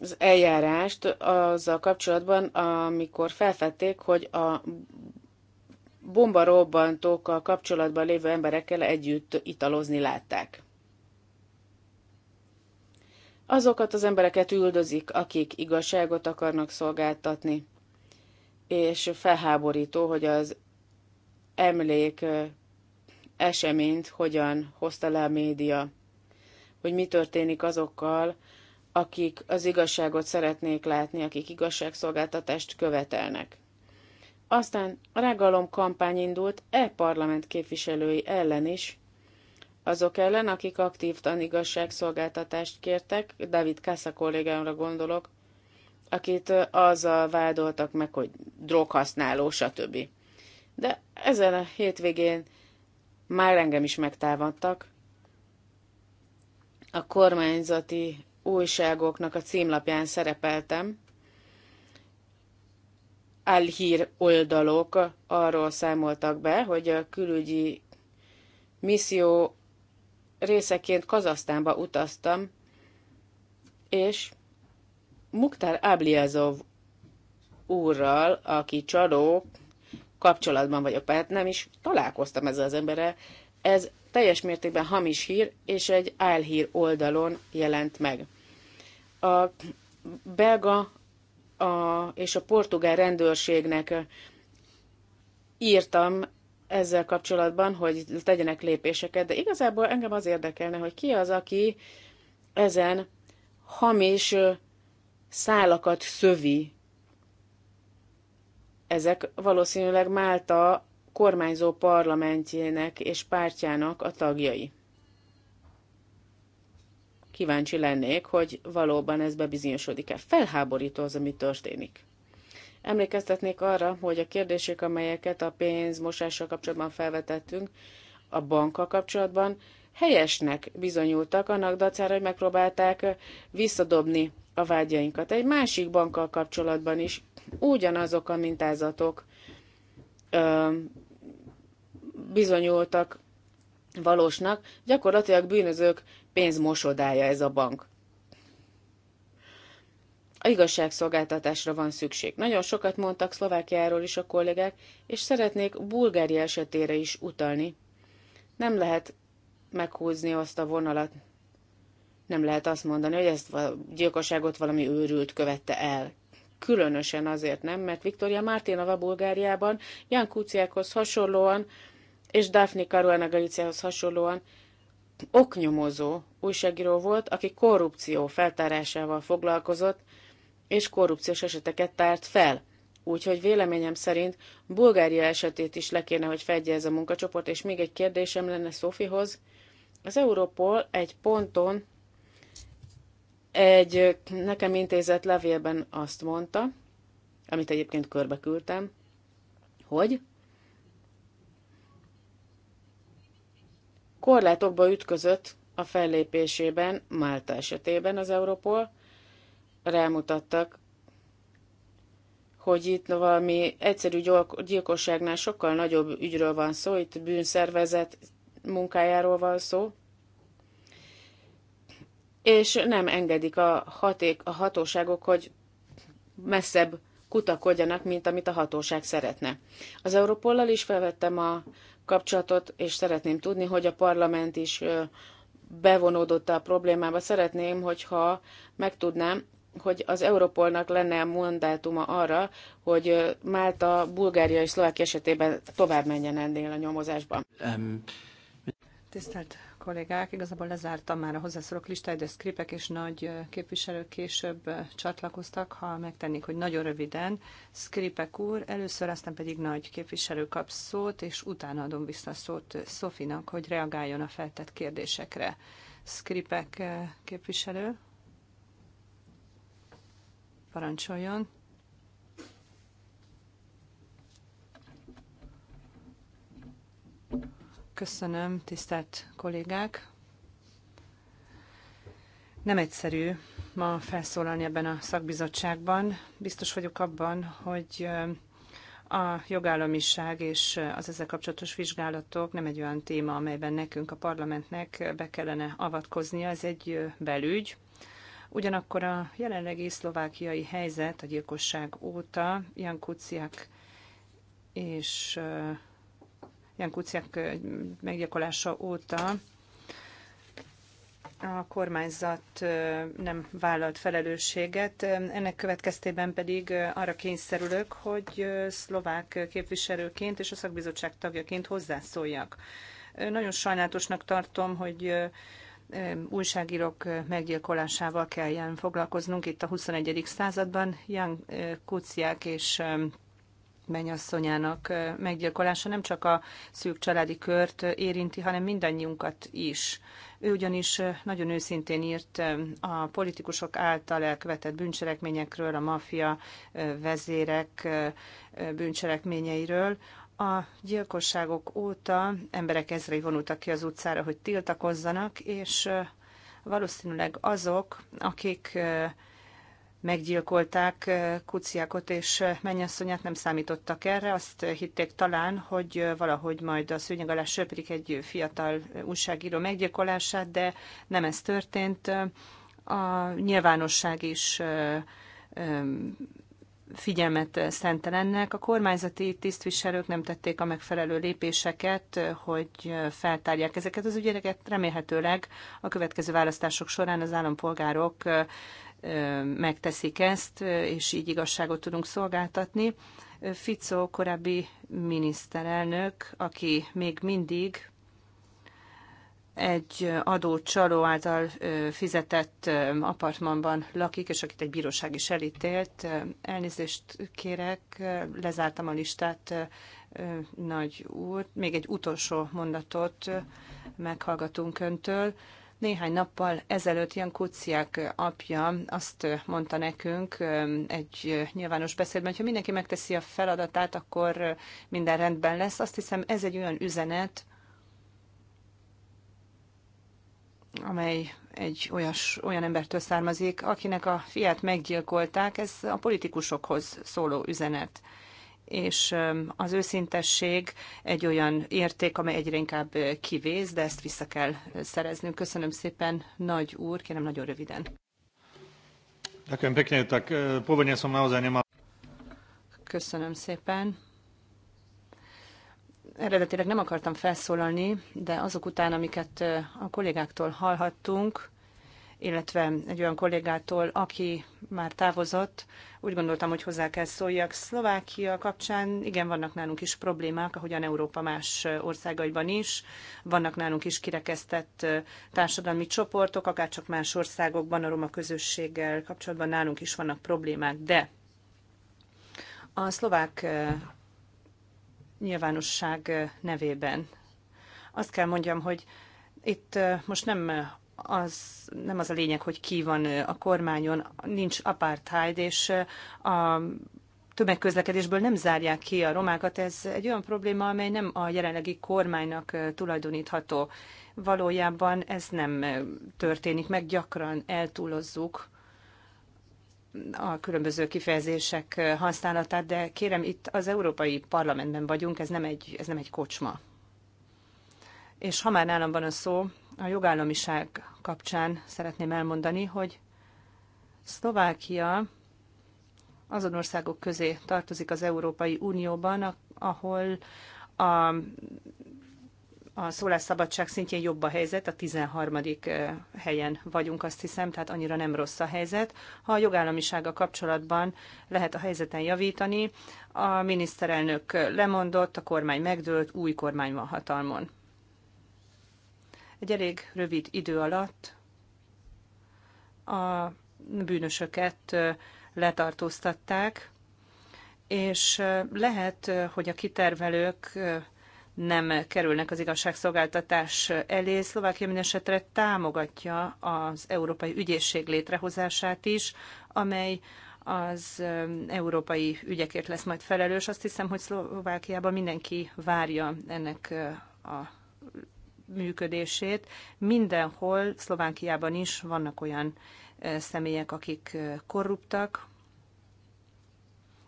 az eljárást azzal kapcsolatban, amikor felfedték, hogy a bombarobbantókkal kapcsolatban lévő emberekkel együtt italozni látták azokat az embereket üldözik, akik igazságot akarnak szolgáltatni. És felháborító, hogy az emlék eseményt hogyan hozta le a média, hogy mi történik azokkal, akik az igazságot szeretnék látni, akik igazságszolgáltatást követelnek. Aztán a regalom kampány indult e parlament képviselői ellen is, azok ellen, akik aktív tanigazságszolgáltatást kértek, David Kassa kollégámra gondolok, akit azzal vádoltak meg, hogy droghasználó, stb. De ezen a hétvégén már engem is megtámadtak. A kormányzati újságoknak a címlapján szerepeltem. al oldalok arról számoltak be, hogy a külügyi misszió részeként Kazasztánba utaztam, és Muktár Ábliázov úrral, aki csaló, kapcsolatban vagyok, mert nem is találkoztam ezzel az emberrel. Ez teljes mértékben hamis hír, és egy álhír oldalon jelent meg. A belga a, és a portugál rendőrségnek írtam ezzel kapcsolatban, hogy tegyenek lépéseket, de igazából engem az érdekelne, hogy ki az, aki ezen hamis szálakat szövi. Ezek valószínűleg Málta kormányzó parlamentjének és pártjának a tagjai. Kíváncsi lennék, hogy valóban ez bebizonyosodik-e. Felháborító az, ami történik. Emlékeztetnék arra, hogy a kérdések, amelyeket a pénz mosással kapcsolatban felvetettünk, a bankkal kapcsolatban helyesnek bizonyultak annak dacára, hogy megpróbálták visszadobni a vágyainkat. Egy másik bankkal kapcsolatban is ugyanazok a mintázatok ö, bizonyultak valósnak, gyakorlatilag bűnözők pénzmosodája ez a bank a igazságszolgáltatásra van szükség. Nagyon sokat mondtak Szlovákiáról is a kollégák, és szeretnék Bulgária esetére is utalni. Nem lehet meghúzni azt a vonalat, nem lehet azt mondani, hogy ezt a gyilkosságot valami őrült követte el. Különösen azért nem, mert Viktoria Mártinova Bulgáriában Jan Kuciákhoz hasonlóan és Daphne Caruana Galiciához hasonlóan oknyomozó újságíró volt, aki korrupció feltárásával foglalkozott, és korrupciós eseteket tárt fel. Úgyhogy véleményem szerint Bulgária esetét is le kéne, hogy fedje ez a munkacsoport, és még egy kérdésem lenne Szofihoz. Az Europol egy ponton egy nekem intézett levélben azt mondta, amit egyébként körbe küldtem, hogy korlátokba ütközött a fellépésében Málta esetében az Europol, rámutattak, hogy itt valami egyszerű gyilkosságnál sokkal nagyobb ügyről van szó, itt bűnszervezet munkájáról van szó, és nem engedik a, haték, a hatóságok, hogy messzebb kutakodjanak, mint amit a hatóság szeretne. Az Európollal is felvettem a kapcsolatot, és szeretném tudni, hogy a parlament is bevonódott a problémába. Szeretném, hogyha megtudnám, hogy az Európolnak lenne a mandátuma arra, hogy Málta, Bulgária és Szlovákia esetében tovább menjen ennél a nyomozásban. Um. Tisztelt kollégák, igazából lezártam már a hozzászorok listáját, de skripek és nagy képviselők később csatlakoztak, ha megtennék, hogy nagyon röviden. Skripek úr, először aztán pedig nagy képviselő kap szót, és utána adom vissza a szót Szofinak, hogy reagáljon a feltett kérdésekre. Skripek képviselő. Parancsoljon. Köszönöm, tisztelt kollégák. Nem egyszerű ma felszólalni ebben a szakbizottságban. Biztos vagyok abban, hogy a jogállamiság és az ezzel kapcsolatos vizsgálatok nem egy olyan téma, amelyben nekünk, a parlamentnek be kellene avatkoznia. Ez egy belügy, Ugyanakkor a jelenlegi szlovákiai helyzet a gyilkosság óta Jan Kuciak és Jan Kuciak meggyilkolása óta a kormányzat nem vállalt felelősséget. Ennek következtében pedig arra kényszerülök, hogy szlovák képviselőként és a szakbizottság tagjaként hozzászóljak. Nagyon sajnálatosnak tartom, hogy újságírók eh, meggyilkolásával kelljen foglalkoznunk itt a 21. században. Jan eh, Kuciák és mennyasszonyának eh, meggyilkolása nem csak a szűk családi kört érinti, hanem mindannyiunkat is. Ő ugyanis nagyon őszintén írt a politikusok által elkövetett bűncselekményekről, a maffia vezérek bűncselekményeiről, a gyilkosságok óta emberek ezrei vonultak ki az utcára, hogy tiltakozzanak, és valószínűleg azok, akik meggyilkolták Kuciákot és mennyasszonyát, nem számítottak erre. Azt hitték talán, hogy valahogy majd a szőnyeg alá söprik egy fiatal újságíró meggyilkolását, de nem ez történt. A nyilvánosság is figyelmet szentelennek. A kormányzati tisztviselők nem tették a megfelelő lépéseket, hogy feltárják ezeket az ügyeket. Remélhetőleg a következő választások során az állampolgárok megteszik ezt, és így igazságot tudunk szolgáltatni. Fico korábbi miniszterelnök, aki még mindig egy adócsaló által fizetett apartmanban lakik, és akit egy bíróság is elítélt. Elnézést kérek, lezártam a listát, nagy úr. Még egy utolsó mondatot meghallgatunk öntől. Néhány nappal ezelőtt Jan Kuciák apja azt mondta nekünk egy nyilvános beszédben, hogy ha mindenki megteszi a feladatát, akkor minden rendben lesz. Azt hiszem ez egy olyan üzenet, amely egy olyas, olyan embertől származik, akinek a fiát meggyilkolták, ez a politikusokhoz szóló üzenet. És az őszintesség egy olyan érték, amely egyre inkább kivész, de ezt vissza kell szereznünk. Köszönöm szépen, nagy úr, kérem nagyon röviden. E, Köszönöm szépen eredetileg nem akartam felszólalni, de azok után, amiket a kollégáktól hallhattunk, illetve egy olyan kollégától, aki már távozott, úgy gondoltam, hogy hozzá kell szóljak. Szlovákia kapcsán igen, vannak nálunk is problémák, ahogyan Európa más országaiban is. Vannak nálunk is kirekesztett társadalmi csoportok, akár csak más országokban a roma közösséggel kapcsolatban nálunk is vannak problémák, de a szlovák nyilvánosság nevében. Azt kell mondjam, hogy itt most nem az, nem az a lényeg, hogy ki van a kormányon, nincs apartheid, és a tömegközlekedésből nem zárják ki a romákat. Ez egy olyan probléma, amely nem a jelenlegi kormánynak tulajdonítható. Valójában ez nem történik meg, gyakran eltúlozzuk a különböző kifejezések használatát, de kérem, itt az Európai Parlamentben vagyunk, ez nem egy, ez nem egy kocsma. És ha már nálam van a szó, a jogállamiság kapcsán szeretném elmondani, hogy Szlovákia azon országok közé tartozik az Európai Unióban, ahol a a szólásszabadság szintjén jobb a helyzet, a 13. helyen vagyunk, azt hiszem, tehát annyira nem rossz a helyzet. Ha a jogállamisága kapcsolatban lehet a helyzeten javítani, a miniszterelnök lemondott, a kormány megdőlt, új kormány van hatalmon. Egy elég rövid idő alatt a bűnösöket letartóztatták, és lehet, hogy a kitervelők nem kerülnek az igazságszolgáltatás elé. Szlovákia minden esetre támogatja az Európai Ügyészség létrehozását is, amely az európai ügyekért lesz majd felelős. Azt hiszem, hogy Szlovákiában mindenki várja ennek a működését. Mindenhol, Szlovákiában is vannak olyan személyek, akik korruptak,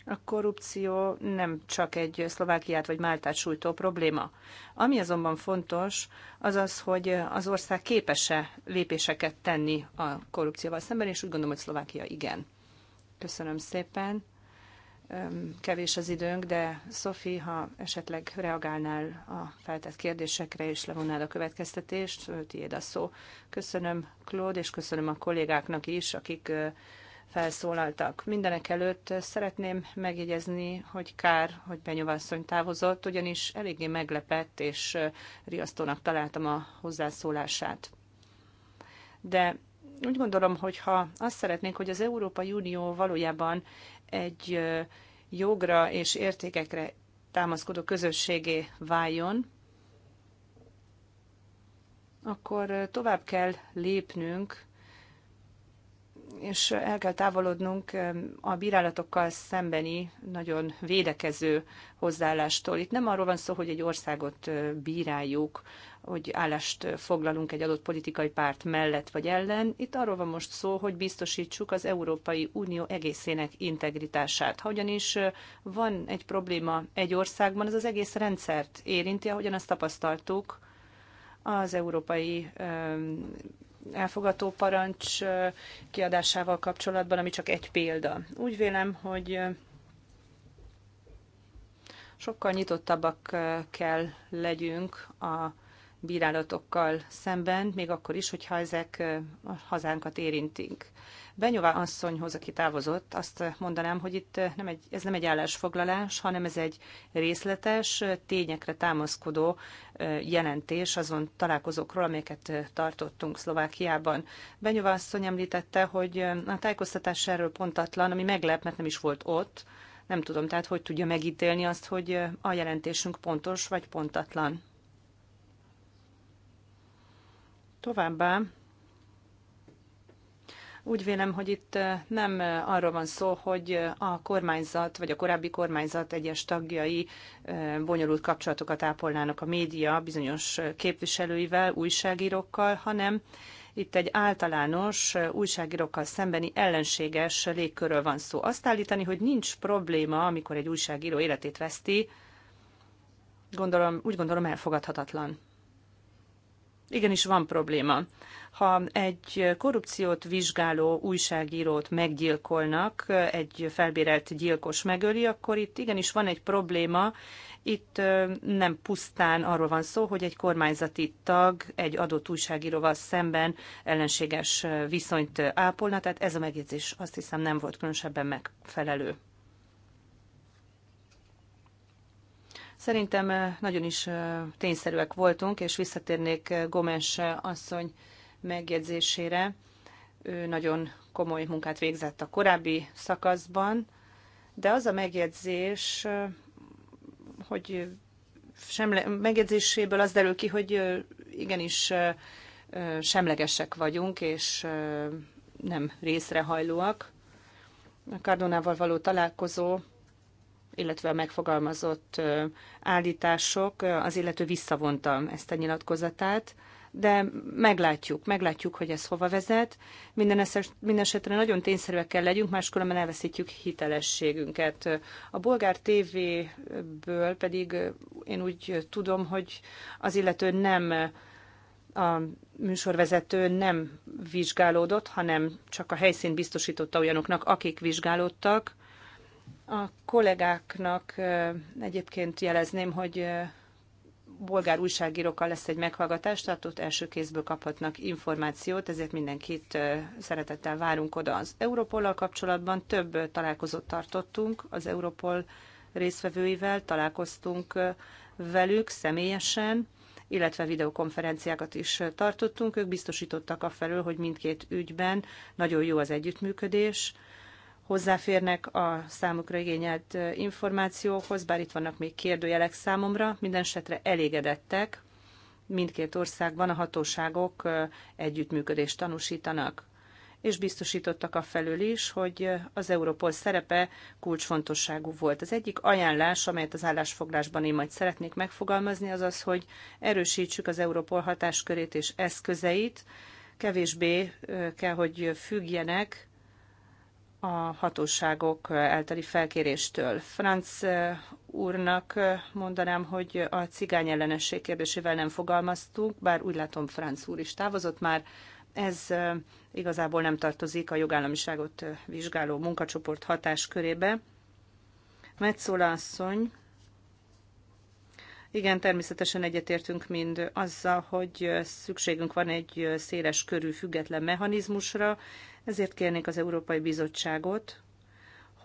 a korrupció nem csak egy Szlovákiát vagy Máltát sújtó probléma. Ami azonban fontos, az az, hogy az ország képes-e lépéseket tenni a korrupcióval szemben, és úgy gondolom, hogy Szlovákia igen. Köszönöm szépen. Kevés az időnk, de Szofi, ha esetleg reagálnál a feltett kérdésekre és levonnád a következtetést, tiéd a szó. Köszönöm Claude, és köszönöm a kollégáknak is, akik felszólaltak. Mindenek előtt szeretném megjegyezni, hogy kár, hogy Benyovasszony távozott, ugyanis eléggé meglepett és riasztónak találtam a hozzászólását. De úgy gondolom, hogy ha azt szeretnénk, hogy az Európai Unió valójában egy jogra és értékekre támaszkodó közösségé váljon, akkor tovább kell lépnünk és el kell távolodnunk a bírálatokkal szembeni nagyon védekező hozzáállástól. Itt nem arról van szó, hogy egy országot bíráljuk, hogy állást foglalunk egy adott politikai párt mellett vagy ellen. Itt arról van most szó, hogy biztosítsuk az Európai Unió egészének integritását. Ha ugyanis van egy probléma egy országban, az az egész rendszert érinti, ahogyan azt tapasztaltuk az európai elfogató parancs kiadásával kapcsolatban, ami csak egy példa. Úgy vélem, hogy sokkal nyitottabbak kell legyünk a bírálatokkal szemben, még akkor is, hogyha ezek a hazánkat érintik. Benyová asszonyhoz, aki távozott, azt mondanám, hogy itt nem egy, ez nem egy állásfoglalás, hanem ez egy részletes, tényekre támaszkodó jelentés azon találkozókról, amelyeket tartottunk Szlovákiában. Benyová asszony említette, hogy a tájékoztatás erről pontatlan, ami meglep, mert nem is volt ott. Nem tudom, tehát hogy tudja megítélni azt, hogy a jelentésünk pontos vagy pontatlan. Továbbá úgy vélem, hogy itt nem arról van szó, hogy a kormányzat vagy a korábbi kormányzat egyes tagjai bonyolult kapcsolatokat ápolnának a média bizonyos képviselőivel, újságírókkal, hanem itt egy általános újságírókkal szembeni ellenséges légkörről van szó. Azt állítani, hogy nincs probléma, amikor egy újságíró életét veszti, gondolom, úgy gondolom elfogadhatatlan igenis van probléma. Ha egy korrupciót vizsgáló újságírót meggyilkolnak, egy felbérelt gyilkos megöli, akkor itt igenis van egy probléma. Itt nem pusztán arról van szó, hogy egy kormányzati tag egy adott újságíróval szemben ellenséges viszonyt ápolna, tehát ez a megjegyzés azt hiszem nem volt különösebben megfelelő. Szerintem nagyon is tényszerűek voltunk, és visszatérnék Gomes asszony megjegyzésére. Ő nagyon komoly munkát végzett a korábbi szakaszban, de az a megjegyzés, hogy sem megjegyzéséből az derül ki, hogy igenis semlegesek vagyunk, és nem részrehajlóak. A Cardonával való találkozó illetve a megfogalmazott állítások, az illető visszavonta ezt a nyilatkozatát, de meglátjuk, meglátjuk, hogy ez hova vezet. Minden, eszes, minden esetre nagyon tényszerűek kell legyünk, máskülönben elveszítjük hitelességünket. A bolgár tévéből pedig én úgy tudom, hogy az illető nem a műsorvezető nem vizsgálódott, hanem csak a helyszínt biztosította olyanoknak, akik vizsgálódtak, a kollégáknak egyébként jelezném, hogy bolgár újságírókkal lesz egy meghallgatás, tehát ott első kézből kaphatnak információt, ezért mindenkit szeretettel várunk oda. Az Európollal kapcsolatban több találkozót tartottunk az Európol részvevőivel, találkoztunk velük személyesen, illetve videokonferenciákat is tartottunk. Ők biztosítottak a felől, hogy mindkét ügyben nagyon jó az együttműködés, hozzáférnek a számukra igényelt információkhoz, bár itt vannak még kérdőjelek számomra, minden esetre elégedettek. Mindkét országban a hatóságok együttműködést tanúsítanak és biztosítottak a felől is, hogy az Európol szerepe kulcsfontosságú volt. Az egyik ajánlás, amelyet az állásfoglásban én majd szeretnék megfogalmazni, az az, hogy erősítsük az Európol hatáskörét és eszközeit, kevésbé kell, hogy függjenek a hatóságok elteli felkéréstől. Franz eh, úrnak eh, mondanám, hogy a cigány ellenesség kérdésével nem fogalmaztunk, bár úgy látom Franz úr is távozott már, ez eh, igazából nem tartozik a jogállamiságot vizsgáló munkacsoport hatáskörébe. Metzola asszony, igen, természetesen egyetértünk mind azzal, hogy szükségünk van egy széles körű független mechanizmusra, ezért kérnék az Európai Bizottságot,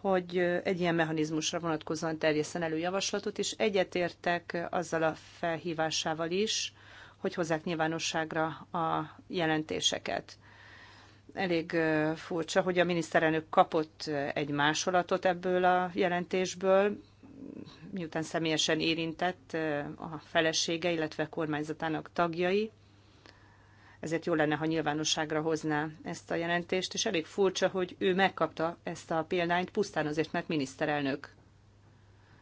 hogy egy ilyen mechanizmusra vonatkozóan terjeszen elő javaslatot, és egyetértek azzal a felhívásával is, hogy hozzák nyilvánosságra a jelentéseket. Elég furcsa, hogy a miniszterelnök kapott egy másolatot ebből a jelentésből, miután személyesen érintett a felesége, illetve kormányzatának tagjai ezért jó lenne, ha nyilvánosságra hozná ezt a jelentést, és elég furcsa, hogy ő megkapta ezt a példányt pusztán azért, mert miniszterelnök.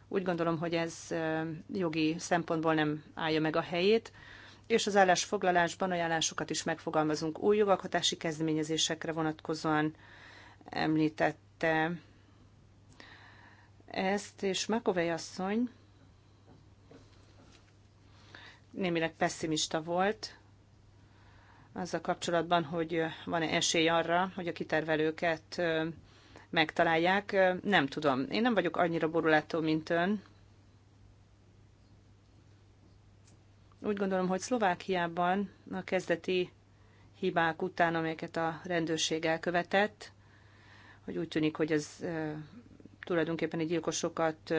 Úgy gondolom, hogy ez jogi szempontból nem állja meg a helyét, és az állásfoglalásban ajánlásokat is megfogalmazunk új jogalkotási kezdeményezésekre vonatkozóan említette ezt, és Makovej asszony némileg pessimista volt, azzal kapcsolatban, hogy van-e esély arra, hogy a kitervelőket megtalálják. Nem tudom. Én nem vagyok annyira borulátó, mint ön. Úgy gondolom, hogy Szlovákiában a kezdeti hibák után, amelyeket a rendőrség elkövetett, hogy úgy tűnik, hogy ez tulajdonképpen egy gyilkosokat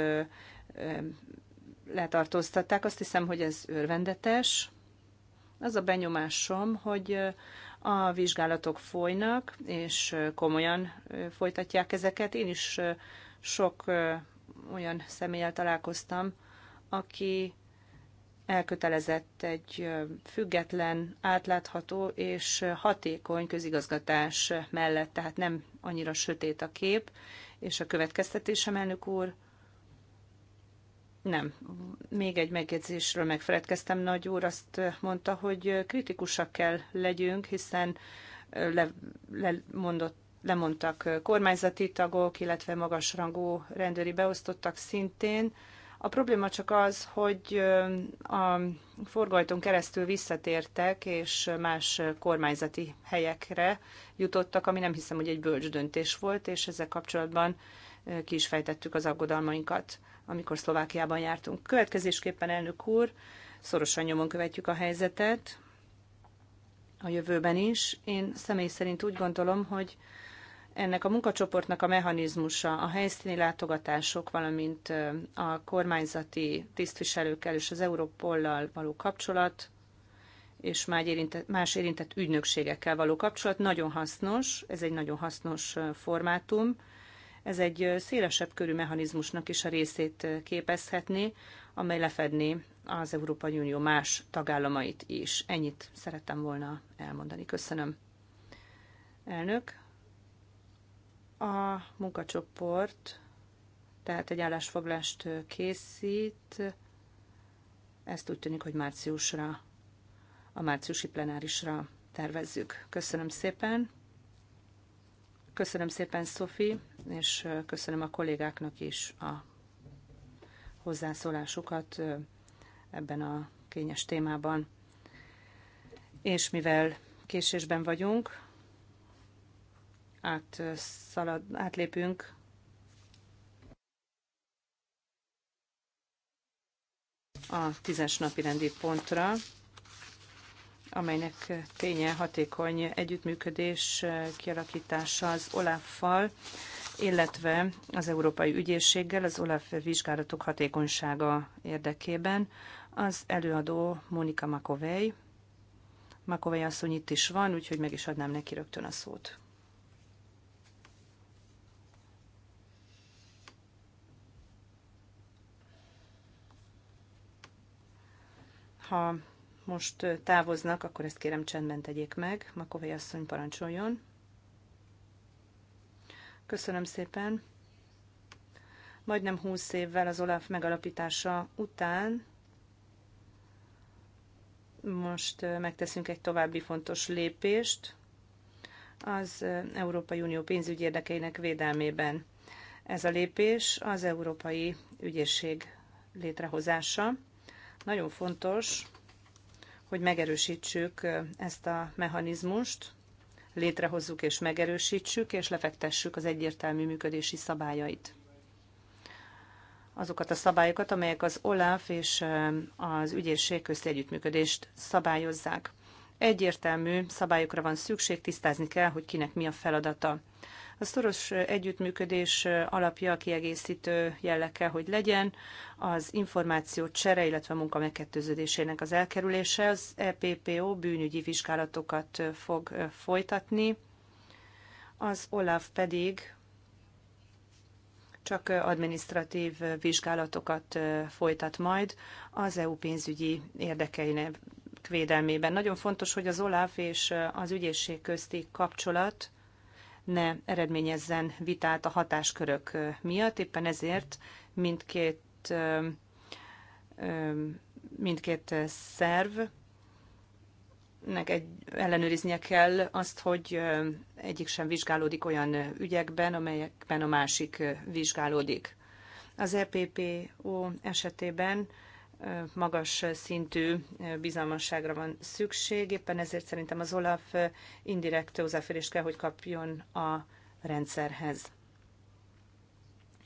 letartóztatták. Azt hiszem, hogy ez örvendetes. Az a benyomásom, hogy a vizsgálatok folynak, és komolyan folytatják ezeket. Én is sok olyan személlyel találkoztam, aki elkötelezett egy független, átlátható és hatékony közigazgatás mellett, tehát nem annyira sötét a kép, és a következtetésem, elnök úr, nem. Még egy megjegyzésről megfeledkeztem. Nagy úr azt mondta, hogy kritikusak kell legyünk, hiszen le, lemondott lemondtak kormányzati tagok, illetve magasrangú rendőri beosztottak szintén. A probléma csak az, hogy a forgajton keresztül visszatértek, és más kormányzati helyekre jutottak, ami nem hiszem, hogy egy bölcs döntés volt, és ezzel kapcsolatban ki is fejtettük az aggodalmainkat amikor Szlovákiában jártunk. Következésképpen, elnök úr, szorosan nyomon követjük a helyzetet a jövőben is. Én személy szerint úgy gondolom, hogy ennek a munkacsoportnak a mechanizmusa, a helyszíni látogatások, valamint a kormányzati tisztviselőkkel és az Európollal való kapcsolat, és más érintett, más érintett ügynökségekkel való kapcsolat nagyon hasznos, ez egy nagyon hasznos formátum, ez egy szélesebb körű mechanizmusnak is a részét képezhetné, amely lefedné az Európai Unió más tagállamait is. Ennyit szerettem volna elmondani. Köszönöm. Elnök, a munkacsoport tehát egy állásfoglást készít. Ezt úgy tűnik, hogy márciusra, a márciusi plenárisra tervezzük. Köszönöm szépen. Köszönöm szépen, Szofi, és köszönöm a kollégáknak is a hozzászólásukat ebben a kényes témában. És mivel késésben vagyunk, átszalad, átlépünk a tízes napi rendi pontra, amelynek ténye hatékony együttműködés kialakítása az OLAF-fal, illetve az Európai Ügyészséggel az OLAF vizsgálatok hatékonysága érdekében. Az előadó Monika Makovej. Makovej asszony itt is van, úgyhogy meg is adnám neki rögtön a szót. Ha most távoznak, akkor ezt kérem csendben tegyék meg. Makovei asszony parancsoljon. Köszönöm szépen. Majdnem 20 évvel az Olaf megalapítása után most megteszünk egy további fontos lépést az Európai Unió pénzügyi érdekeinek védelmében. Ez a lépés az Európai Ügyészség létrehozása. Nagyon fontos, hogy megerősítsük ezt a mechanizmust, létrehozzuk és megerősítsük, és lefektessük az egyértelmű működési szabályait. Azokat a szabályokat, amelyek az OLAF és az ügyészség közti együttműködést szabályozzák. Egyértelmű szabályokra van szükség, tisztázni kell, hogy kinek mi a feladata. A szoros együttműködés alapja kiegészítő jellekkel, hogy legyen az információ csere, illetve a munka megkettőződésének az elkerülése. Az EPPO bűnügyi vizsgálatokat fog folytatni, az OLAF pedig csak administratív vizsgálatokat folytat majd az EU pénzügyi érdekeinek védelmében. Nagyon fontos, hogy az OLAF és az ügyészség közti kapcsolat ne eredményezzen vitát a hatáskörök miatt. Éppen ezért mindkét, mindkét szerv egy, ellenőriznie kell azt, hogy egyik sem vizsgálódik olyan ügyekben, amelyekben a másik vizsgálódik. Az EPPO esetében magas szintű bizalmasságra van szükség, éppen ezért szerintem az OLAF indirekt hozzáférést kell, hogy kapjon a rendszerhez.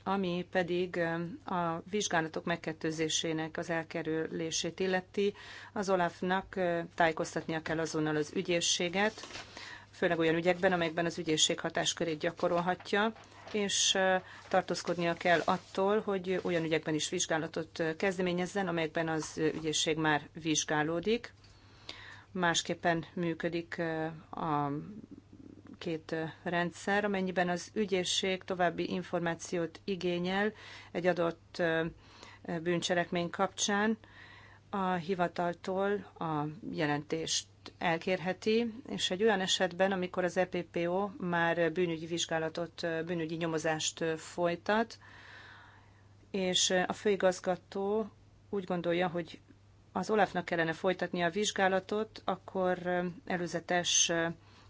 Ami pedig a vizsgálatok megkettőzésének az elkerülését illeti, az olafnak tájékoztatnia kell azonnal az ügyészséget, főleg olyan ügyekben, amelyekben az ügyészség hatáskörét gyakorolhatja, és tartózkodnia kell attól, hogy olyan ügyekben is vizsgálatot kezdeményezzen, amelyekben az ügyészség már vizsgálódik. Másképpen működik a két rendszer, amennyiben az ügyészség további információt igényel egy adott bűncselekmény kapcsán, a hivataltól a jelentést elkérheti, és egy olyan esetben, amikor az EPPO már bűnügyi vizsgálatot, bűnügyi nyomozást folytat, és a főigazgató úgy gondolja, hogy az Olafnak kellene folytatni a vizsgálatot, akkor előzetes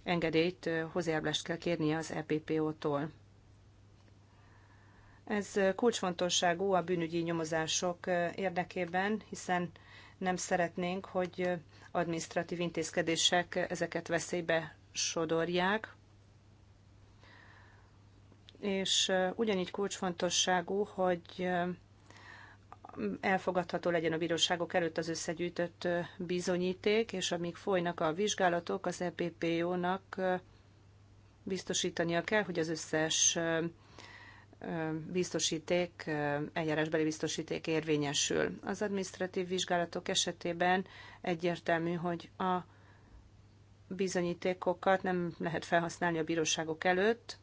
engedélyt, hozzájárulást kell kérnie az EPPO-tól. Ez kulcsfontosságú a bűnügyi nyomozások érdekében, hiszen nem szeretnénk, hogy administratív intézkedések ezeket veszélybe sodorják. És ugyanígy kulcsfontosságú, hogy elfogadható legyen a bíróságok előtt az összegyűjtött bizonyíték, és amíg folynak a vizsgálatok, az EPPO-nak biztosítania kell, hogy az összes biztosíték, eljárásbeli biztosíték érvényesül. Az administratív vizsgálatok esetében egyértelmű, hogy a bizonyítékokat nem lehet felhasználni a bíróságok előtt.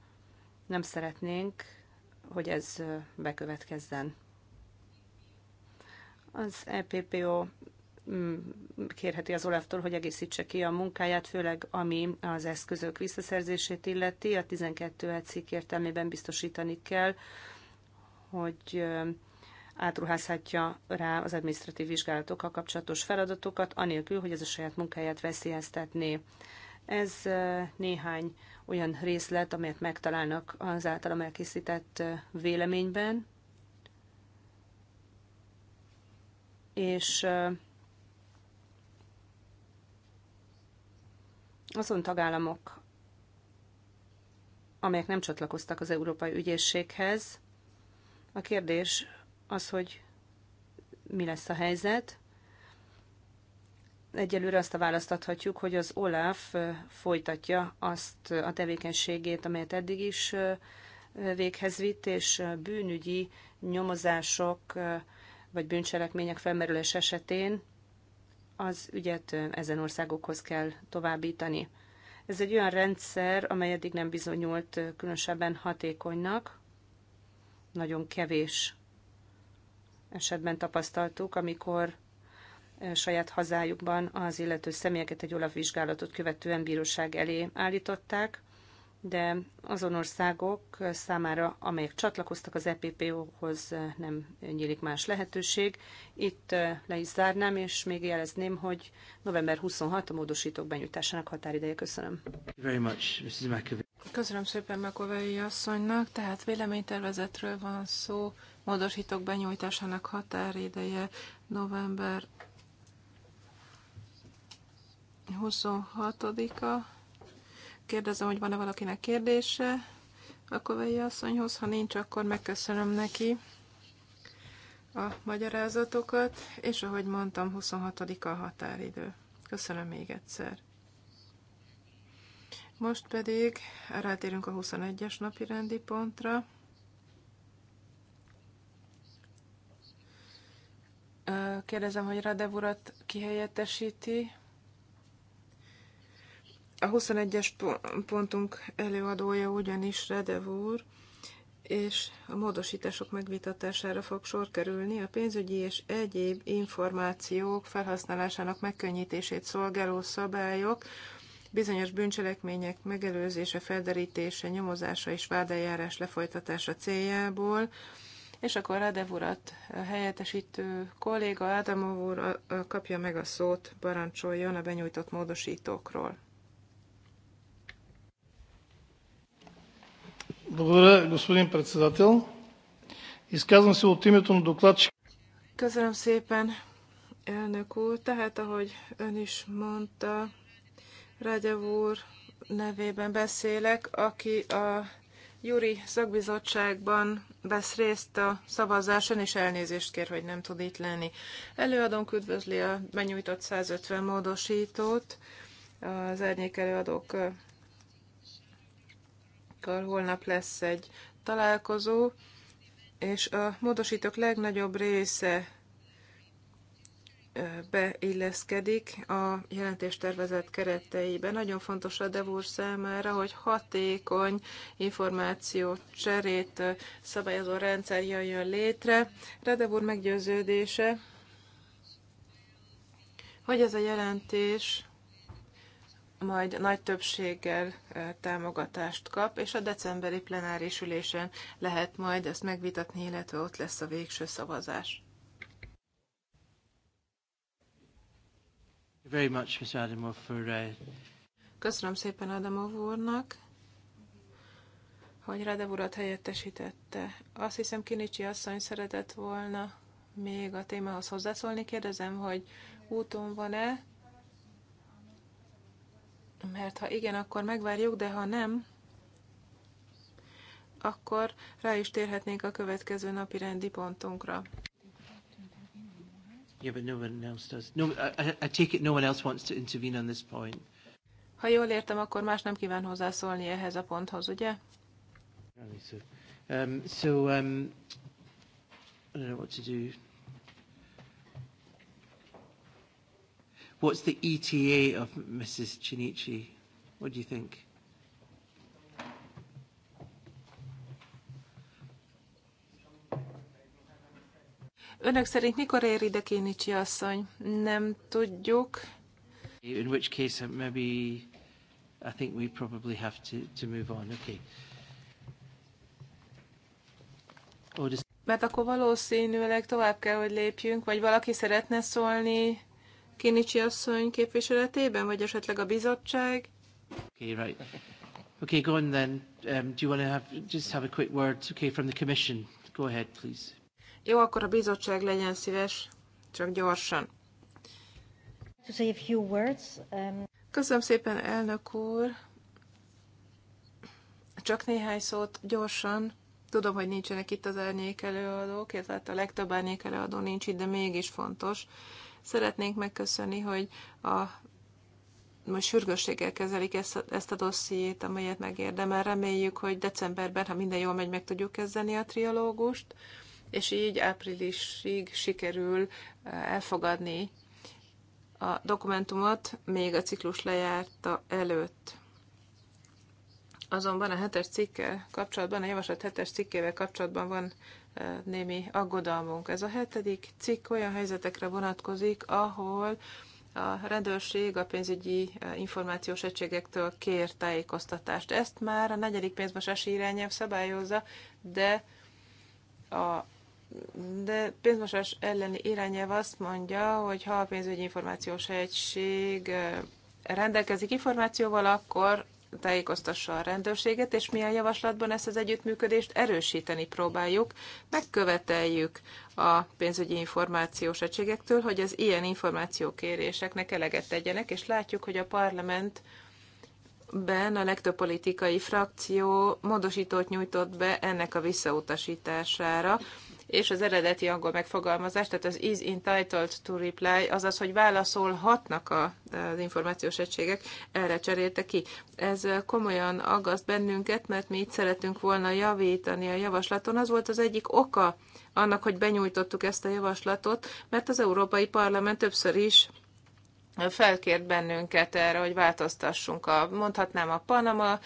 Nem szeretnénk, hogy ez bekövetkezzen. Az EPPO Mm, kérheti az Olaftól, hogy egészítse ki a munkáját, főleg ami az eszközök visszaszerzését illeti. A 12 e cikk értelmében biztosítani kell, hogy átruházhatja rá az administratív vizsgálatokkal kapcsolatos feladatokat, anélkül, hogy ez a saját munkáját veszélyeztetné. Ez néhány olyan részlet, amelyet megtalálnak az általam elkészített véleményben, és azon tagállamok, amelyek nem csatlakoztak az Európai Ügyészséghez, a kérdés az, hogy mi lesz a helyzet. Egyelőre azt a választ adhatjuk, hogy az OLAF folytatja azt a tevékenységét, amelyet eddig is véghez vitt, és bűnügyi nyomozások vagy bűncselekmények felmerülés esetén az ügyet ezen országokhoz kell továbbítani. Ez egy olyan rendszer, amely eddig nem bizonyult különösebben hatékonynak. Nagyon kevés esetben tapasztaltuk, amikor saját hazájukban az illető személyeket egy vizsgálatot követően bíróság elé állították, de azon országok számára, amelyek csatlakoztak az EPPO-hoz, nem nyílik más lehetőség. Itt eh, le is zárnám, és még jelezném, hogy november 26 a módosítók benyújtásának határideje. Köszönöm. Very much, Mrs. Köszönöm szépen Mekovei asszonynak. Tehát véleménytervezetről van szó, módosítók benyújtásának határideje november 26-a kérdezem, hogy van-e valakinek kérdése a Kovai asszonyhoz. Ha nincs, akkor megköszönöm neki a magyarázatokat, és ahogy mondtam, 26-a a határidő. Köszönöm még egyszer. Most pedig rátérünk a 21-es napi rendi pontra. Kérdezem, hogy Radevurat kihelyettesíti. A 21-es pontunk előadója ugyanis Redev úr, és a módosítások megvitatására fog sor kerülni a pénzügyi és egyéb információk felhasználásának megkönnyítését szolgáló szabályok, bizonyos bűncselekmények megelőzése, felderítése, nyomozása és vádeljárás lefolytatása céljából, és akkor Radev urat helyettesítő kolléga Ádámov úr kapja meg a szót, parancsoljon a benyújtott módosítókról. Благодаря, господин председател. Изказвам се от името на докладчик. Köszönöm szépen, elnök úr. Tehát, ahogy ön is mondta, Regyev úr nevében beszélek, aki a Juri szakbizottságban vesz részt a szavazáson, és elnézést kér, hogy nem tud itt lenni. Előadónk üdvözli a benyújtott 150 módosítót, az árnyék előadók kollégákkal holnap lesz egy találkozó, és a módosítók legnagyobb része beilleszkedik a jelentéstervezet kereteibe. Nagyon fontos a Devúr számára, hogy hatékony információ cserét szabályozó rendszer jöjjön létre. Redevúr meggyőződése, hogy ez a jelentés majd nagy többséggel támogatást kap, és a decemberi plenáris ülésen lehet majd ezt megvitatni, illetve ott lesz a végső szavazás. Very much, Ms. Adamov, for, uh... Köszönöm szépen Adamov úrnak, hogy Radev urat helyettesítette. Azt hiszem, Kinicsi asszony szeretett volna még a témához hozzászólni. Kérdezem, hogy úton van-e? Mert ha igen, akkor megvárjuk, de ha nem, akkor rá is térhetnénk a következő napi rendi pontunkra. Yeah, but no one else does. No, I, I take it no one else wants to intervene on this point. Ha jól értem, akkor más nem kíván hozzászólni ehhez a ponthoz, ugye? Um, so, um, I don't know what to do. What's the ETA of Mrs. Chinichi? What do you think? Önök szerint mikor ér ide Kénicsi asszony? Nem tudjuk. In which case uh, maybe I think we probably have to, to move on. Okay. Mert akkor valószínűleg tovább kell, hogy lépjünk, vagy valaki szeretne szólni Kénicsi asszony képviseletében, vagy esetleg a bizottság? Okay, right. Okay, go on then. Um, do you want to have, just have a quick word, okay, from the commission? Go ahead, please. Jó, akkor a bizottság legyen szíves, csak gyorsan. To say a few words, um... Köszönöm szépen, elnök úr. Csak néhány szót gyorsan. Tudom, hogy nincsenek itt az árnyék előadók, illetve hát a legtöbb árnyék előadó nincs itt, de mégis fontos, Szeretnénk megköszönni, hogy a most sürgősséggel kezelik ezt, ezt a dossziét, amelyet megérdemel. Reméljük, hogy decemberben, ha minden jól megy, meg tudjuk kezdeni a trialógust, és így áprilisig sikerül eh, elfogadni a dokumentumot még a ciklus lejárta előtt. Azonban a hetes cikkel kapcsolatban, a javaslat hetes cikkével kapcsolatban van némi aggodalmunk. Ez a hetedik cikk olyan helyzetekre vonatkozik, ahol a rendőrség a pénzügyi információs egységektől kér tájékoztatást. Ezt már a negyedik pénzmosási irányelv szabályozza, de a de pénzmosás elleni irányelv azt mondja, hogy ha a pénzügyi információs egység rendelkezik információval, akkor tájékoztassa a rendőrséget, és mi a javaslatban ezt az együttműködést erősíteni próbáljuk. Megköveteljük a pénzügyi információs egységektől, hogy az ilyen információkéréseknek eleget tegyenek, és látjuk, hogy a parlament ben a legtöbb politikai frakció módosítót nyújtott be ennek a visszautasítására, és az eredeti angol megfogalmazás, tehát az is entitled to reply, azaz, hogy válaszolhatnak a, az információs egységek, erre cserélte ki. Ez komolyan aggaszt bennünket, mert mi itt szeretünk volna javítani a javaslaton. Az volt az egyik oka annak, hogy benyújtottuk ezt a javaslatot, mert az Európai Parlament többször is felkért bennünket erre, hogy változtassunk a, mondhatnám a Panama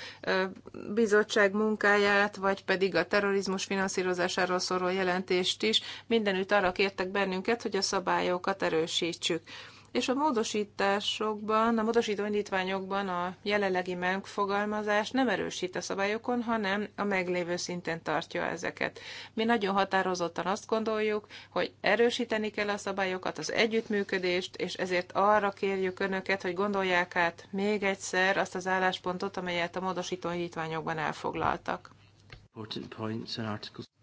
bizottság munkáját, vagy pedig a terrorizmus finanszírozásáról szóló jelentést is. Mindenütt arra kértek bennünket, hogy a szabályokat erősítsük és a módosításokban, a módosító indítványokban a jelenlegi megfogalmazás nem erősít a szabályokon, hanem a meglévő szinten tartja ezeket. Mi nagyon határozottan azt gondoljuk, hogy erősíteni kell a szabályokat, az együttműködést, és ezért arra kérjük Önöket, hogy gondolják át még egyszer azt az álláspontot, amelyet a módosító indítványokban elfoglaltak.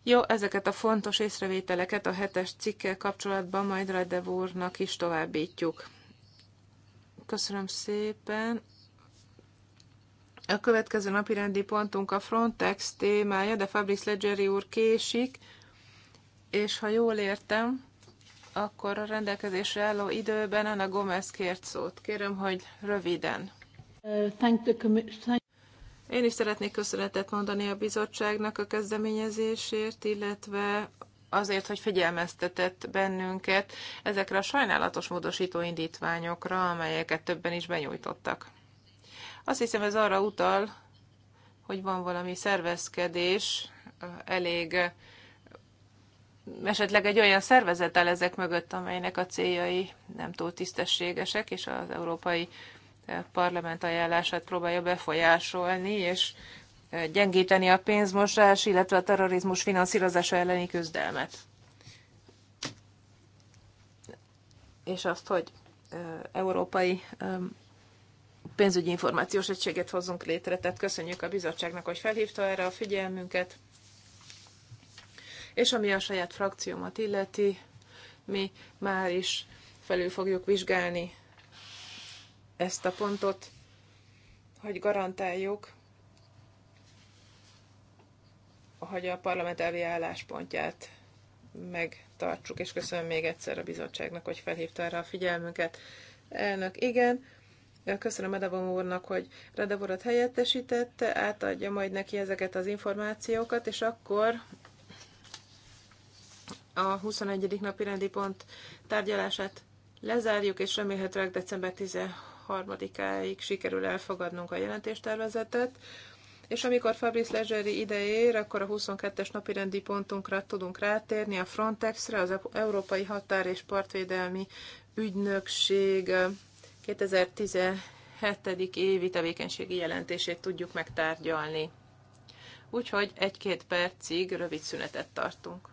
Jó, ezeket a fontos észrevételeket a hetes cikkel kapcsolatban majd Radev úrnak is továbbítjuk. Köszönöm szépen. A következő napi rendi pontunk a Frontex témája, de Fabrice Leggeri úr késik, és ha jól értem, akkor a rendelkezésre álló időben Anna Gomez kért szót. Kérem, hogy röviden. Uh, én is szeretnék köszönetet mondani a bizottságnak a kezdeményezésért, illetve azért, hogy figyelmeztetett bennünket ezekre a sajnálatos módosító indítványokra, amelyeket többen is benyújtottak. Azt hiszem, ez arra utal, hogy van valami szervezkedés, elég esetleg egy olyan szervezettel ezek mögött, amelynek a céljai nem túl tisztességesek, és az európai parlament ajánlását próbálja befolyásolni, és gyengíteni a pénzmosás, illetve a terrorizmus finanszírozása elleni küzdelmet. És azt, hogy európai pénzügyi információs egységet hozzunk létre, tehát köszönjük a bizottságnak, hogy felhívta erre a figyelmünket. És ami a saját frakciómat illeti, mi már is felül fogjuk vizsgálni ezt a pontot, hogy garantáljuk, hogy a parlament elvi álláspontját megtartsuk, és köszönöm még egyszer a bizottságnak, hogy felhívta erre a figyelmünket. Elnök, igen. Köszönöm Edabom úrnak, hogy Radaborot helyettesítette, átadja majd neki ezeket az információkat, és akkor a 21. napi rendi pont tárgyalását lezárjuk, és remélhetőleg december 16 harmadikáig sikerül elfogadnunk a jelentéstervezetet, és amikor Fabrice Legeri ide ér, akkor a 22-es napirendi pontunkra tudunk rátérni, a Frontexre, az Európai Határ és Partvédelmi Ügynökség 2017. évi tevékenységi jelentését tudjuk megtárgyalni. Úgyhogy egy-két percig rövid szünetet tartunk.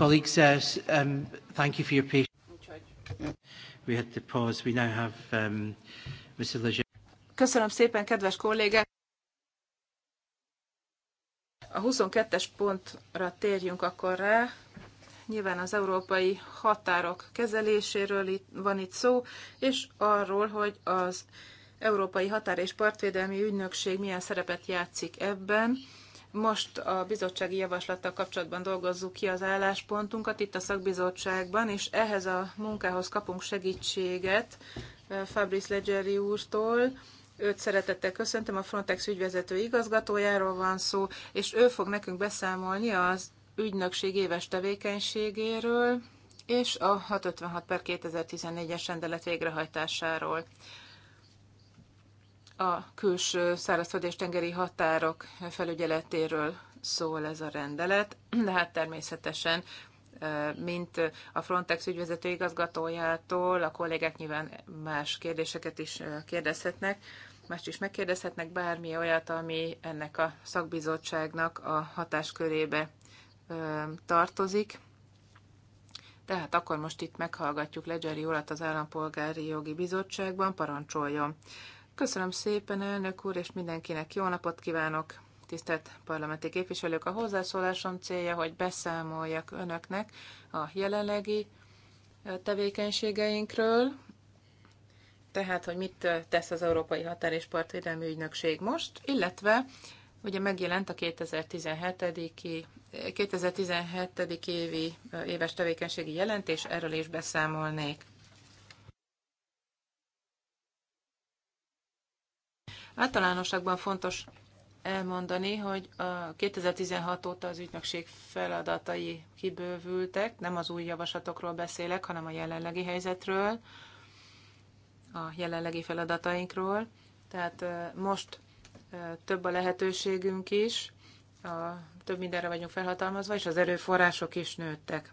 Colleagues, uh, um, thank you for your patience. We had to pause. We now have um, Mr. Leger. Köszönöm szépen, kedves kollégák! A 22-es pontra térjünk akkor rá. Nyilván az európai határok kezeléséről itt, van itt szó, és arról, hogy az Európai Határ és Partvédelmi Ügynökség milyen szerepet játszik ebben most a bizottsági javaslattal kapcsolatban dolgozzuk ki az álláspontunkat itt a szakbizottságban, és ehhez a munkához kapunk segítséget Fabrice Leggeri úrtól, őt szeretettel köszöntöm, a Frontex ügyvezető igazgatójáról van szó, és ő fog nekünk beszámolni az ügynökség éves tevékenységéről és a 656 per 2014-es rendelet végrehajtásáról a külső szárazföldés-tengeri határok felügyeletéről szól ez a rendelet, de hát természetesen mint a Frontex ügyvezető igazgatójától, a kollégák nyilván más kérdéseket is kérdezhetnek, mást is megkérdezhetnek, bármi olyat, ami ennek a szakbizottságnak a hatáskörébe tartozik. Tehát akkor most itt meghallgatjuk Legyeri urat az Állampolgári Jogi Bizottságban, parancsoljon. Köszönöm szépen, elnök úr, és mindenkinek jó napot kívánok! Tisztelt parlamenti képviselők, a hozzászólásom célja, hogy beszámoljak önöknek a jelenlegi tevékenységeinkről, tehát, hogy mit tesz az Európai Határ és Partvédelmi Ügynökség most, illetve ugye megjelent a 2017 évi éves tevékenységi jelentés, erről is beszámolnék. Általánosakban fontos elmondani, hogy a 2016 óta az ügynökség feladatai kibővültek, nem az új javaslatokról beszélek, hanem a jelenlegi helyzetről, a jelenlegi feladatainkról. Tehát most több a lehetőségünk is, a, több mindenre vagyunk felhatalmazva, és az erőforrások is nőttek.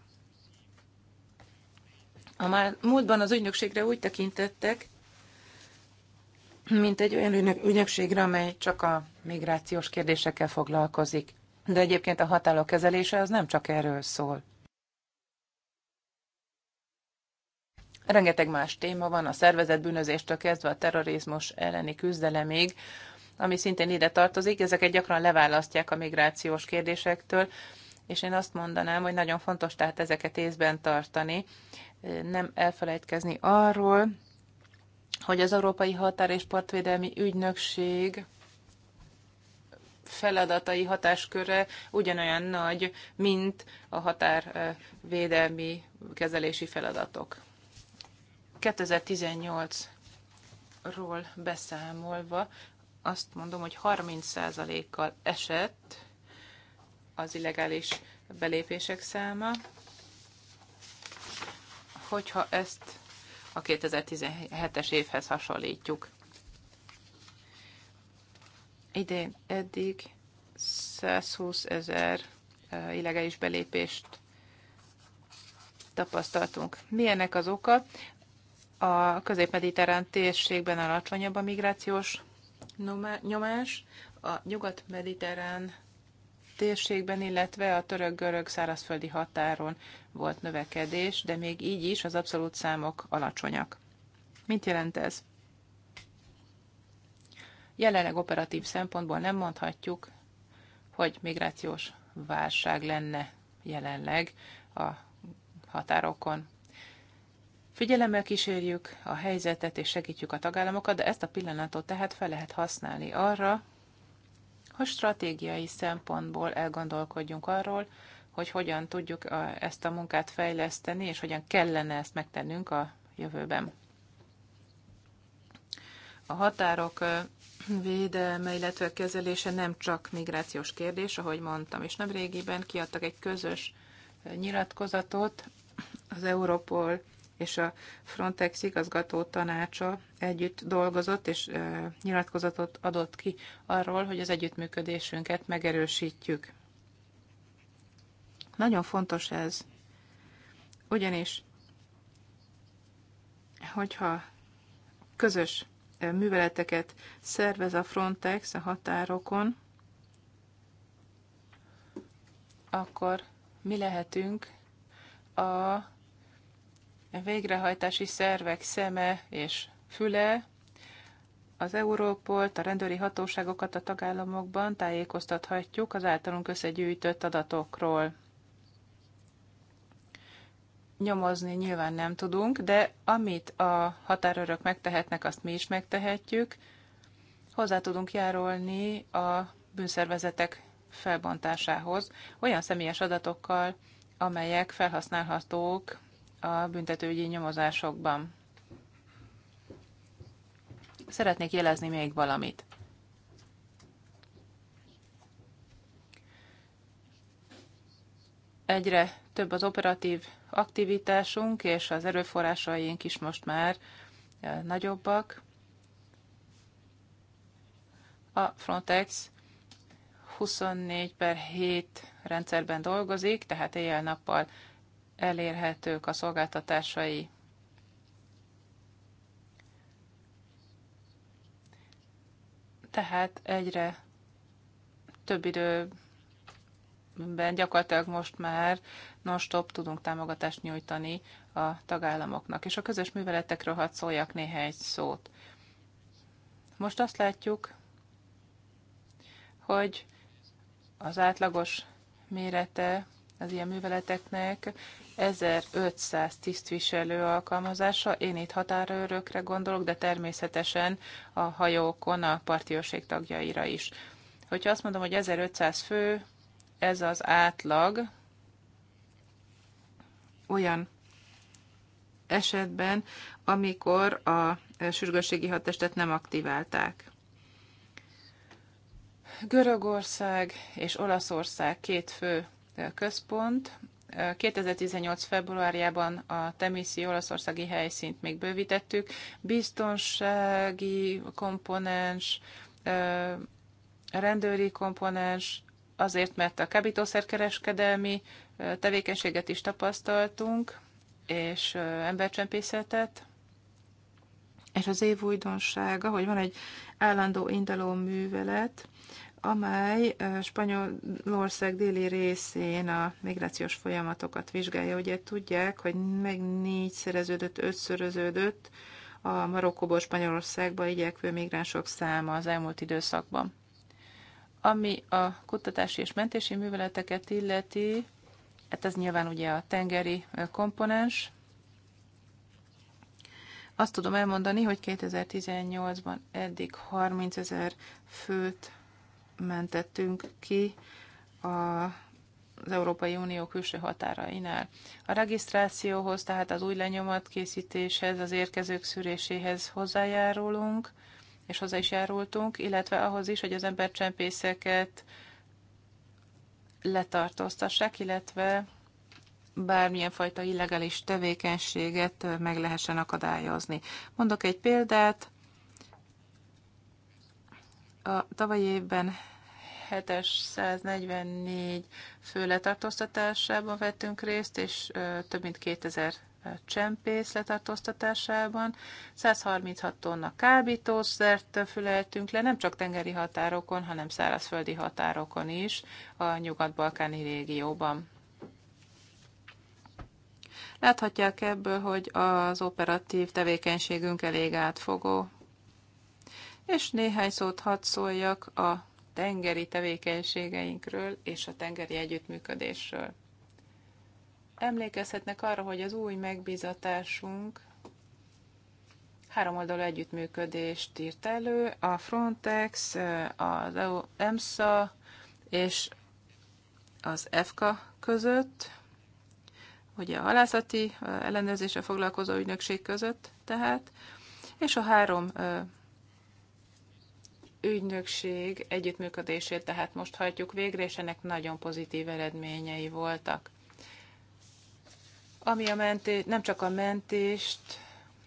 A már múltban az ügynökségre úgy tekintettek, mint egy olyan ügynökségre, amely csak a migrációs kérdésekkel foglalkozik. De egyébként a határok kezelése az nem csak erről szól. Rengeteg más téma van, a szervezet bűnözéstől kezdve a terrorizmus elleni küzdelemig, ami szintén ide tartozik, ezeket gyakran leválasztják a migrációs kérdésektől, és én azt mondanám, hogy nagyon fontos tehát ezeket észben tartani, nem elfelejtkezni arról, hogy az Európai Határ és Partvédelmi Ügynökség feladatai hatásköre ugyanolyan nagy, mint a határvédelmi kezelési feladatok. 2018-ról beszámolva azt mondom, hogy 30%-kal esett az illegális belépések száma. Hogyha ezt a 2017-es évhez hasonlítjuk. Idén eddig 120 ezer eh, illegális belépést tapasztaltunk. Milyennek az oka? A közép-mediterrán térségben alacsonyabb a migrációs nyomás, a nyugat-mediterrán térségben, illetve a török-görög szárazföldi határon volt növekedés, de még így is az abszolút számok alacsonyak. Mit jelent ez? Jelenleg operatív szempontból nem mondhatjuk, hogy migrációs válság lenne jelenleg a határokon. Figyelemmel kísérjük a helyzetet és segítjük a tagállamokat, de ezt a pillanatot tehát fel lehet használni arra, ha stratégiai szempontból elgondolkodjunk arról, hogy hogyan tudjuk ezt a munkát fejleszteni, és hogyan kellene ezt megtennünk a jövőben. A határok védelme, illetve kezelése nem csak migrációs kérdés, ahogy mondtam, és nem régiben kiadtak egy közös nyilatkozatot az Európol és a Frontex igazgató tanácsa együtt dolgozott, és nyilatkozatot adott ki arról, hogy az együttműködésünket megerősítjük. Nagyon fontos ez, ugyanis, hogyha közös műveleteket szervez a Frontex a határokon, akkor mi lehetünk a végrehajtási szervek szeme és füle, az Európolt, a rendőri hatóságokat a tagállamokban tájékoztathatjuk az általunk összegyűjtött adatokról. Nyomozni nyilván nem tudunk, de amit a határőrök megtehetnek, azt mi is megtehetjük. Hozzá tudunk járulni a bűnszervezetek felbontásához olyan személyes adatokkal, amelyek felhasználhatók a büntetőügyi nyomozásokban. Szeretnék jelezni még valamit. Egyre több az operatív aktivitásunk, és az erőforrásaink is most már eh, nagyobbak. A Frontex 24 per 7 rendszerben dolgozik, tehát éjjel-nappal elérhetők a szolgáltatásai. Tehát egyre több időben gyakorlatilag most már non-stop tudunk támogatást nyújtani a tagállamoknak. És a közös műveletekről hadd szóljak néhány szót. Most azt látjuk, hogy az átlagos mérete az ilyen műveleteknek 1500 tisztviselő alkalmazása, én itt határőrökre gondolok, de természetesen a hajókon a partiőrség tagjaira is. Hogyha azt mondom, hogy 1500 fő, ez az átlag olyan esetben, amikor a sürgősségi hadtestet nem aktiválták. Görögország és Olaszország két fő központ, 2018. februárjában a Temiszi olaszországi helyszínt még bővítettük. Biztonsági komponens, rendőri komponens, azért, mert a kábítószerkereskedelmi tevékenységet is tapasztaltunk, és embercsempészetet. És az év újdonsága, hogy van egy állandó indaló művelet, amely Spanyolország déli részén a migrációs folyamatokat vizsgálja. Ugye tudják, hogy meg négyszereződött, ötszöröződött a Marokkóból Spanyolországba igyekvő migránsok száma az elmúlt időszakban. Ami a kutatási és mentési műveleteket illeti, hát ez nyilván ugye a tengeri komponens. Azt tudom elmondani, hogy 2018-ban eddig 30 ezer főt mentettünk ki a, az Európai Unió külső határainál. A regisztrációhoz, tehát az új lenyomat készítéshez, az érkezők szűréséhez hozzájárulunk, és hozzá is járultunk, illetve ahhoz is, hogy az embercsempészeket letartóztassák, illetve bármilyen fajta illegális tevékenységet meg lehessen akadályozni. Mondok egy példát. A tavalyi évben hetes 144 fő letartóztatásában vettünk részt, és több mint 2000 csempész letartóztatásában. 136 tonna kábítószert füleltünk le, nem csak tengeri határokon, hanem szárazföldi határokon is a nyugat-balkáni régióban. Láthatják ebből, hogy az operatív tevékenységünk elég átfogó. És néhány szót hadd szóljak a tengeri tevékenységeinkről és a tengeri együttműködésről. Emlékezhetnek arra, hogy az új megbízatásunk háromoldalú együttműködést írt elő, a Frontex, az EMSA és az EFKA között, ugye a halászati ellenőrzése foglalkozó ügynökség között tehát, és a három ügynökség együttműködését tehát most hajtjuk végre, és ennek nagyon pozitív eredményei voltak. Ami a mentés, nem csak a mentést,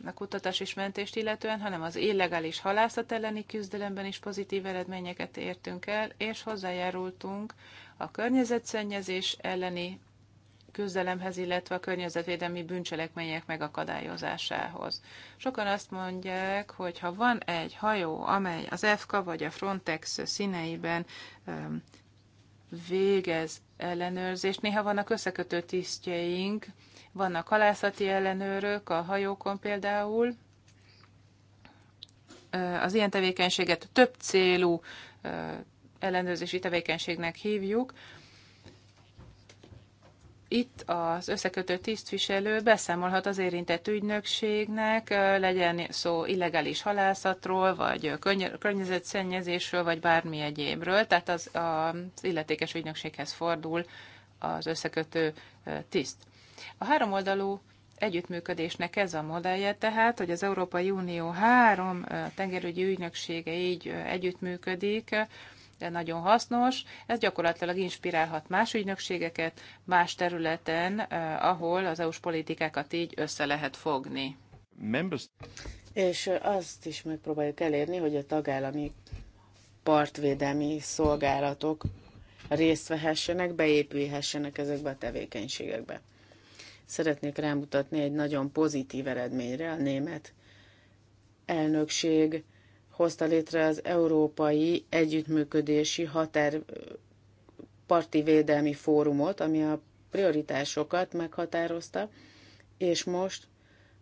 a kutatás és mentést illetően, hanem az illegális halászat elleni küzdelemben is pozitív eredményeket értünk el, és hozzájárultunk a környezetszennyezés elleni küzdelemhez, illetve a környezetvédelmi bűncselekmények megakadályozásához. Sokan azt mondják, hogy ha van egy hajó, amely az FK vagy a Frontex színeiben végez ellenőrzést, néha vannak összekötő tisztjeink, vannak halászati ellenőrök a hajókon például, az ilyen tevékenységet több célú ellenőrzési tevékenységnek hívjuk, itt az összekötő tisztviselő beszámolhat az érintett ügynökségnek, legyen szó illegális halászatról, vagy környezetszennyezésről, vagy bármi egyébről, tehát az, az illetékes ügynökséghez fordul az összekötő tiszt. A háromoldalú együttműködésnek ez a modellje, tehát, hogy az Európai Unió három tengerügyi ügynöksége így együttműködik, de nagyon hasznos. Ez gyakorlatilag inspirálhat más ügynökségeket más területen, eh, ahol az EU-s politikákat így össze lehet fogni. És eh, azt is megpróbáljuk elérni, hogy a tagállami partvédelmi szolgálatok részt vehessenek, beépülhessenek ezekbe a tevékenységekbe. Szeretnék rámutatni egy nagyon pozitív eredményre a német elnökség hozta létre az Európai Együttműködési Határ Parti Védelmi Fórumot, ami a prioritásokat meghatározta, és most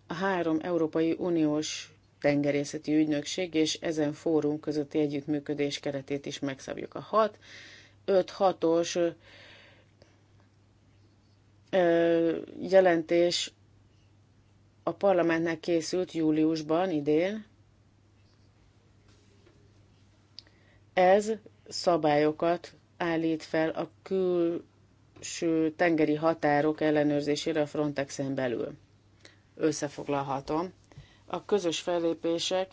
a három Európai Uniós tengerészeti ügynökség és ezen fórum közötti együttműködés keretét is megszabjuk. A 6, 5, 6-os jelentés a parlamentnek készült júliusban idén, Ez szabályokat állít fel a külső tengeri határok ellenőrzésére a Frontexen belül. Összefoglalhatom. A közös fellépések,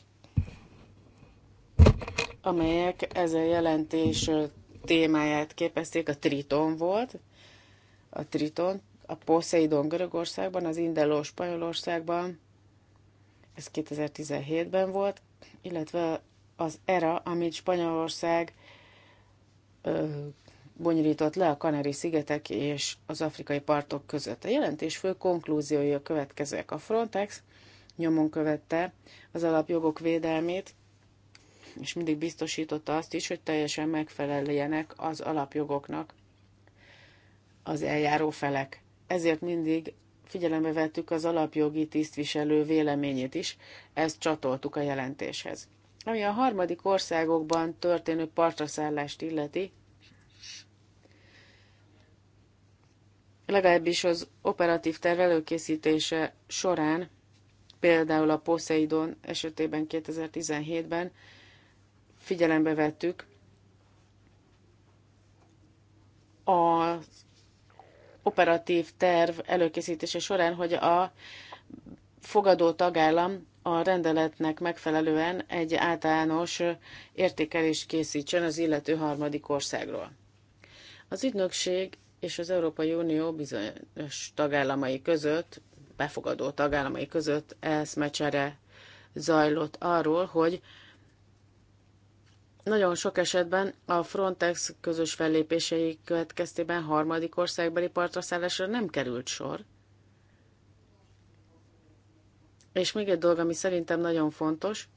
amelyek ezen jelentés témáját képezték, a Triton volt, a Triton, a Poseidon Görögországban, az Indelo Spanyolországban, ez 2017-ben volt, illetve az ERA, amit Spanyolország ö, bonyolított le a Kanári-szigetek és az afrikai partok között. A jelentés fő konklúziói a következőek. A Frontex nyomon követte az alapjogok védelmét, és mindig biztosította azt is, hogy teljesen megfeleljenek az alapjogoknak az eljáró felek. Ezért mindig figyelembe vettük az alapjogi tisztviselő véleményét is, ezt csatoltuk a jelentéshez. Ami a harmadik országokban történő partraszállást illeti, legalábbis az operatív terv előkészítése során, például a Poseidon esetében 2017-ben figyelembe vettük az operatív terv előkészítése során, hogy a fogadó tagállam a rendeletnek megfelelően egy általános értékelést készítsen az illető harmadik országról. Az ügynökség és az Európai Unió bizonyos tagállamai között, befogadó tagállamai között eszmecsere zajlott arról, hogy nagyon sok esetben a Frontex közös fellépései következtében harmadik országbeli partraszállásra nem került sor, és még egy dolog, ami szerintem nagyon fontos,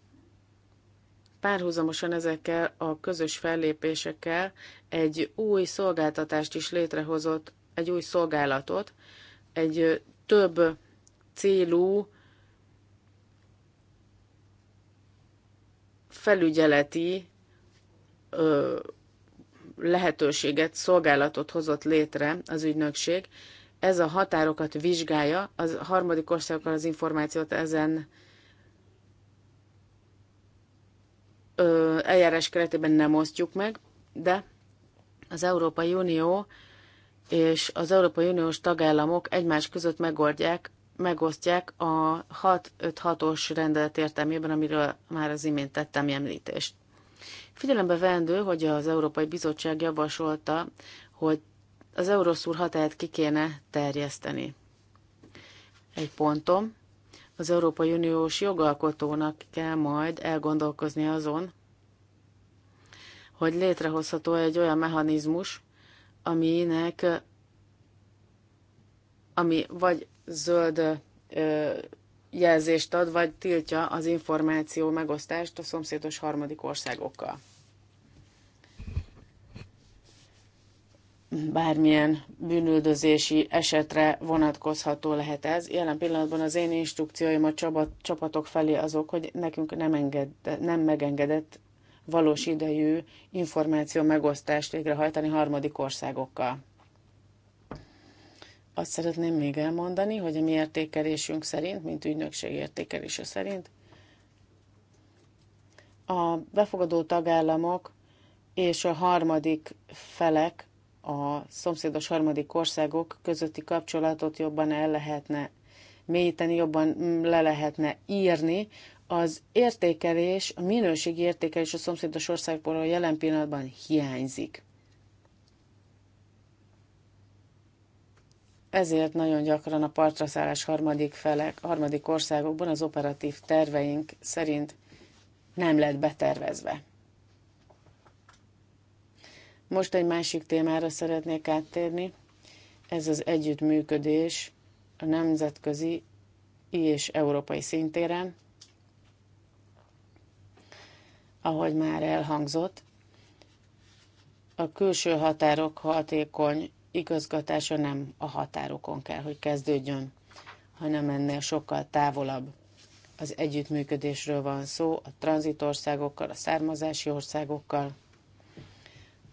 párhuzamosan ezekkel a közös fellépésekkel egy új szolgáltatást is létrehozott, egy új szolgálatot, egy több célú felügyeleti ö, lehetőséget, szolgálatot hozott létre az ügynökség, ez a határokat vizsgálja, az harmadik országokkal az információt ezen ö, eljárás keretében nem osztjuk meg, de az Európai Unió és az Európai Uniós tagállamok egymás között megoldják, megosztják a 656-os rendelet értelmében, amiről már az imént tettem említést. Figyelembe vendő, hogy az Európai Bizottság javasolta, hogy az Euroszur hatáját ki kéne terjeszteni. Egy pontom, az Európai Uniós jogalkotónak kell majd elgondolkozni azon, hogy létrehozható egy olyan mechanizmus, aminek, ami vagy zöld ö, jelzést ad, vagy tiltja az információ megosztást a szomszédos harmadik országokkal. bármilyen bűnüldözési esetre vonatkozható lehet ez. Jelen pillanatban az én instrukcióim a csapat, csapatok felé azok, hogy nekünk nem, enged, nem megengedett valós idejű információ megosztást végrehajtani harmadik országokkal. Azt szeretném még elmondani, hogy a mi értékelésünk szerint, mint ügynökség értékelése szerint, a befogadó tagállamok és a harmadik felek a szomszédos harmadik országok közötti kapcsolatot jobban el lehetne mélyíteni, jobban mm, le lehetne írni. Az értékelés, a minőségi értékelés a szomszédos országból a jelen pillanatban hiányzik. Ezért nagyon gyakran a partra szállás harmadik felek, harmadik országokban az operatív terveink szerint nem lett betervezve. Most egy másik témára szeretnék áttérni. Ez az együttműködés a nemzetközi és európai szintéren. Ahogy már elhangzott, a külső határok hatékony igazgatása nem a határokon kell, hogy kezdődjön, hanem ennél sokkal távolabb. Az együttműködésről van szó a tranzitországokkal, a származási országokkal,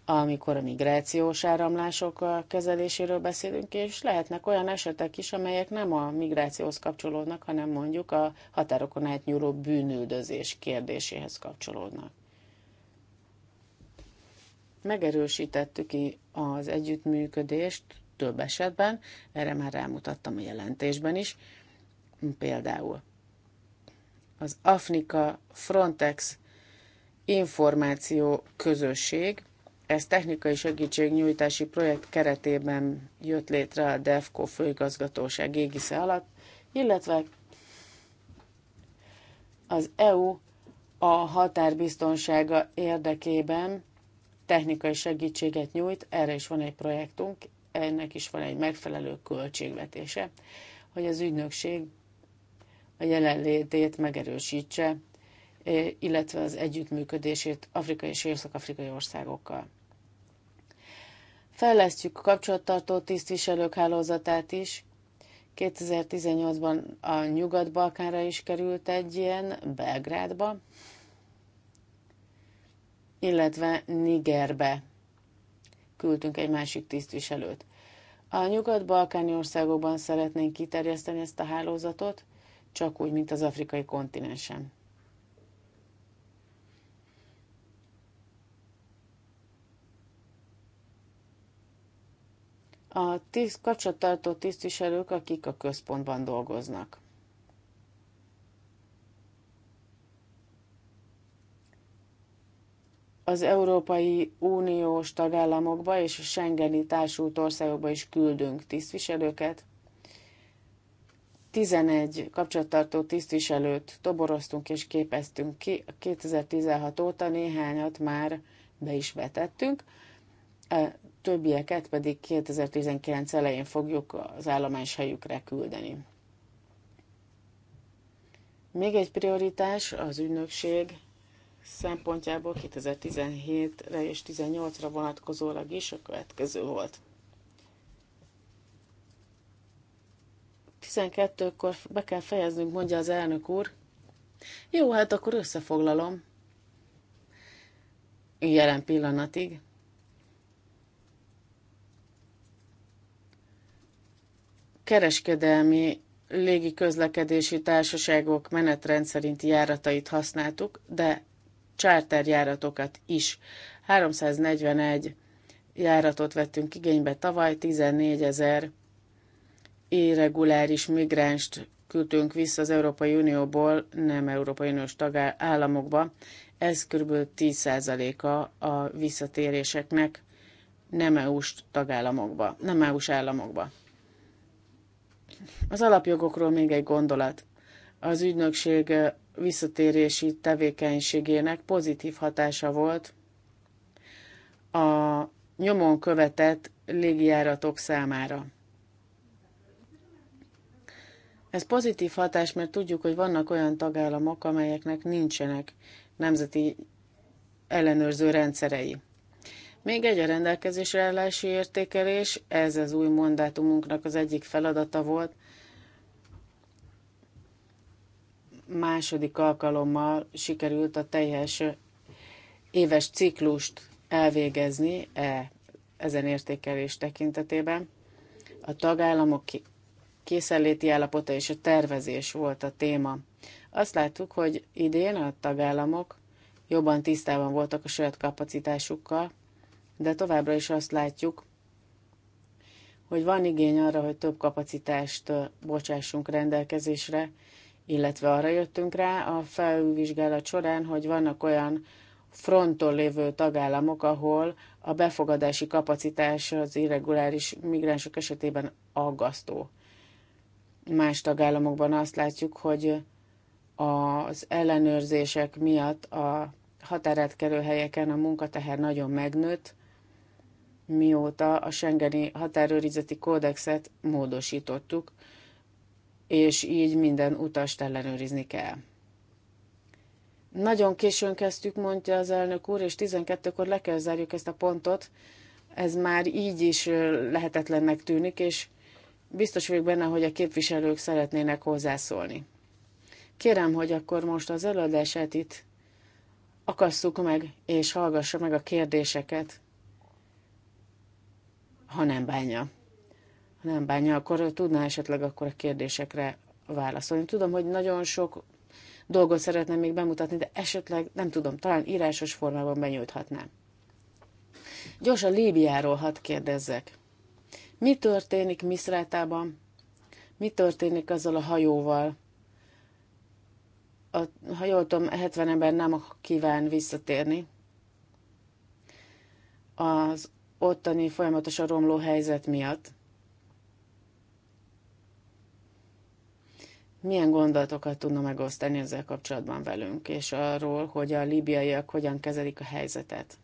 amikor a migrációs áramlások kezeléséről beszélünk, és lehetnek olyan esetek is, amelyek nem a migrációhoz kapcsolódnak, hanem mondjuk a határokon átnyúló bűnüldözés kérdéséhez kapcsolódnak. Megerősítettük ki az együttműködést több esetben, erre már rámutattam a jelentésben is, például az Afrika Frontex információ közösség, ez technikai segítségnyújtási projekt keretében jött létre a DEFCO főigazgatóság égisze alatt, illetve az EU a határbiztonsága érdekében technikai segítséget nyújt, erre is van egy projektunk, ennek is van egy megfelelő költségvetése, hogy az ügynökség a jelenlétét megerősítse, eh, illetve az együttműködését afrikai és észak-afrikai országokkal. Fejlesztjük a kapcsolattartó tisztviselők hálózatát is. 2018-ban a Nyugat-Balkánra is került egy ilyen, Belgrádba, illetve Nigerbe küldtünk egy másik tisztviselőt. A nyugat-balkáni országokban szeretnénk kiterjeszteni ezt a hálózatot, csak úgy, mint az afrikai kontinensen. a tiszt, kapcsolattartó tisztviselők, akik a központban dolgoznak. az Európai Uniós tagállamokba és a Schengeni társult országokba is küldünk tisztviselőket. 11 kapcsolattartó tisztviselőt toboroztunk és képeztünk ki. 2016 óta néhányat már be is vetettünk többieket pedig 2019 elején fogjuk az állomás helyükre küldeni. Még egy prioritás az ügynökség szempontjából 2017-re és 2018-ra vonatkozólag is a következő volt. 12-kor be kell fejeznünk, mondja az elnök úr. Jó, hát akkor összefoglalom. Jelen pillanatig kereskedelmi légi közlekedési társaságok menetrend szerinti járatait használtuk, de charterjáratokat is. 341 járatot vettünk igénybe tavaly, 14 ezer irreguláris migránst küldtünk vissza az Európai Unióból, nem Európai Uniós tagállamokba. Ez kb. 10%-a a visszatéréseknek nem EU-s tagállamokba, nem EU-s államokba. Az alapjogokról még egy gondolat. Az ügynökség visszatérési tevékenységének pozitív hatása volt a nyomon követett légijáratok számára. Ez pozitív hatás, mert tudjuk, hogy vannak olyan tagállamok, amelyeknek nincsenek nemzeti ellenőrző rendszerei. Még egy a rendelkezésre állási értékelés, ez az új mandátumunknak az egyik feladata volt. Második alkalommal sikerült a teljes éves ciklust elvégezni e, ezen értékelés tekintetében. A tagállamok készenléti állapota és a tervezés volt a téma. Azt láttuk, hogy idén a tagállamok jobban tisztában voltak a saját kapacitásukkal, de továbbra is azt látjuk, hogy van igény arra, hogy több kapacitást bocsássunk rendelkezésre, illetve arra jöttünk rá a felvizsgálat során, hogy vannak olyan fronton lévő tagállamok, ahol a befogadási kapacitás az irreguláris migránsok esetében aggasztó. Más tagállamokban azt látjuk, hogy az ellenőrzések miatt a határátkelő helyeken a munkateher nagyon megnőtt, mióta a Schengeni határőrizeti kódexet módosítottuk, és így minden utast ellenőrizni kell. Nagyon későn kezdtük, mondja az elnök úr, és 12-kor le kell zárjuk ezt a pontot. Ez már így is lehetetlennek tűnik, és biztos vagyok benne, hogy a képviselők szeretnének hozzászólni. Kérem, hogy akkor most az előadását itt akasszuk meg, és hallgassa meg a kérdéseket ha nem bánja. Ha nem bánja, akkor tudná esetleg akkor a kérdésekre válaszolni. Tudom, hogy nagyon sok dolgot szeretném még bemutatni, de esetleg, nem tudom, talán írásos formában benyújthatnám. Gyorsan Líbiáról hadd kérdezzek. Mi történik Misrátában? Mi történik azzal a hajóval? A, ha jól tudom, 70 ember nem kíván visszatérni. Az ottani folyamatosan romló helyzet miatt. Milyen gondolatokat tudna megosztani ezzel kapcsolatban velünk, és arról, hogy a líbiaiak hogyan kezelik a helyzetet?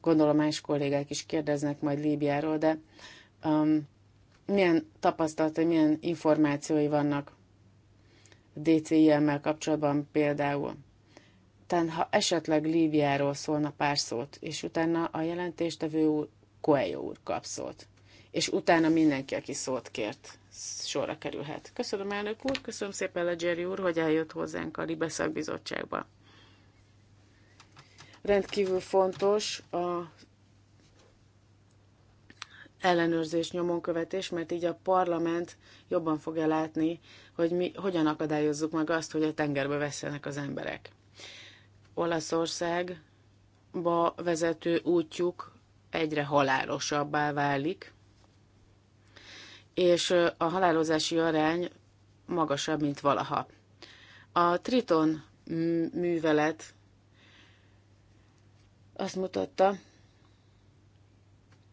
Gondolom más kollégák is kérdeznek majd Líbiáról, de um, milyen tapasztalatai, milyen információi vannak DCIM-mel kapcsolatban például? Aztán, ha esetleg líviáról szólna pár szót, és utána a jelentéstevő úr, Coelho úr kap szót. És utána mindenki, aki szót kért, sorra kerülhet. Köszönöm, elnök úr, köszönöm szépen Legeri úr, hogy eljött hozzánk a Libeszak bizottságba. Rendkívül fontos a ellenőrzés, nyomonkövetés, mert így a parlament jobban fogja látni, hogy mi hogyan akadályozzuk meg azt, hogy a tengerbe vesszenek az emberek. Olaszországba vezető útjuk egyre halálosabbá válik, és a halálozási arány magasabb, mint valaha. A Triton művelet azt mutatta,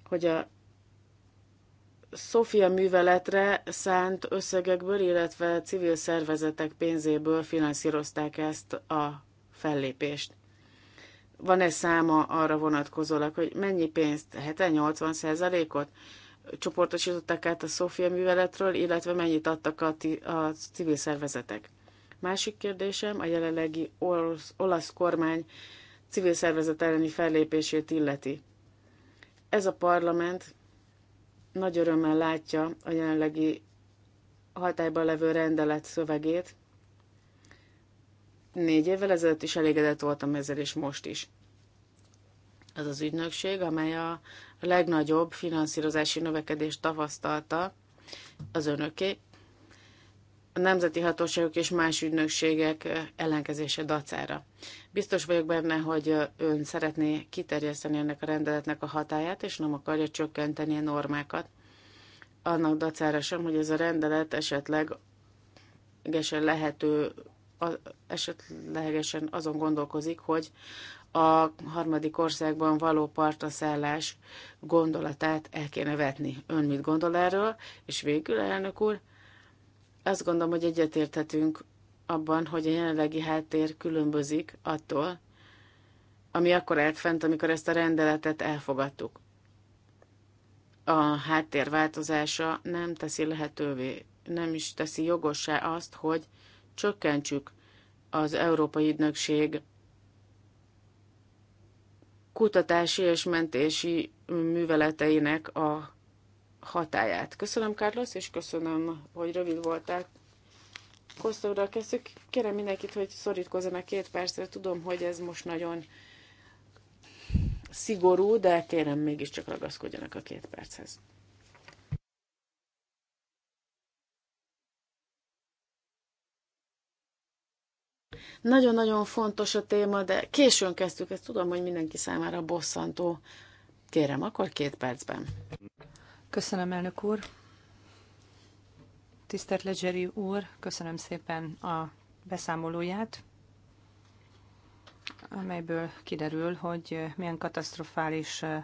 hogy a Sofia műveletre szánt összegekből, illetve civil szervezetek pénzéből finanszírozták ezt a fellépést. Van-e száma arra vonatkozólag, hogy mennyi pénzt, 70-80 százalékot csoportosították át a Szófia műveletről, illetve mennyit adtak a, a civil szervezetek? Másik kérdésem a jelenlegi olasz, olasz kormány civil szervezet elleni fellépését illeti. Ez a parlament nagy örömmel látja a jelenlegi hatályban levő rendelet szövegét, Négy évvel ezelőtt is elégedett voltam ezzel, és most is. Ez az ügynökség, amely a legnagyobb finanszírozási növekedést tapasztalta, az önöké. A nemzeti hatóságok és más ügynökségek ellenkezése dacára. Biztos vagyok benne, hogy ön szeretné kiterjeszteni ennek a rendeletnek a hatáját, és nem akarja csökkenteni a normákat. Annak dacára sem, hogy ez a rendelet esetleg lehető esetlegesen azon gondolkozik, hogy a harmadik országban való partaszállás gondolatát el kéne vetni. Ön mit gondol erről? És végül, elnök úr, azt gondolom, hogy egyetérthetünk abban, hogy a jelenlegi háttér különbözik attól, ami akkor állt fent, amikor ezt a rendeletet elfogadtuk. A háttér változása nem teszi lehetővé, nem is teszi jogossá azt, hogy csökkentsük az Európai Ügynökség kutatási és mentési műveleteinek a hatáját. Köszönöm, Carlos, és köszönöm, hogy rövid voltál. Kosztóra kezdjük. Kérem mindenkit, hogy szorítkozzanak két percre. Tudom, hogy ez most nagyon szigorú, de kérem mégiscsak ragaszkodjanak a két perchez. Nagyon-nagyon fontos a téma, de későn kezdtük, ezt tudom, hogy mindenki számára bosszantó. Kérem, akkor két percben. Köszönöm, elnök úr. Tisztelt Legeri úr, köszönöm szépen a beszámolóját, amelyből kiderül, hogy milyen katasztrofális eh,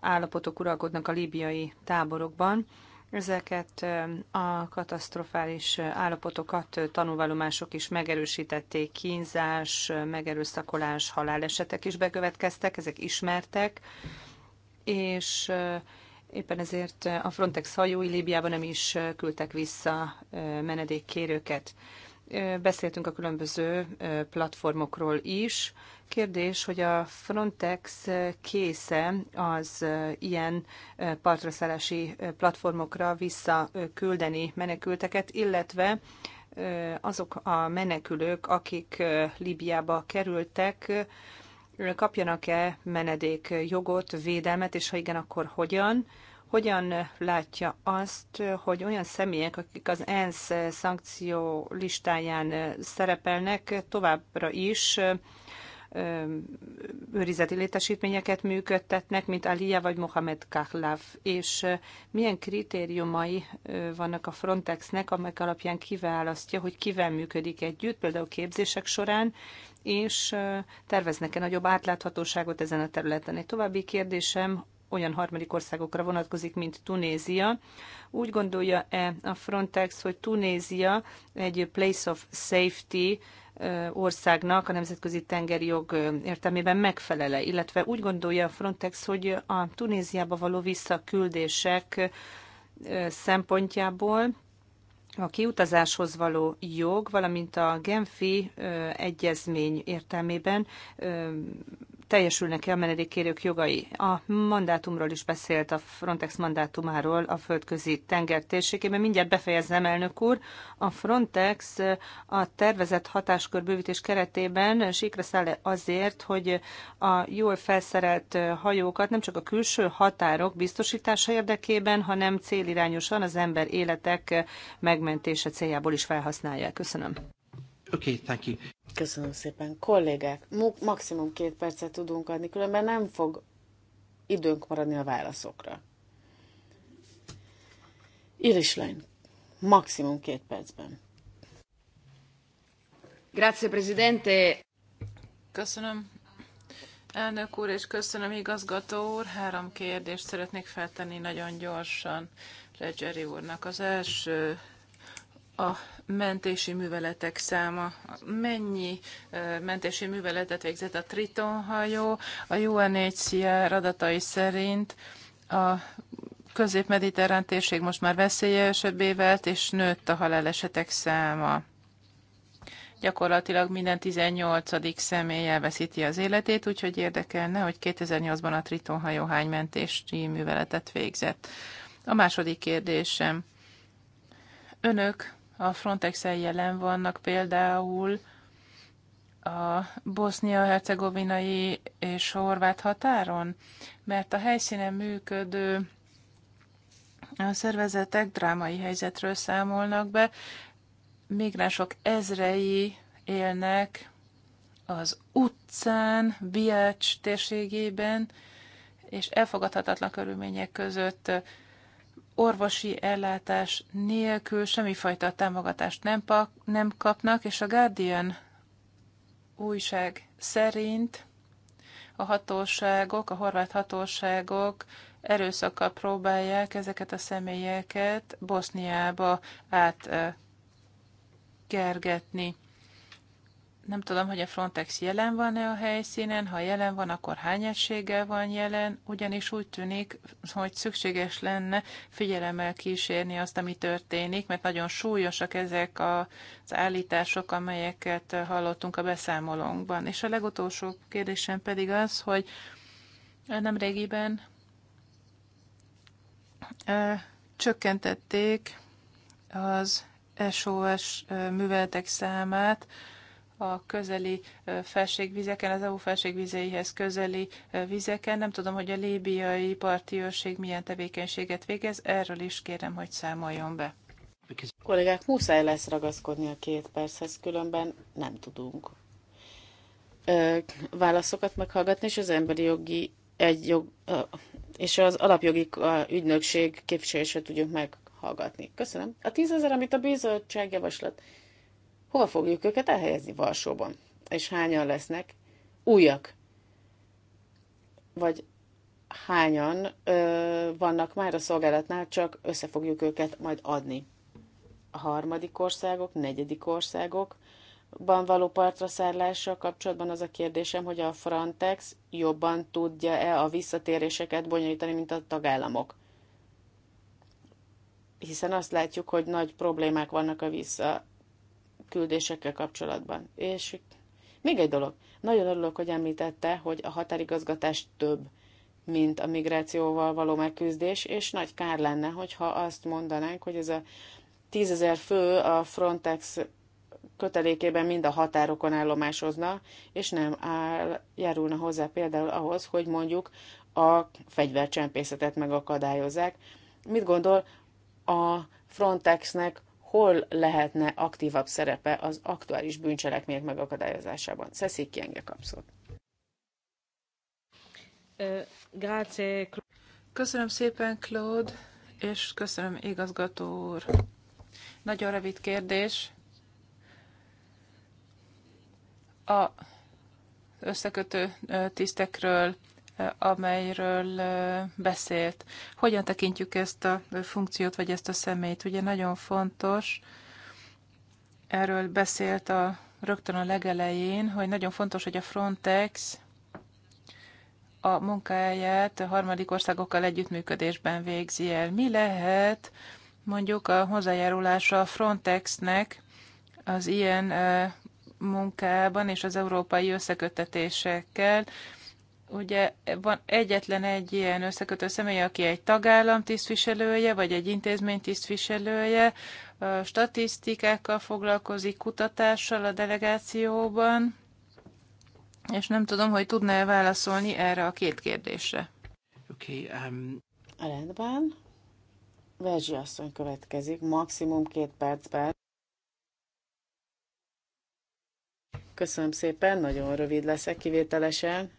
állapotok uralkodnak a líbiai táborokban, Ezeket a katasztrofális állapotokat tanúvallomások is megerősítették, kínzás, megerőszakolás, halálesetek is bekövetkeztek, ezek ismertek, és éppen ezért a Frontex hajói Líbiában nem is küldtek vissza menedékkérőket. Beszéltünk a különböző platformokról is. Kérdés, hogy a Frontex késze az ilyen partraszállási platformokra visszaküldeni menekülteket, illetve azok a menekülők, akik Líbiába kerültek, kapjanak-e menedékjogot, védelmet, és ha igen, akkor hogyan? hogyan látja azt, hogy olyan személyek, akik az ENSZ szankció listáján szerepelnek, továbbra is őrizeti létesítményeket működtetnek, mint Alia vagy Mohamed Kahlav, és milyen kritériumai vannak a Frontexnek, amelyek alapján kiválasztja, hogy kivel működik együtt, például képzések során, és terveznek-e nagyobb átláthatóságot ezen a területen. Egy további kérdésem olyan harmadik országokra vonatkozik, mint Tunézia. Úgy gondolja-e a Frontex, hogy Tunézia egy place of safety országnak a nemzetközi tengeri jog értelmében megfelele, illetve úgy gondolja a Frontex, hogy a Tunéziába való visszaküldések szempontjából a kiutazáshoz való jog, valamint a Genfi egyezmény értelmében teljesülnek-e a menedékkérők jogai. A mandátumról is beszélt, a Frontex mandátumáról a földközi tenger térségében. Mindjárt befejezem, elnök úr. A Frontex eh, a tervezett hatáskörbővítés keretében síkra száll -e azért, hogy a jól felszerelt eh, hajókat nem csak a külső határok biztosítása érdekében, hanem célirányosan az ember életek eh, megmentése céljából is felhasználják. Köszönöm. Okay, thank you. Köszönöm szépen. Kollégák, maximum két percet tudunk adni, különben nem fog időnk maradni a válaszokra. Irislein, maximum két percben. Grazie, Presidente. Köszönöm. Elnök úr, és köszönöm igazgató úr. Három kérdést szeretnék feltenni nagyon gyorsan Legeri úrnak. Az első a mentési műveletek száma. Mennyi mentési műveletet végzett a Triton hajó? A UNHCR adatai szerint a közép-mediterrán térség most már veszélyesebbé vált, és nőtt a halálesetek száma. Gyakorlatilag minden 18. személy elveszíti az életét, úgyhogy érdekelne, hogy 2008-ban a Triton hajó hány mentési műveletet végzett. A második kérdésem. Önök a frontex jelen vannak például a bosznia-hercegovinai és horvát határon, mert a helyszínen működő a szervezetek drámai helyzetről számolnak be, migránsok ezrei élnek az utcán, Biács térségében, és elfogadhatatlan körülmények között orvosi ellátás nélkül semmifajta támogatást nem, nem kapnak, és a Guardian újság szerint a hatóságok, a horvát hatóságok erőszakkal próbálják ezeket a személyeket Boszniába Uh, nem tudom, hogy a Frontex jelen van-e a helyszínen, ha jelen van, akkor hány egységgel van jelen, ugyanis úgy tűnik, hogy szükséges lenne figyelemmel kísérni azt, ami történik, mert nagyon súlyosak ezek az állítások, amelyeket hallottunk a beszámolónkban. És a legutolsó kérdésem pedig az, hogy nemrégiben csökkentették az SOS műveletek számát, a közeli felségvizeken, az EU felségvizeihez közeli vizeken. Nem tudom, hogy a líbiai parti őrség milyen tevékenységet végez, erről is kérem, hogy számoljon be. A kollégák, muszáj lesz ragaszkodni a két perchez, különben nem tudunk ö, válaszokat meghallgatni, és az emberi jogi egy jog, ö, és az alapjogi ügynökség képviselését tudjuk meghallgatni. Köszönöm. A tízezer, amit a bizottság javaslat Hova fogjuk őket elhelyezni Varsóban? És hányan lesznek újak? Vagy hányan ö, vannak már a szolgálatnál, csak össze fogjuk őket majd adni. A harmadik országok, negyedik országokban való partra szállással kapcsolatban az a kérdésem, hogy a Frontex jobban tudja-e a visszatéréseket bonyolítani, mint a tagállamok. Hiszen azt látjuk, hogy nagy problémák vannak a vissza küldésekkel kapcsolatban. És még egy dolog. Nagyon örülök, hogy említette, hogy a határigazgatás több, mint a migrációval való megküzdés, és nagy kár lenne, hogyha azt mondanánk, hogy ez a tízezer fő a Frontex kötelékében mind a határokon állomásozna, és nem áll, járulna hozzá például ahhoz, hogy mondjuk a fegyvercsempészetet megakadályozzák. Mit gondol a Frontexnek hol lehetne aktívabb szerepe az aktuális bűncselekmények megakadályozásában. ki Kienge kapszott. Köszönöm szépen, Claude, és köszönöm, igazgató úr. Nagyon rövid kérdés. A összekötő tisztekről amelyről beszélt. Hogyan tekintjük ezt a funkciót, vagy ezt a személyt? Ugye nagyon fontos, erről beszélt a, rögtön a legelején, hogy nagyon fontos, hogy a Frontex a munkáját a harmadik országokkal együttműködésben végzi el. Mi lehet mondjuk a hozzájárulása a Frontexnek az ilyen munkában és az európai összekötetésekkel, ugye van egyetlen egy ilyen összekötő személy, aki egy tagállam tisztviselője, vagy egy intézmény tisztviselője, statisztikákkal foglalkozik, kutatással a delegációban, és nem tudom, hogy tudná-e válaszolni erre a két kérdésre. Oké, okay, um... Rendben. Vezsi asszony következik, maximum két percben. Köszönöm szépen, nagyon rövid leszek kivételesen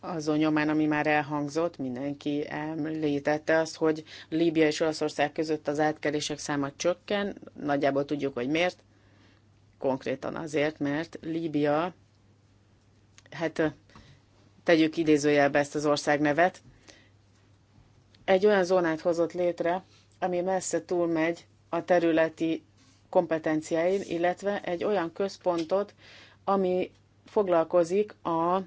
azon nyomán, ami már elhangzott, mindenki említette azt, hogy Líbia és Olaszország között az átkelések száma csökken, nagyjából tudjuk, hogy miért. Konkrétan azért, mert Líbia, hát tegyük idézőjelbe ezt az ország nevet, egy olyan zónát hozott létre, ami messze túlmegy a területi kompetenciáin, illetve egy olyan központot, ami foglalkozik a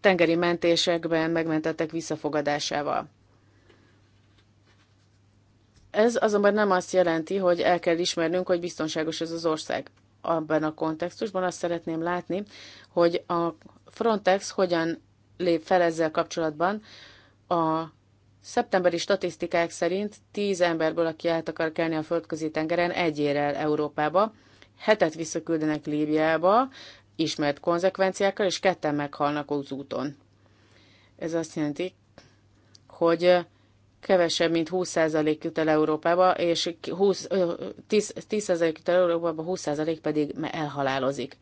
tengeri mentésekben megmentettek visszafogadásával. Ez azonban nem azt jelenti, hogy el kell ismernünk, hogy biztonságos ez az ország. Abban a kontextusban azt szeretném látni, hogy a Frontex hogyan lép fel ezzel kapcsolatban. A szeptemberi statisztikák szerint 10 emberből, aki át akar kelni a földközi tengeren, egy ér el Európába, hetet visszaküldenek Líbiába, ismert konzekvenciákkal, és ketten meghalnak az úton. Ez azt jelenti, hogy kevesebb, mint 20% jut el Európába, és 20, 10, 10% jut el Európába, 20% pedig elhalálozik.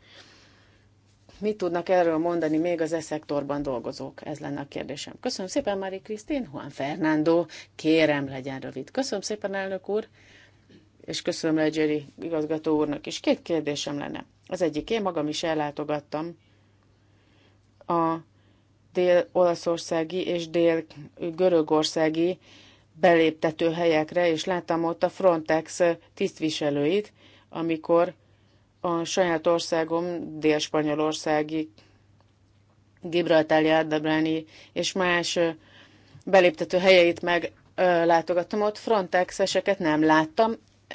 Mit tudnak erről mondani még az e-szektorban dolgozók? Ez lenne a kérdésem. Köszönöm szépen, Mari Krisztin, Juan Fernando, kérem, legyen rövid. Köszönöm szépen, elnök úr, és köszönöm Legeri igazgató úrnak is. Két kérdésem lenne. Az egyik én magam is ellátogattam a dél-olaszországi és dél-görögországi beléptető helyekre, és láttam ott a Frontex tisztviselőit, amikor a saját országom, Dél-Spanyolországi, Gibraltári, Ardebráni és más beléptető helyeit meglátogattam ott, Frontexeseket nem láttam.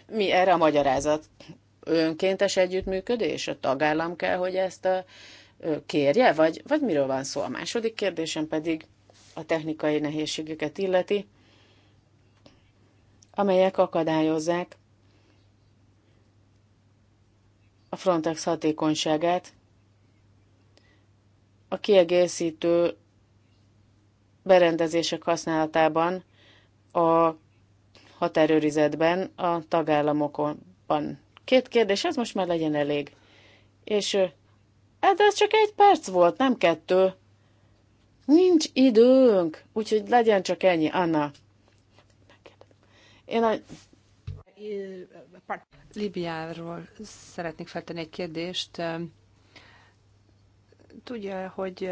Mi erre a magyarázat? önkéntes együttműködés? A tagállam kell, hogy ezt a, kérje, vagy, vagy miről van szó? A második kérdésem pedig a technikai nehézségeket illeti, amelyek akadályozzák a Frontex hatékonyságát, a kiegészítő berendezések használatában a határőrizetben, a tagállamokon Két kérdés, ez most már legyen elég. És hát de ez csak egy perc volt, nem kettő. Nincs időnk, úgyhogy legyen csak ennyi, Anna. Én a... Libiáról szeretnék feltenni egy kérdést. Tudja, hogy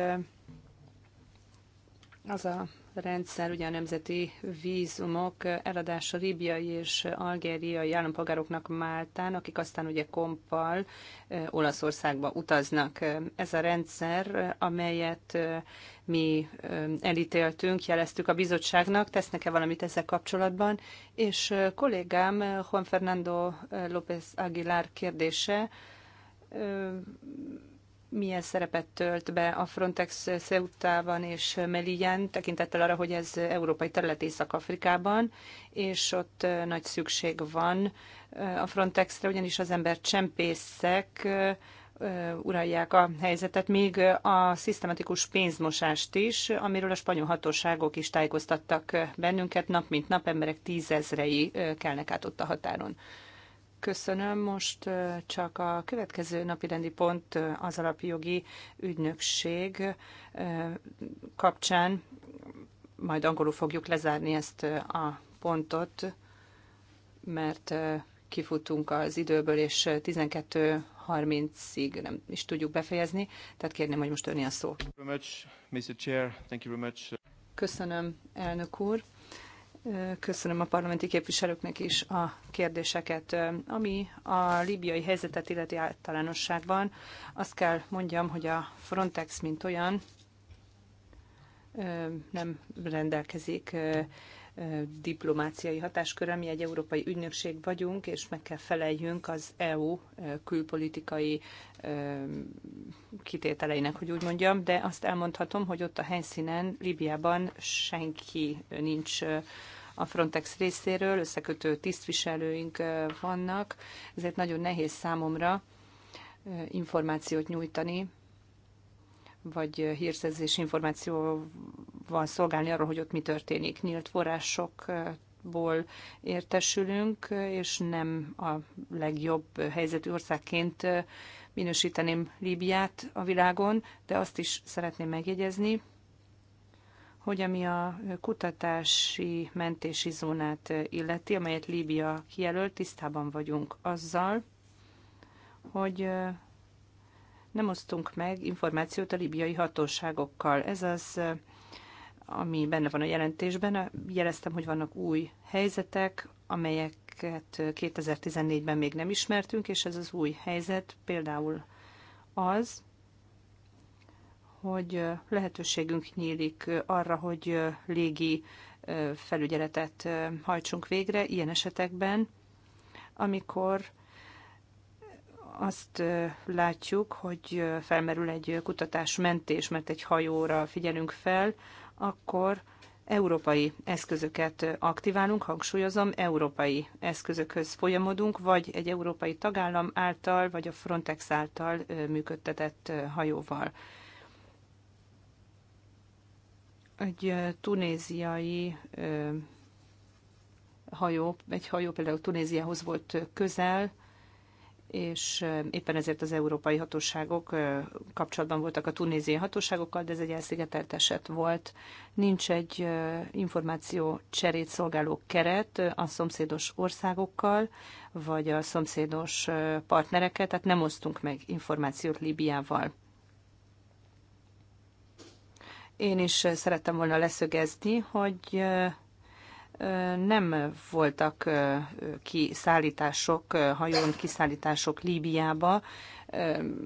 az a rendszer, ugye a nemzeti vízumok eladása líbiai és algériai állampolgároknak Máltán, akik aztán ugye kompal eh, Olaszországba utaznak. Ez a rendszer, amelyet eh, mi eh, elítéltünk, jeleztük a bizottságnak, tesznek-e valamit ezzel kapcsolatban, és kollégám Juan Fernando López Aguilar kérdése, milyen szerepet tölt be a Frontex Ceutában és Melillán, tekintettel arra, hogy ez európai terület Észak-Afrikában, és ott nagy szükség van a Frontexre, ugyanis az ember csempészek uralják a helyzetet, még a szisztematikus pénzmosást is, amiről a spanyol hatóságok is tájékoztattak bennünket, nap mint nap emberek tízezrei kelnek át ott a határon. Köszönöm. Most csak a következő napi rendi pont az alapjogi ügynökség kapcsán, majd angolul fogjuk lezárni ezt a pontot, mert kifutunk az időből, és 12.30-ig nem is tudjuk befejezni, tehát kérném, hogy most önni a szó. Köszönöm, elnök úr. Köszönöm a parlamenti képviselőknek is a kérdéseket. Ami a líbiai helyzetet illeti általánosságban, azt kell mondjam, hogy a Frontex, mint olyan, nem rendelkezik diplomáciai hatáskör, mi egy európai ügynökség vagyunk, és meg kell feleljünk az EU e, külpolitikai e, kitételeinek, hogy úgy mondjam, de azt elmondhatom, hogy ott a helyszínen, Líbiában senki nincs e, a Frontex részéről, összekötő tisztviselőink vannak, ezért nagyon nehéz számomra információt nyújtani vagy hírszerzés információval szolgálni arról, hogy ott mi történik. Nyílt forrásokból értesülünk, és nem a legjobb helyzetű országként minősíteném Líbiát a világon, de azt is szeretném megjegyezni, hogy ami a kutatási mentési zónát illeti, amelyet Líbia kijelölt, tisztában vagyunk azzal, hogy nem osztunk meg információt a libiai hatóságokkal. Ez az, ami benne van a jelentésben. Jeleztem, hogy vannak új helyzetek, amelyeket 2014-ben még nem ismertünk, és ez az új helyzet például az, hogy lehetőségünk nyílik arra, hogy légi felügyeletet hajtsunk végre ilyen esetekben, amikor azt látjuk, hogy felmerül egy kutatásmentés, mert egy hajóra figyelünk fel, akkor európai eszközöket aktiválunk, hangsúlyozom, európai eszközökhöz folyamodunk, vagy egy európai tagállam által, vagy a Frontex által működtetett hajóval. Egy tunéziai hajó, egy hajó például Tunéziához volt közel, és éppen ezért az európai hatóságok kapcsolatban voltak a tunéziai hatóságokkal, de ez egy elszigetelt eset volt. Nincs egy információ cserét szolgáló keret a szomszédos országokkal, vagy a szomszédos partnereket, tehát nem osztunk meg információt Líbiával. Én is szerettem volna leszögezni, hogy nem voltak kiszállítások, hajón kiszállítások Líbiába,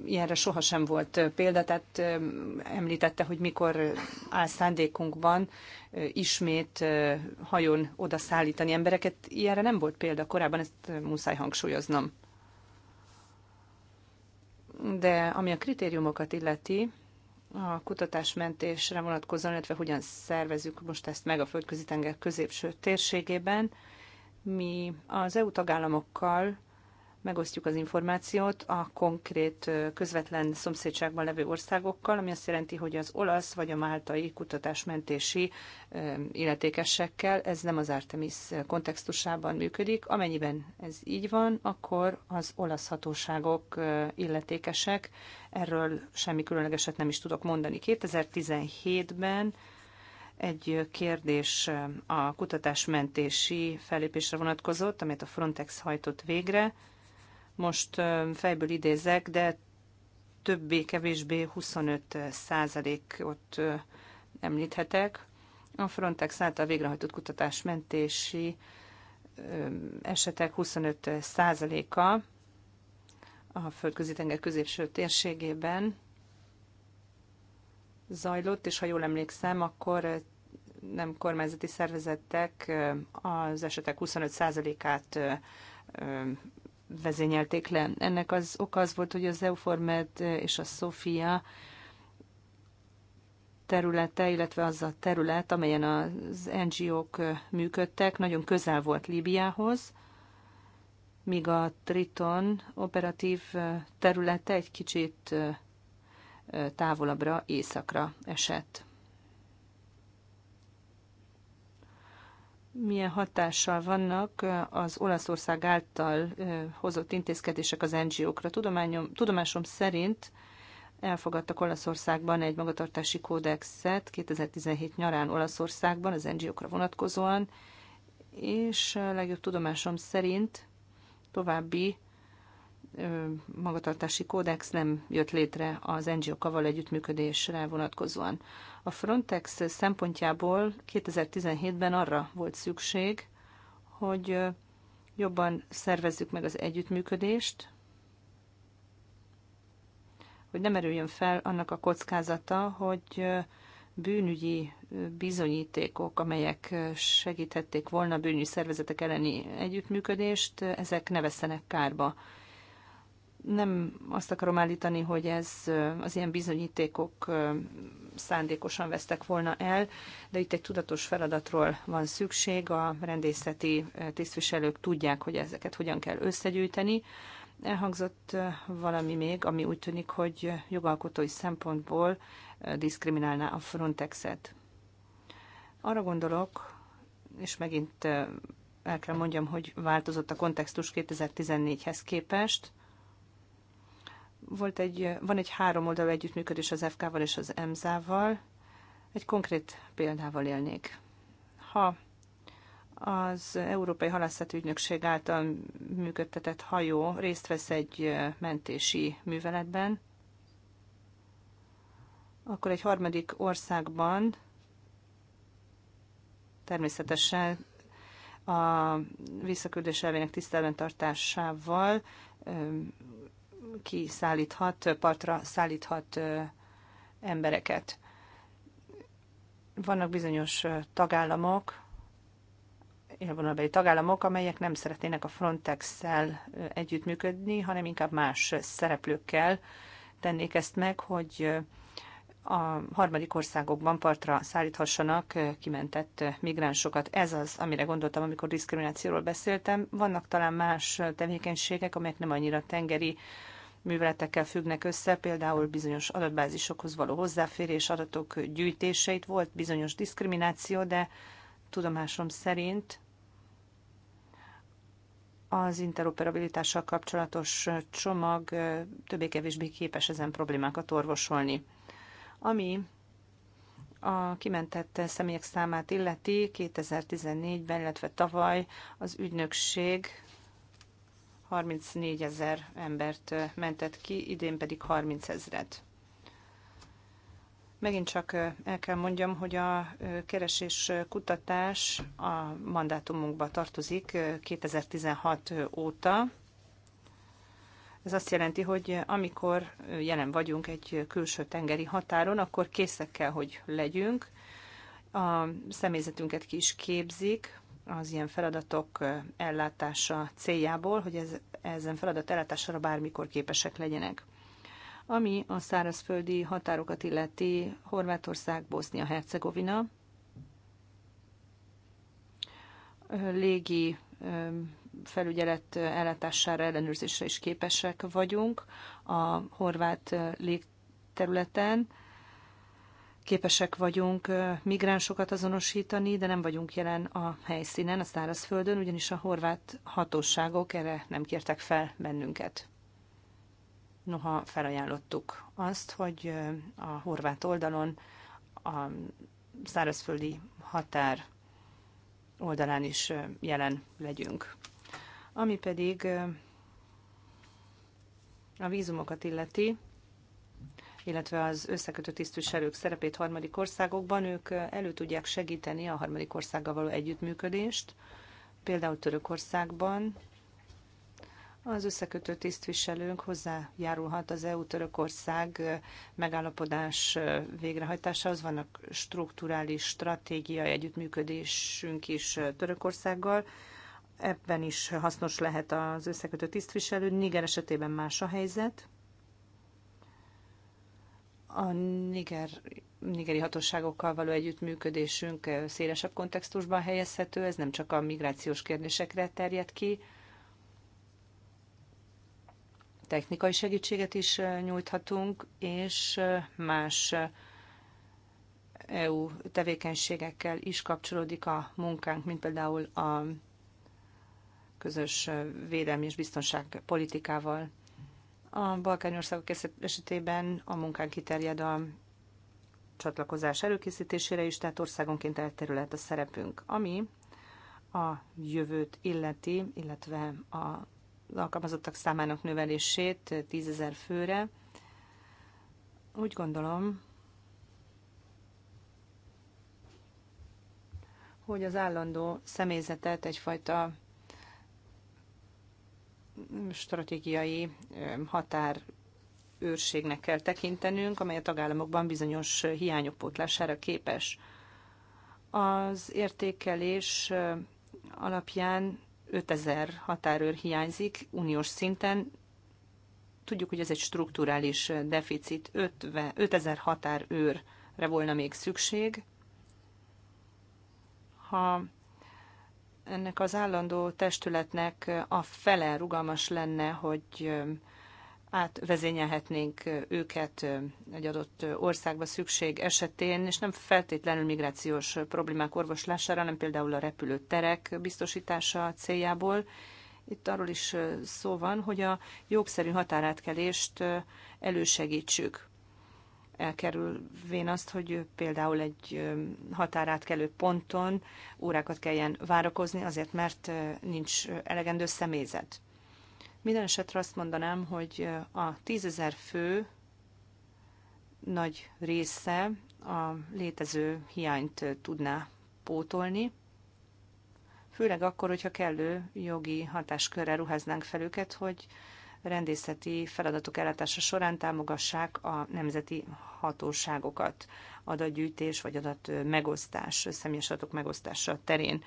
ilyenre sohasem volt példa, tehát említette, hogy mikor áll szándékunkban ismét hajón oda szállítani embereket, ilyenre nem volt példa korábban, ezt muszáj hangsúlyoznom. De ami a kritériumokat illeti, a kutatásmentésre vonatkozóan, illetve hogyan szervezzük most ezt meg a földközi tenger középső térségében. Mi az EU tagállamokkal megosztjuk az információt a konkrét közvetlen szomszédságban levő országokkal, ami azt jelenti, hogy az olasz vagy a máltai kutatásmentési illetékesekkel ez nem az Artemis kontextusában működik. Amennyiben ez így van, akkor az olasz hatóságok illetékesek. Erről semmi különlegeset nem is tudok mondani. 2017-ben egy kérdés a kutatásmentési fellépésre vonatkozott, amit a Frontex hajtott végre most fejből idézek, de többé-kevésbé 25 százalékot említhetek. A Frontex által végrehajtott kutatás mentési esetek 25 százaléka a földközi tenger középső térségében zajlott, és ha jól emlékszem, akkor nem kormányzati szervezetek az esetek 25%-át vezényelték le. Ennek az oka az volt, hogy az Euformed és a Sofia területe, illetve az a terület, amelyen az NGO-k működtek, nagyon közel volt Líbiához, míg a Triton operatív területe egy kicsit távolabbra, északra esett. milyen hatással vannak az Olaszország által hozott intézkedések az NGO-kra. Tudomásom szerint elfogadtak Olaszországban egy magatartási kódexet 2017 nyarán Olaszországban az NGO-kra vonatkozóan, és legjobb tudomásom szerint további magatartási kódex nem jött létre az NGO-kaval együttműködésre vonatkozóan. A Frontex szempontjából 2017-ben arra volt szükség, hogy jobban szervezzük meg az együttműködést, hogy nem erüljön fel annak a kockázata, hogy bűnügyi bizonyítékok, amelyek segíthették volna bűnügyi szervezetek elleni együttműködést, ezek ne vesztenek kárba nem azt akarom állítani, hogy ez az ilyen bizonyítékok szándékosan vesztek volna el, de itt egy tudatos feladatról van szükség. A rendészeti tisztviselők tudják, hogy ezeket hogyan kell összegyűjteni. Elhangzott valami még, ami úgy tűnik, hogy jogalkotói szempontból diszkriminálná a Frontexet. Arra gondolok, és megint el kell mondjam, hogy változott a kontextus 2014-hez képest, volt egy, van egy három oldalú együttműködés az FK-val és az EMSZ-val. Egy konkrét példával élnék. Ha az Európai Halászati Ügynökség által működtetett hajó részt vesz egy mentési műveletben, akkor egy harmadik országban természetesen a visszaküldés elvének tiszteletben tartásával kiszállíthat, partra szállíthat embereket. Vannak bizonyos tagállamok, élvonalbeli tagállamok, amelyek nem szeretnének a Frontex-szel együttműködni, hanem inkább más szereplőkkel tennék ezt meg, hogy a harmadik országokban partra szállíthassanak kimentett migránsokat. Ez az, amire gondoltam, amikor diszkriminációról beszéltem. Vannak talán más tevékenységek, amelyek nem annyira tengeri műveletekkel függnek össze, például bizonyos adatbázisokhoz való hozzáférés, adatok gyűjtéseit volt bizonyos diszkrimináció, de tudomásom szerint az interoperabilitással kapcsolatos csomag többé-kevésbé képes ezen problémákat orvosolni. Ami a kimentett személyek számát illeti, 2014-ben, illetve tavaly az ügynökség 34 ezer embert mentett ki, idén pedig 30 ezret. Megint csak el kell mondjam, hogy a keresés kutatás a mandátumunkba tartozik 2016 óta. Ez azt jelenti, hogy amikor jelen vagyunk egy külső tengeri határon, akkor készek kell, hogy legyünk. A személyzetünket ki is képzik, az ilyen feladatok ellátása céljából, hogy ez, ezen feladat ellátására bármikor képesek legyenek. Ami a szárazföldi határokat illeti Horvátország, Bosznia-Hercegovina, légi felügyelet ellátására, ellenőrzésre is képesek vagyunk a horvát légterületen, képesek vagyunk migránsokat azonosítani, de nem vagyunk jelen a helyszínen, a szárazföldön, ugyanis a horvát hatóságok erre nem kértek fel bennünket. Noha felajánlottuk azt, hogy a horvát oldalon a szárazföldi határ oldalán is jelen legyünk. Ami pedig a vízumokat illeti, illetve az összekötő tisztviselők szerepét harmadik országokban, ők elő tudják segíteni a harmadik országgal való együttműködést, például Törökországban. Az összekötő tisztviselőnk hozzájárulhat az EU-Törökország megállapodás végrehajtásához. Vannak strukturális stratégiai együttműködésünk is Törökországgal. Ebben is hasznos lehet az összekötő tisztviselő. Niger esetében más a helyzet a niger, nigeri hatóságokkal való együttműködésünk szélesebb kontextusban helyezhető, ez nem csak a migrációs kérdésekre terjed ki, technikai segítséget is nyújthatunk, és más EU tevékenységekkel is kapcsolódik a munkánk, mint például a közös védelmi és biztonságpolitikával. A balkány országok esetében a munkánk kiterjed a csatlakozás előkészítésére is, tehát országonként elterület a szerepünk, ami a jövőt illeti, illetve a az alkalmazottak számának növelését tízezer főre. Úgy gondolom, hogy az állandó személyzetet egyfajta stratégiai határ őrségnek kell tekintenünk, amely a tagállamokban bizonyos hiányok pótlására képes. Az értékelés alapján 5000 határőr hiányzik uniós szinten. Tudjuk, hogy ez egy strukturális deficit, 5000 határőrre volna még szükség. Ha ennek az állandó testületnek a fele rugalmas lenne, hogy átvezényelhetnénk őket egy adott országba szükség esetén, és nem feltétlenül migrációs problémák orvoslására, hanem például a repülőterek biztosítása céljából. Itt arról is szó van, hogy a jogszerű határátkelést elősegítsük elkerülvén azt, hogy például egy határátkelő ponton órákat kelljen várakozni, azért mert nincs elegendő személyzet. Minden esetre azt mondanám, hogy a tízezer fő nagy része a létező hiányt tudná pótolni, főleg akkor, hogyha kellő jogi hatáskörrel ruháznánk fel őket, hogy rendészeti feladatok ellátása során támogassák a nemzeti hatóságokat adatgyűjtés vagy adat megosztás, személyes adatok megosztása terén.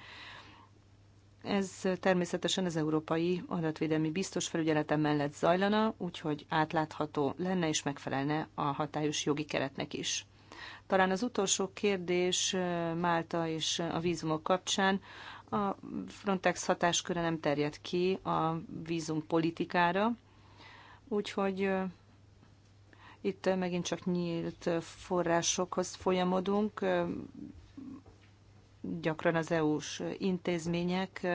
Ez természetesen az Európai Adatvédelmi Biztos felügyelete mellett zajlana, úgyhogy átlátható lenne és megfelelne a hatályos jogi keretnek is. Talán az utolsó kérdés Málta és a vízumok kapcsán a Frontex hatásköre nem terjed ki a vízumpolitikára, úgyhogy itt megint csak nyílt forrásokhoz folyamodunk. Gyakran az EU-s intézmények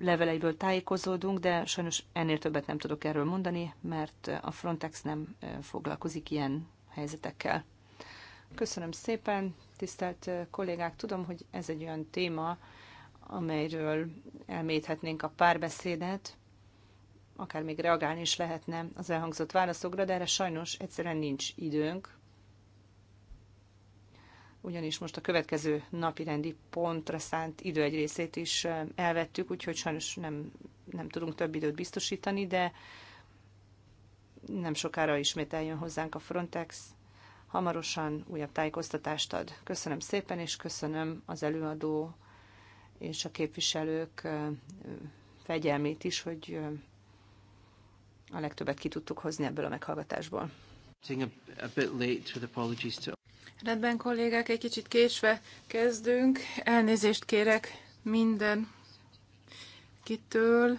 leveleiből tájékozódunk, de sajnos ennél többet nem tudok erről mondani, mert a Frontex nem foglalkozik ilyen helyzetekkel. Köszönöm szépen, tisztelt kollégák! Tudom, hogy ez egy olyan téma, amelyről elméthetnénk a párbeszédet, akár még reagálni is lehetne az elhangzott válaszokra, de erre sajnos egyszerűen nincs időnk, ugyanis most a következő napi rendi pontra szánt idő egy részét is elvettük, úgyhogy sajnos nem, nem tudunk több időt biztosítani, de nem sokára ismét eljön hozzánk a Frontex, hamarosan újabb tájékoztatást ad. Köszönöm szépen, és köszönöm az előadó és a képviselők fegyelmét is, hogy a legtöbbet ki tudtuk hozni ebből a meghallgatásból. Rendben, kollégák, egy kicsit késve kezdünk. Elnézést kérek minden kitől.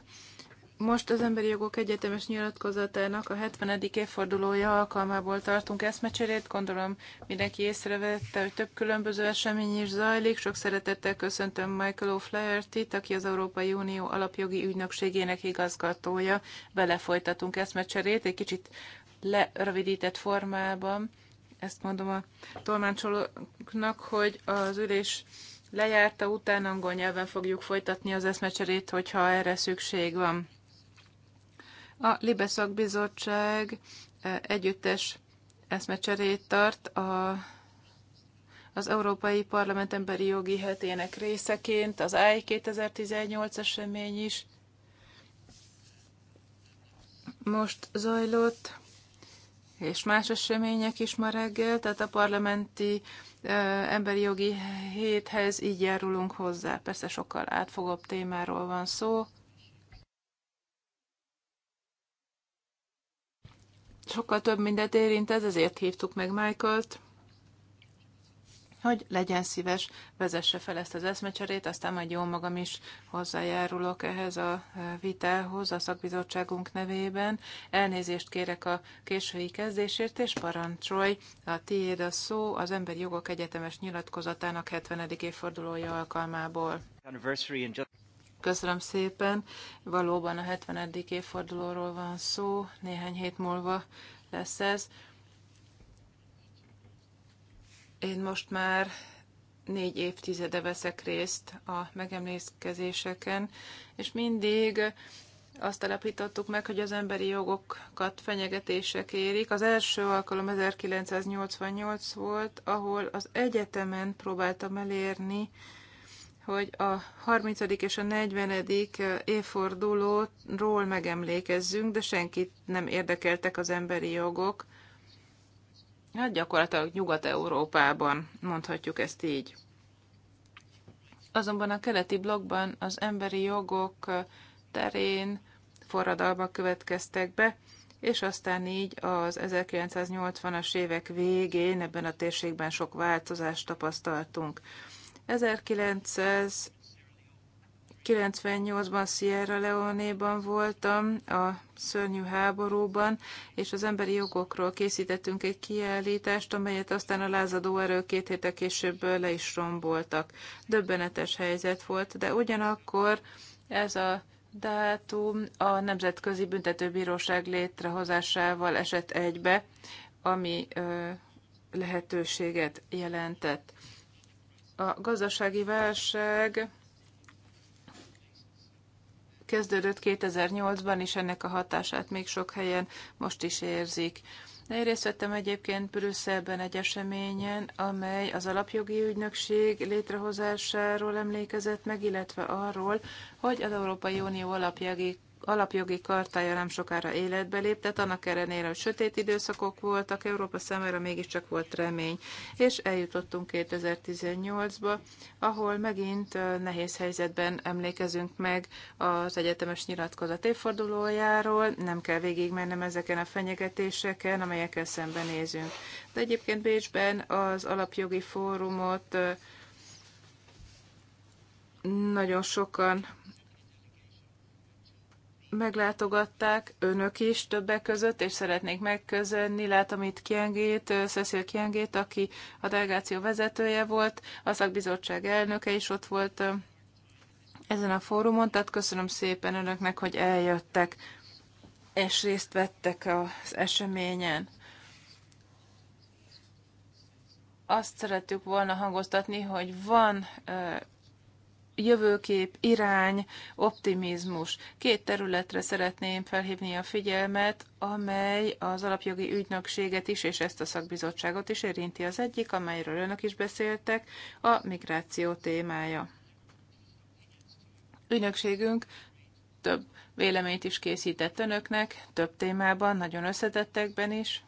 Most az Emberi Jogok Egyetemes Nyilatkozatának a 70. évfordulója alkalmából tartunk eszmecserét. Gondolom mindenki észrevette, hogy több különböző esemény is zajlik. Sok szeretettel köszöntöm Michael oflaherty aki az Európai Unió alapjogi ügynökségének igazgatója. Vele folytatunk eszmecserét egy kicsit lerövidített formában. Ezt mondom a tolmácsolóknak, hogy az ülés lejárta, után angol nyelven fogjuk folytatni az eszmecserét, hogyha erre szükség van. A Libeszak Bizottság e, együttes eszmecserét tart a, az Európai Parlament Emberi Jogi Hetének részeként, az AI 2018 esemény is most zajlott, és más események is ma reggel, tehát a parlamenti e, emberi jogi héthez így járulunk hozzá. Persze sokkal átfogóbb témáról van szó, sokkal több mindet érint ez, ezért hívtuk meg Michael-t, hogy legyen szíves, vezesse fel ezt az eszmecserét, aztán majd jó magam is hozzájárulok ehhez a e, vitához a szakbizottságunk nevében. Elnézést kérek a késői kezdésért, és parancsolj, a tiéd a szó az Emberi Jogok Egyetemes nyilatkozatának 70. évfordulója alkalmából. Köszönöm szépen. Valóban a 70. évfordulóról van szó, néhány hét múlva lesz ez. Én most már négy évtizede veszek részt a megemlékezéseken, és mindig azt alapítottuk meg, hogy az emberi jogokat fenyegetések érik. Az első alkalom 1988 volt, ahol az egyetemen próbáltam elérni hogy a 30. és a 40. évfordulóról megemlékezzünk, de senkit nem érdekeltek az emberi jogok. Hát gyakorlatilag Nyugat-Európában mondhatjuk ezt így. Azonban a keleti blogban az emberi jogok terén forradalmak következtek be, és aztán így az 1980-as évek végén ebben a térségben sok változást tapasztaltunk. 1998-ban Sierra Leone-ban voltam, a szörnyű háborúban, és az emberi jogokról készítettünk egy kiállítást, amelyet aztán a lázadó erő két héttel később le is romboltak. Döbbenetes helyzet volt, de ugyanakkor ez a dátum a Nemzetközi Büntetőbíróság létrehozásával esett egybe, ami lehetőséget jelentett a gazdasági válság kezdődött 2008-ban, és ennek a hatását még sok helyen most is érzik. Én részt vettem egyébként Brüsszelben egy eseményen, amely az alapjogi ügynökség létrehozásáról emlékezett meg, illetve arról, hogy az Európai Unió alapjogi alapjogi kartája nem sokára életbe léptet, annak ellenére, hogy sötét időszakok voltak, Európa számára mégiscsak volt remény, és eljutottunk 2018-ba, ahol megint nehéz helyzetben emlékezünk meg az egyetemes nyilatkozat évfordulójáról, nem kell végigmennem ezeken a fenyegetéseken, amelyekkel szembenézünk. De egyébként Bécsben az alapjogi fórumot nagyon sokan meglátogatták önök is többek között, és szeretnék megközönni. Látom itt Kiengét, Cecil Kiengét, aki a delegáció vezetője volt, a szakbizottság elnöke is ott volt ezen a fórumon, tehát köszönöm szépen önöknek, hogy eljöttek és részt vettek az eseményen. Azt szerettük volna hangoztatni, hogy van jövőkép, irány, optimizmus. Két területre szeretném felhívni a figyelmet, amely az alapjogi ügynökséget is és ezt a szakbizottságot is érinti. Az egyik, amelyről önök is beszéltek, a migráció témája. Ügynökségünk több véleményt is készített önöknek, több témában, nagyon összetettekben is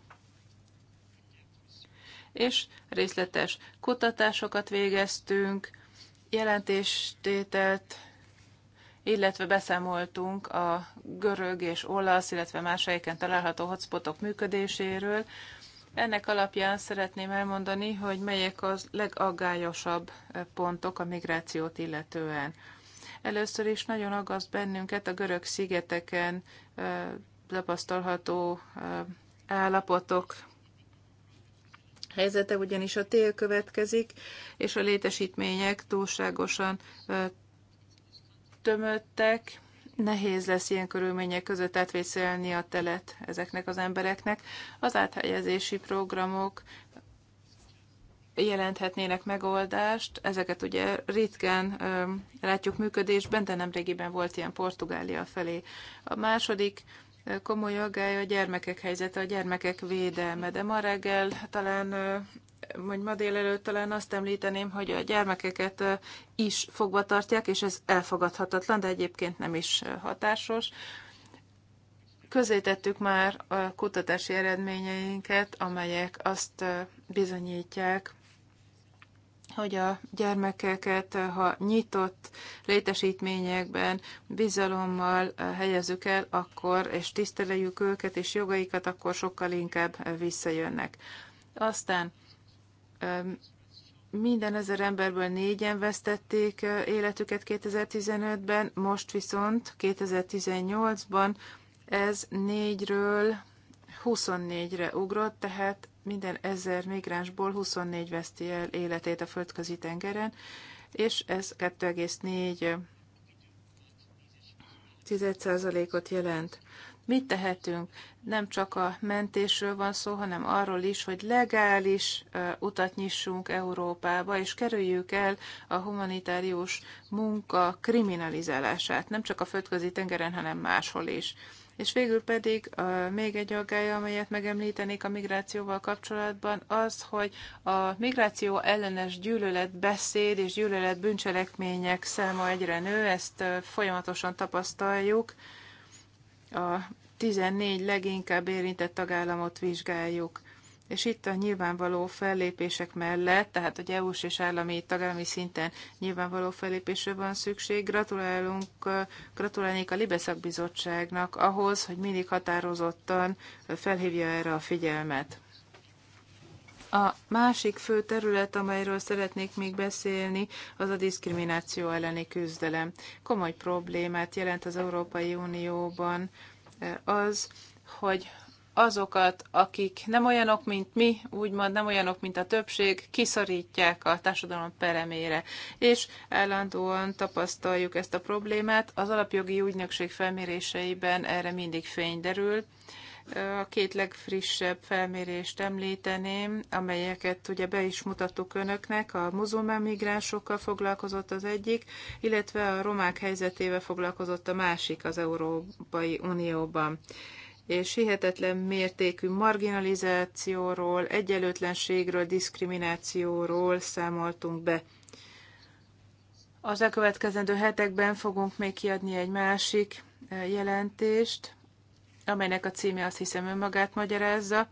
és részletes kutatásokat végeztünk, jelentéstételt, illetve beszámoltunk a görög és olasz, illetve más helyeken található hotspotok működéséről. Ennek alapján szeretném elmondani, hogy melyek az legaggályosabb eh, pontok a migrációt illetően. Először is nagyon aggaszt bennünket a görög szigeteken eh, tapasztalható eh, állapotok helyzete, ugyanis a tél következik, és a létesítmények túlságosan tömöttek, nehéz lesz ilyen körülmények között átvészelni a telet ezeknek az embereknek. Az áthelyezési programok jelenthetnének megoldást, ezeket ugye ritkán ö, látjuk működésben, de nemrégiben volt ilyen Portugália felé. A második komoly aggály a gyermekek helyzete, a gyermekek védelme. De ma reggel talán vagy ma délelőtt talán azt említeném, hogy a gyermekeket is fogva tartják, és ez elfogadhatatlan, de egyébként nem is hatásos. Közétettük már a kutatási eredményeinket, amelyek azt bizonyítják, hogy a gyermekeket, ha nyitott létesítményekben bizalommal eh, helyezzük el, akkor, és tiszteljük őket és jogaikat, akkor sokkal inkább eh, visszajönnek. Aztán minden ezer emberből négyen vesztették eh, életüket 2015-ben, most viszont 2018-ban ez négyről 24-re ugrott, tehát minden ezer migránsból 24 veszti el életét a földközi tengeren, és ez 2,4 ot jelent. Mit tehetünk? Nem csak a mentésről van szó, hanem arról is, hogy legális utat nyissunk Európába, és kerüljük el a humanitárius munka kriminalizálását, nem csak a földközi tengeren, hanem máshol is. És végül pedig uh, még egy aggája, amelyet megemlítenék a migrációval kapcsolatban, az, hogy a migráció ellenes gyűlöletbeszéd és gyűlölet bűncselekmények száma egyre nő, ezt uh, folyamatosan tapasztaljuk. A 14 leginkább érintett tagállamot vizsgáljuk. És itt a nyilvánvaló fellépések mellett, tehát hogy EU-s és állami tagállami szinten nyilvánvaló fellépésre van szükség, gratulálunk, gratulálnék a Libeszak Bizottságnak ahhoz, hogy mindig határozottan felhívja erre a figyelmet. A másik fő terület, amelyről szeretnék még beszélni, az a diszkrimináció elleni küzdelem. Komoly problémát jelent az Európai Unióban eh, az, hogy azokat, akik nem olyanok, mint mi, úgymond nem olyanok, mint a többség, kiszorítják a társadalom peremére. És állandóan tapasztaljuk ezt a problémát. Az alapjogi ügynökség felméréseiben erre mindig fény derül. A két legfrissebb felmérést említeném, amelyeket ugye be is mutattuk önöknek. A muzulmán migránsokkal foglalkozott az egyik, illetve a romák helyzetével foglalkozott a másik az Európai Unióban és hihetetlen mértékű marginalizációról, egyenlőtlenségről, diszkriminációról számoltunk be. Az elkövetkezendő hetekben fogunk még kiadni egy másik eh, jelentést, amelynek a címe azt hiszem önmagát magyarázza,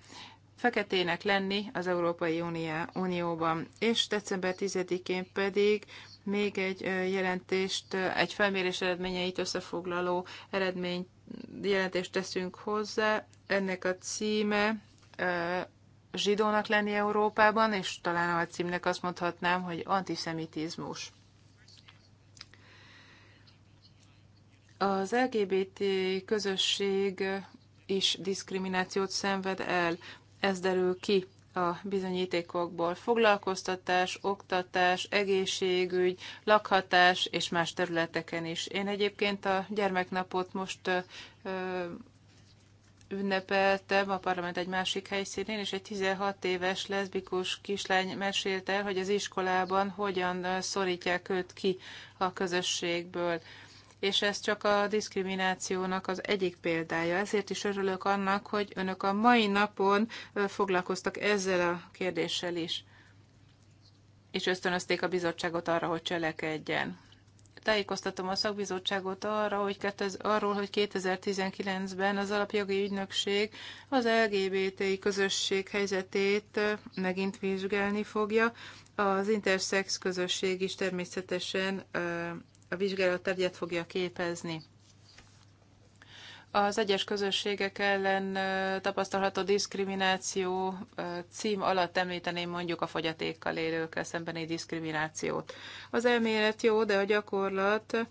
feketének lenni az Európai Unióban. És december 10-én pedig még egy eh, jelentést, eh, egy felmérés eredményeit összefoglaló eredményt jelentést teszünk hozzá. Ennek a címe zsidónak lenni Európában, és talán a címnek azt mondhatnám, hogy antiszemitizmus. Az LGBT közösség is diszkriminációt szenved el. Ez derül ki a bizonyítékokból foglalkoztatás, oktatás, egészségügy, lakhatás és más területeken is. Én egyébként a gyermeknapot most ünnepeltem a parlament egy másik helyszínén, és egy 16 éves leszbikus kislány mesélte el, hogy az iskolában hogyan szorítják őt ki a közösségből és ez csak a diszkriminációnak az egyik példája. Ezért is örülök annak, hogy önök a mai napon foglalkoztak ezzel a kérdéssel is, és ösztönözték a bizottságot arra, hogy cselekedjen. Tájékoztatom a szakbizottságot arra, hogy 2000, arról, hogy 2019-ben az alapjogi ügynökség az LGBT közösség helyzetét megint vizsgálni fogja. Az interszex közösség is természetesen a vizsgálat tárgyát fogja képezni. Az egyes közösségek ellen tapasztalható diszkrimináció cím alatt említeném mondjuk a fogyatékkal élőkkel szembeni diszkriminációt. Az elmélet jó, de a gyakorlat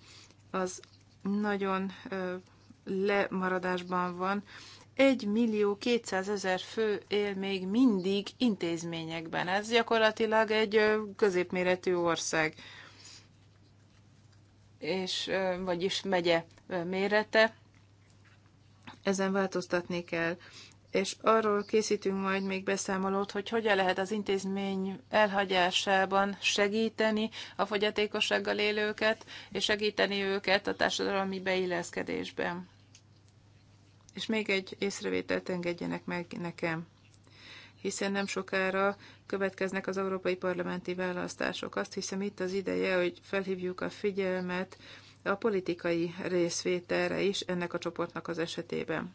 az nagyon lemaradásban van. 1 millió 200 ezer fő él még mindig intézményekben. Ez gyakorlatilag egy középméretű ország és, vagyis megye mérete. Ezen változtatni kell. És arról készítünk majd még beszámolót, hogy hogyan lehet az intézmény elhagyásában segíteni a fogyatékossággal élőket, és segíteni őket a társadalmi beilleszkedésben. És még egy észrevételt engedjenek meg nekem hiszen nem sokára következnek az európai parlamenti választások. Azt hiszem itt az ideje, hogy felhívjuk a figyelmet a politikai részvételre is ennek a csoportnak az esetében.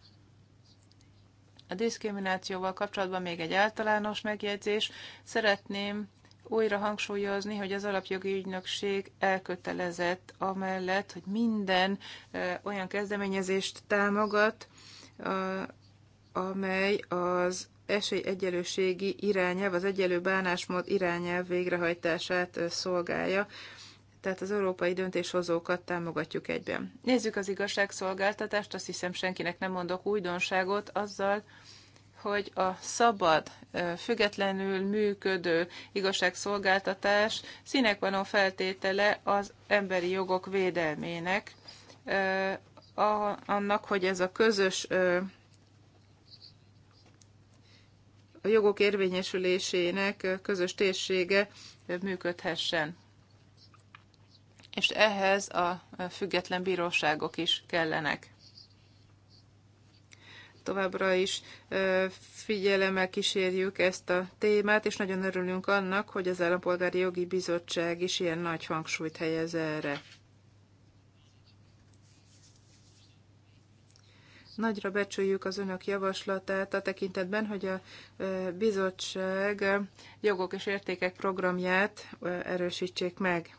A diszkriminációval kapcsolatban még egy általános megjegyzés. Szeretném újra hangsúlyozni, hogy az alapjogi ügynökség elkötelezett amellett, hogy minden olyan kezdeményezést támogat, amely az esélyegyelőségi irányelv, az egyenlő bánásmód irányelv végrehajtását szolgálja, tehát az európai döntéshozókat támogatjuk egyben. Nézzük az igazságszolgáltatást, azt hiszem senkinek nem mondok újdonságot azzal, hogy a szabad, függetlenül működő igazságszolgáltatás a feltétele az emberi jogok védelmének, annak, hogy ez a közös a jogok érvényesülésének közös térsége működhessen. És ehhez a független bíróságok is kellenek továbbra is figyelemmel kísérjük ezt a témát, és nagyon örülünk annak, hogy az Állampolgári Jogi Bizottság is ilyen nagy hangsúlyt helyez erre. Nagyra becsüljük az önök javaslatát a tekintetben, hogy a bizottság jogok és értékek programját erősítsék meg.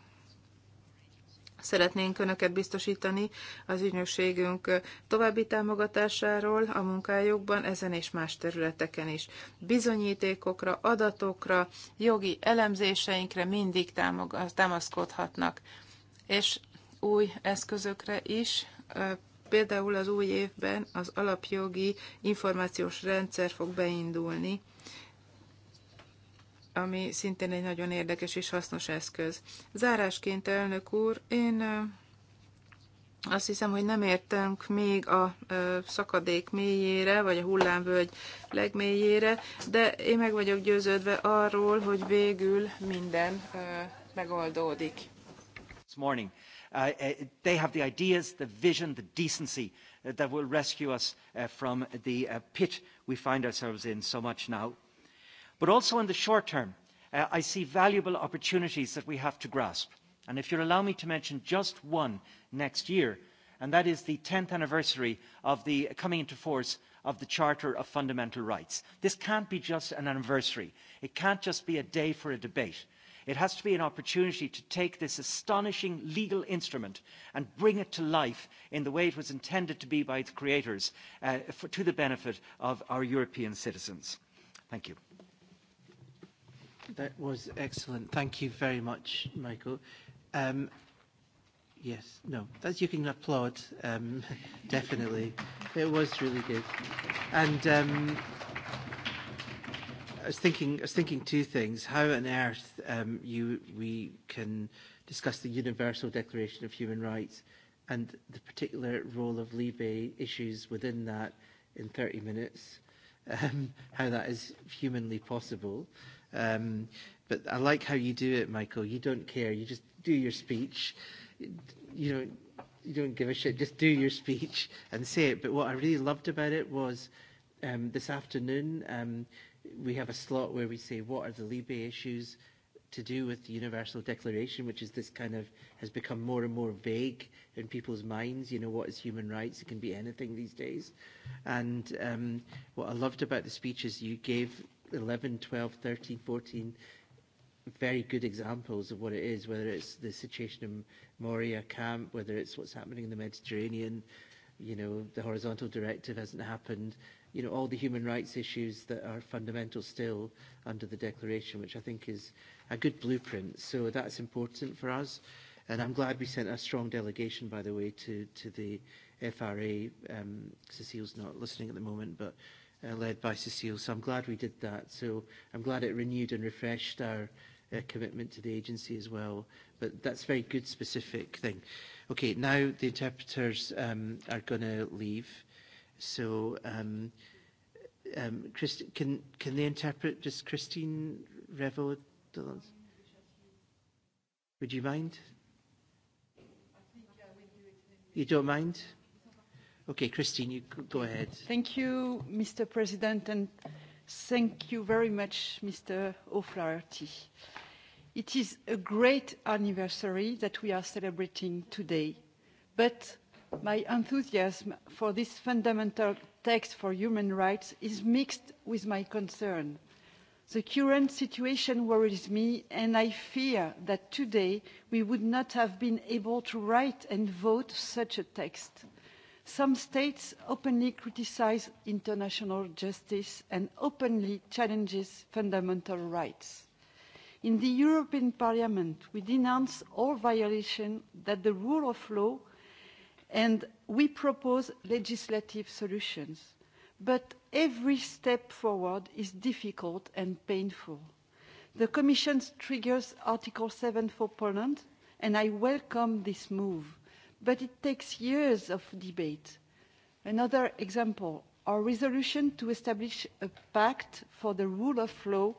Szeretnénk Önöket biztosítani az ügynökségünk további támogatásáról a munkájukban, ezen és más területeken is. Bizonyítékokra, adatokra, jogi elemzéseinkre mindig támaszkodhatnak, és új eszközökre is, Például az új évben az alapjogi információs rendszer fog beindulni, ami szintén egy nagyon érdekes és hasznos eszköz. Zárásként, elnök úr, én azt hiszem, hogy nem értünk még a szakadék mélyére, vagy a hullámvölgy legmélyére, de én meg vagyok győződve arról, hogy végül minden megoldódik. This morning. Uh, uh, they have the ideas, the vision, the decency uh, that will rescue us uh, from the uh, pit we find ourselves in so much now. But also in the short term, uh, I see valuable opportunities that we have to grasp. And if you'll allow me to mention just one next year, and that is the 10th anniversary of the coming into force of the Charter of Fundamental Rights. This can't be just an anniversary. It can't just be a day for a debate. It has to be an opportunity to take this astonishing legal instrument and bring it to life in the way it was intended to be by its creators uh, for, to the benefit of our European citizens. Thank you. That was excellent. Thank you very much, Michael. Um, yes, no, that's, you can applaud, um, definitely. It was really good. And um, I was thinking, I was thinking two things. How on earth um, you, we can discuss the Universal Declaration of Human Rights and the particular role of Libe issues within that in 30 minutes, um, how that is humanly possible. Um, but I like how you do it, Michael. You don't care. You just do your speech. You don't, you don't give a shit. Just do your speech and say it. But what I really loved about it was um, this afternoon, um, we have a slot where we say what are the Libe issues to do with the Universal Declaration, which is this kind of has become more and more vague in people's minds. You know, what is human rights? It can be anything these days. And um, what I loved about the speech is you gave 11, 12, 13, 14 very good examples of what it is, whether it's the situation in Moria camp, whether it's what's happening in the Mediterranean, you know, the horizontal directive hasn't happened, you know, all the human rights issues that are fundamental still under the declaration, which I think is a good blueprint. So that's important for us. And I'm glad we sent a strong delegation, by the way, to, to the FRA. Um, Cecile's not listening at the moment, but uh, led by Cecile. So I'm glad we did that. So I'm glad it renewed and refreshed our uh, commitment to the agency as well. But that's a very good specific thing. Okay, now the interpreters um, are going to leave. So, um, um, Christ can, can they interpret? Does Christine Revel? Would you mind? You don't mind? Okay, Christine, you go ahead. Thank you, Mr. President, and thank you very much, Mr. O'Flaherty. It is a great anniversary that we are celebrating today, but my enthusiasm for this fundamental text for human rights is mixed with my concern. The current situation worries me, and I fear that today we would not have been able to write and vote such a text. Some states openly criticise international justice and openly challenges fundamental rights. In the European Parliament, we denounce all violations that the rule of law And we propose legislative solutions. But every step forward is difficult and painful. The Commission triggers Article 7 for Poland, and I welcome this move. But it takes years of debate. Another example, our resolution to establish a pact for the rule of law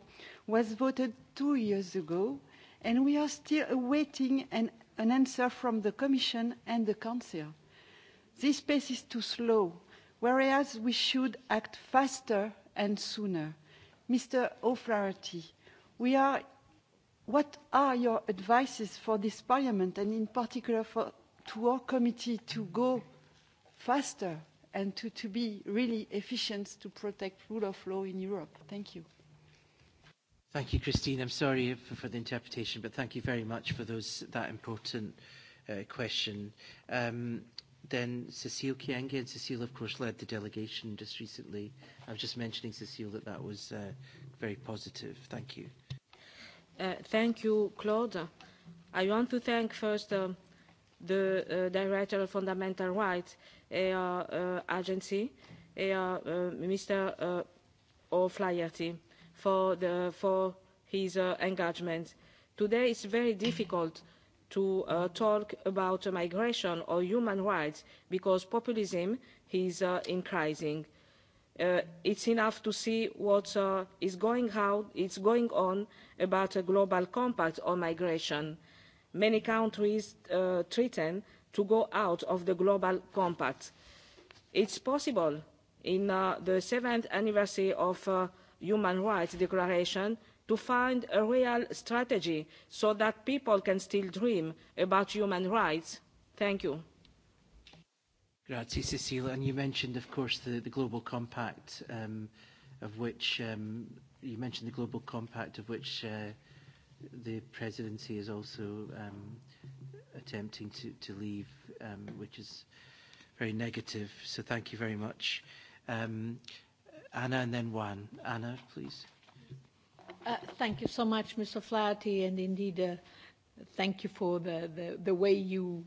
was voted two years ago, and we are still awaiting an, an answer from the Commission and the Council. This pace is too slow, whereas we should act faster and sooner. Mr. O'Flaherty, we are, what are your advices for this Parliament and in particular for, to our committee to go faster and to, to be really efficient to protect rule of law in Europe? Thank you. Thank you, Christine. I'm sorry for, for the interpretation, but thank you very much for those, that important uh, question. Um, then Cecile Kienge, and Cecile, of course, led the delegation just recently. I was just mentioning, Cecile, that that was uh, very positive. Thank you. Uh, thank you, Claude. I want to thank first uh, the uh, Director of Fundamental Rights uh, uh, Agency, uh, uh, Mr. Uh, O'Flaherty, for, for his uh, engagement. Today it's very difficult to uh, talk about migration or human rights because populism is uh, increasing. Uh, it's enough to see what uh, is going out, it's going on about a global compact on migration. Many countries uh, threaten to go out of the global compact. It's possible in uh, the seventh anniversary of uh, Human Rights Declaration to find a real strategy so that people can still dream about human rights. Thank you. Grazie, Cecilia. And you mentioned, of course, the, the Global Compact, um, of which um, you mentioned the Global Compact, of which uh, the presidency is also um, attempting to, to leave, um, which is very negative. So thank you very much. Um, Anna and then Juan. Anna, please. Uh, thank you so much, Mr. Flaherty, and indeed, uh, thank you for the, the, the way you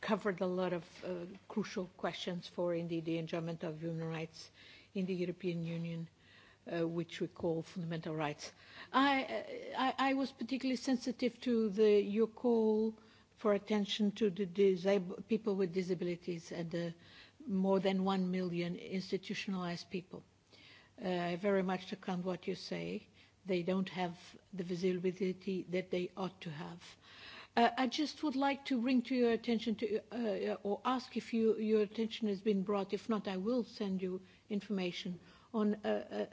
covered a lot of uh, crucial questions for indeed the enjoyment of human rights in the European Union, uh, which we call fundamental rights. I, uh, I, I was particularly sensitive to the, your call for attention to the disabled, people with disabilities and the more than one million institutionalized people. Uh, I very much second what you say. Uh, they don't have the visibility that they ought to have. Uh, I just would like to bring to your attention to, uh, or ask if you, your attention has been brought. If not, I will send you information on a, a,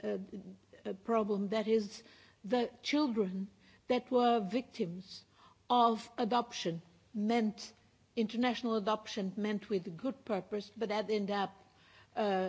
a, a problem that is the children that were victims of adoption meant international adoption meant with good purpose, but that end up uh,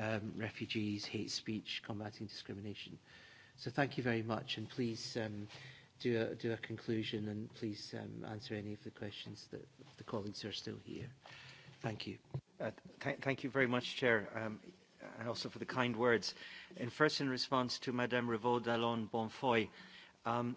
um, refugees, hate speech, combating discrimination. So thank you very much, and please um, do, a, do a conclusion and please um, answer any of the questions that the colleagues who are still here. Thank you. Uh, th thank you very much, Chair, um, and also for the kind words. And first, in response to Madame Revaud-Dallon-Bonfoy, um,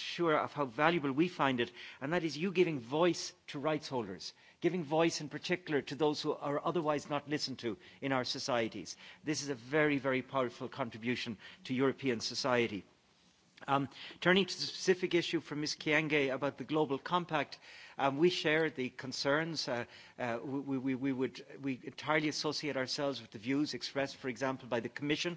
sure of how valuable we find it, and that is you giving voice to rights holders, giving voice in particular to those who are otherwise not listened to in our societies. This is a very, very powerful contribution to European society. Um, turning to the specific issue from Ms. Kienge about the Global Compact, um, we share the concerns. Uh, uh, we, we, we, would, we entirely associate ourselves with the views expressed, for example, by the Commission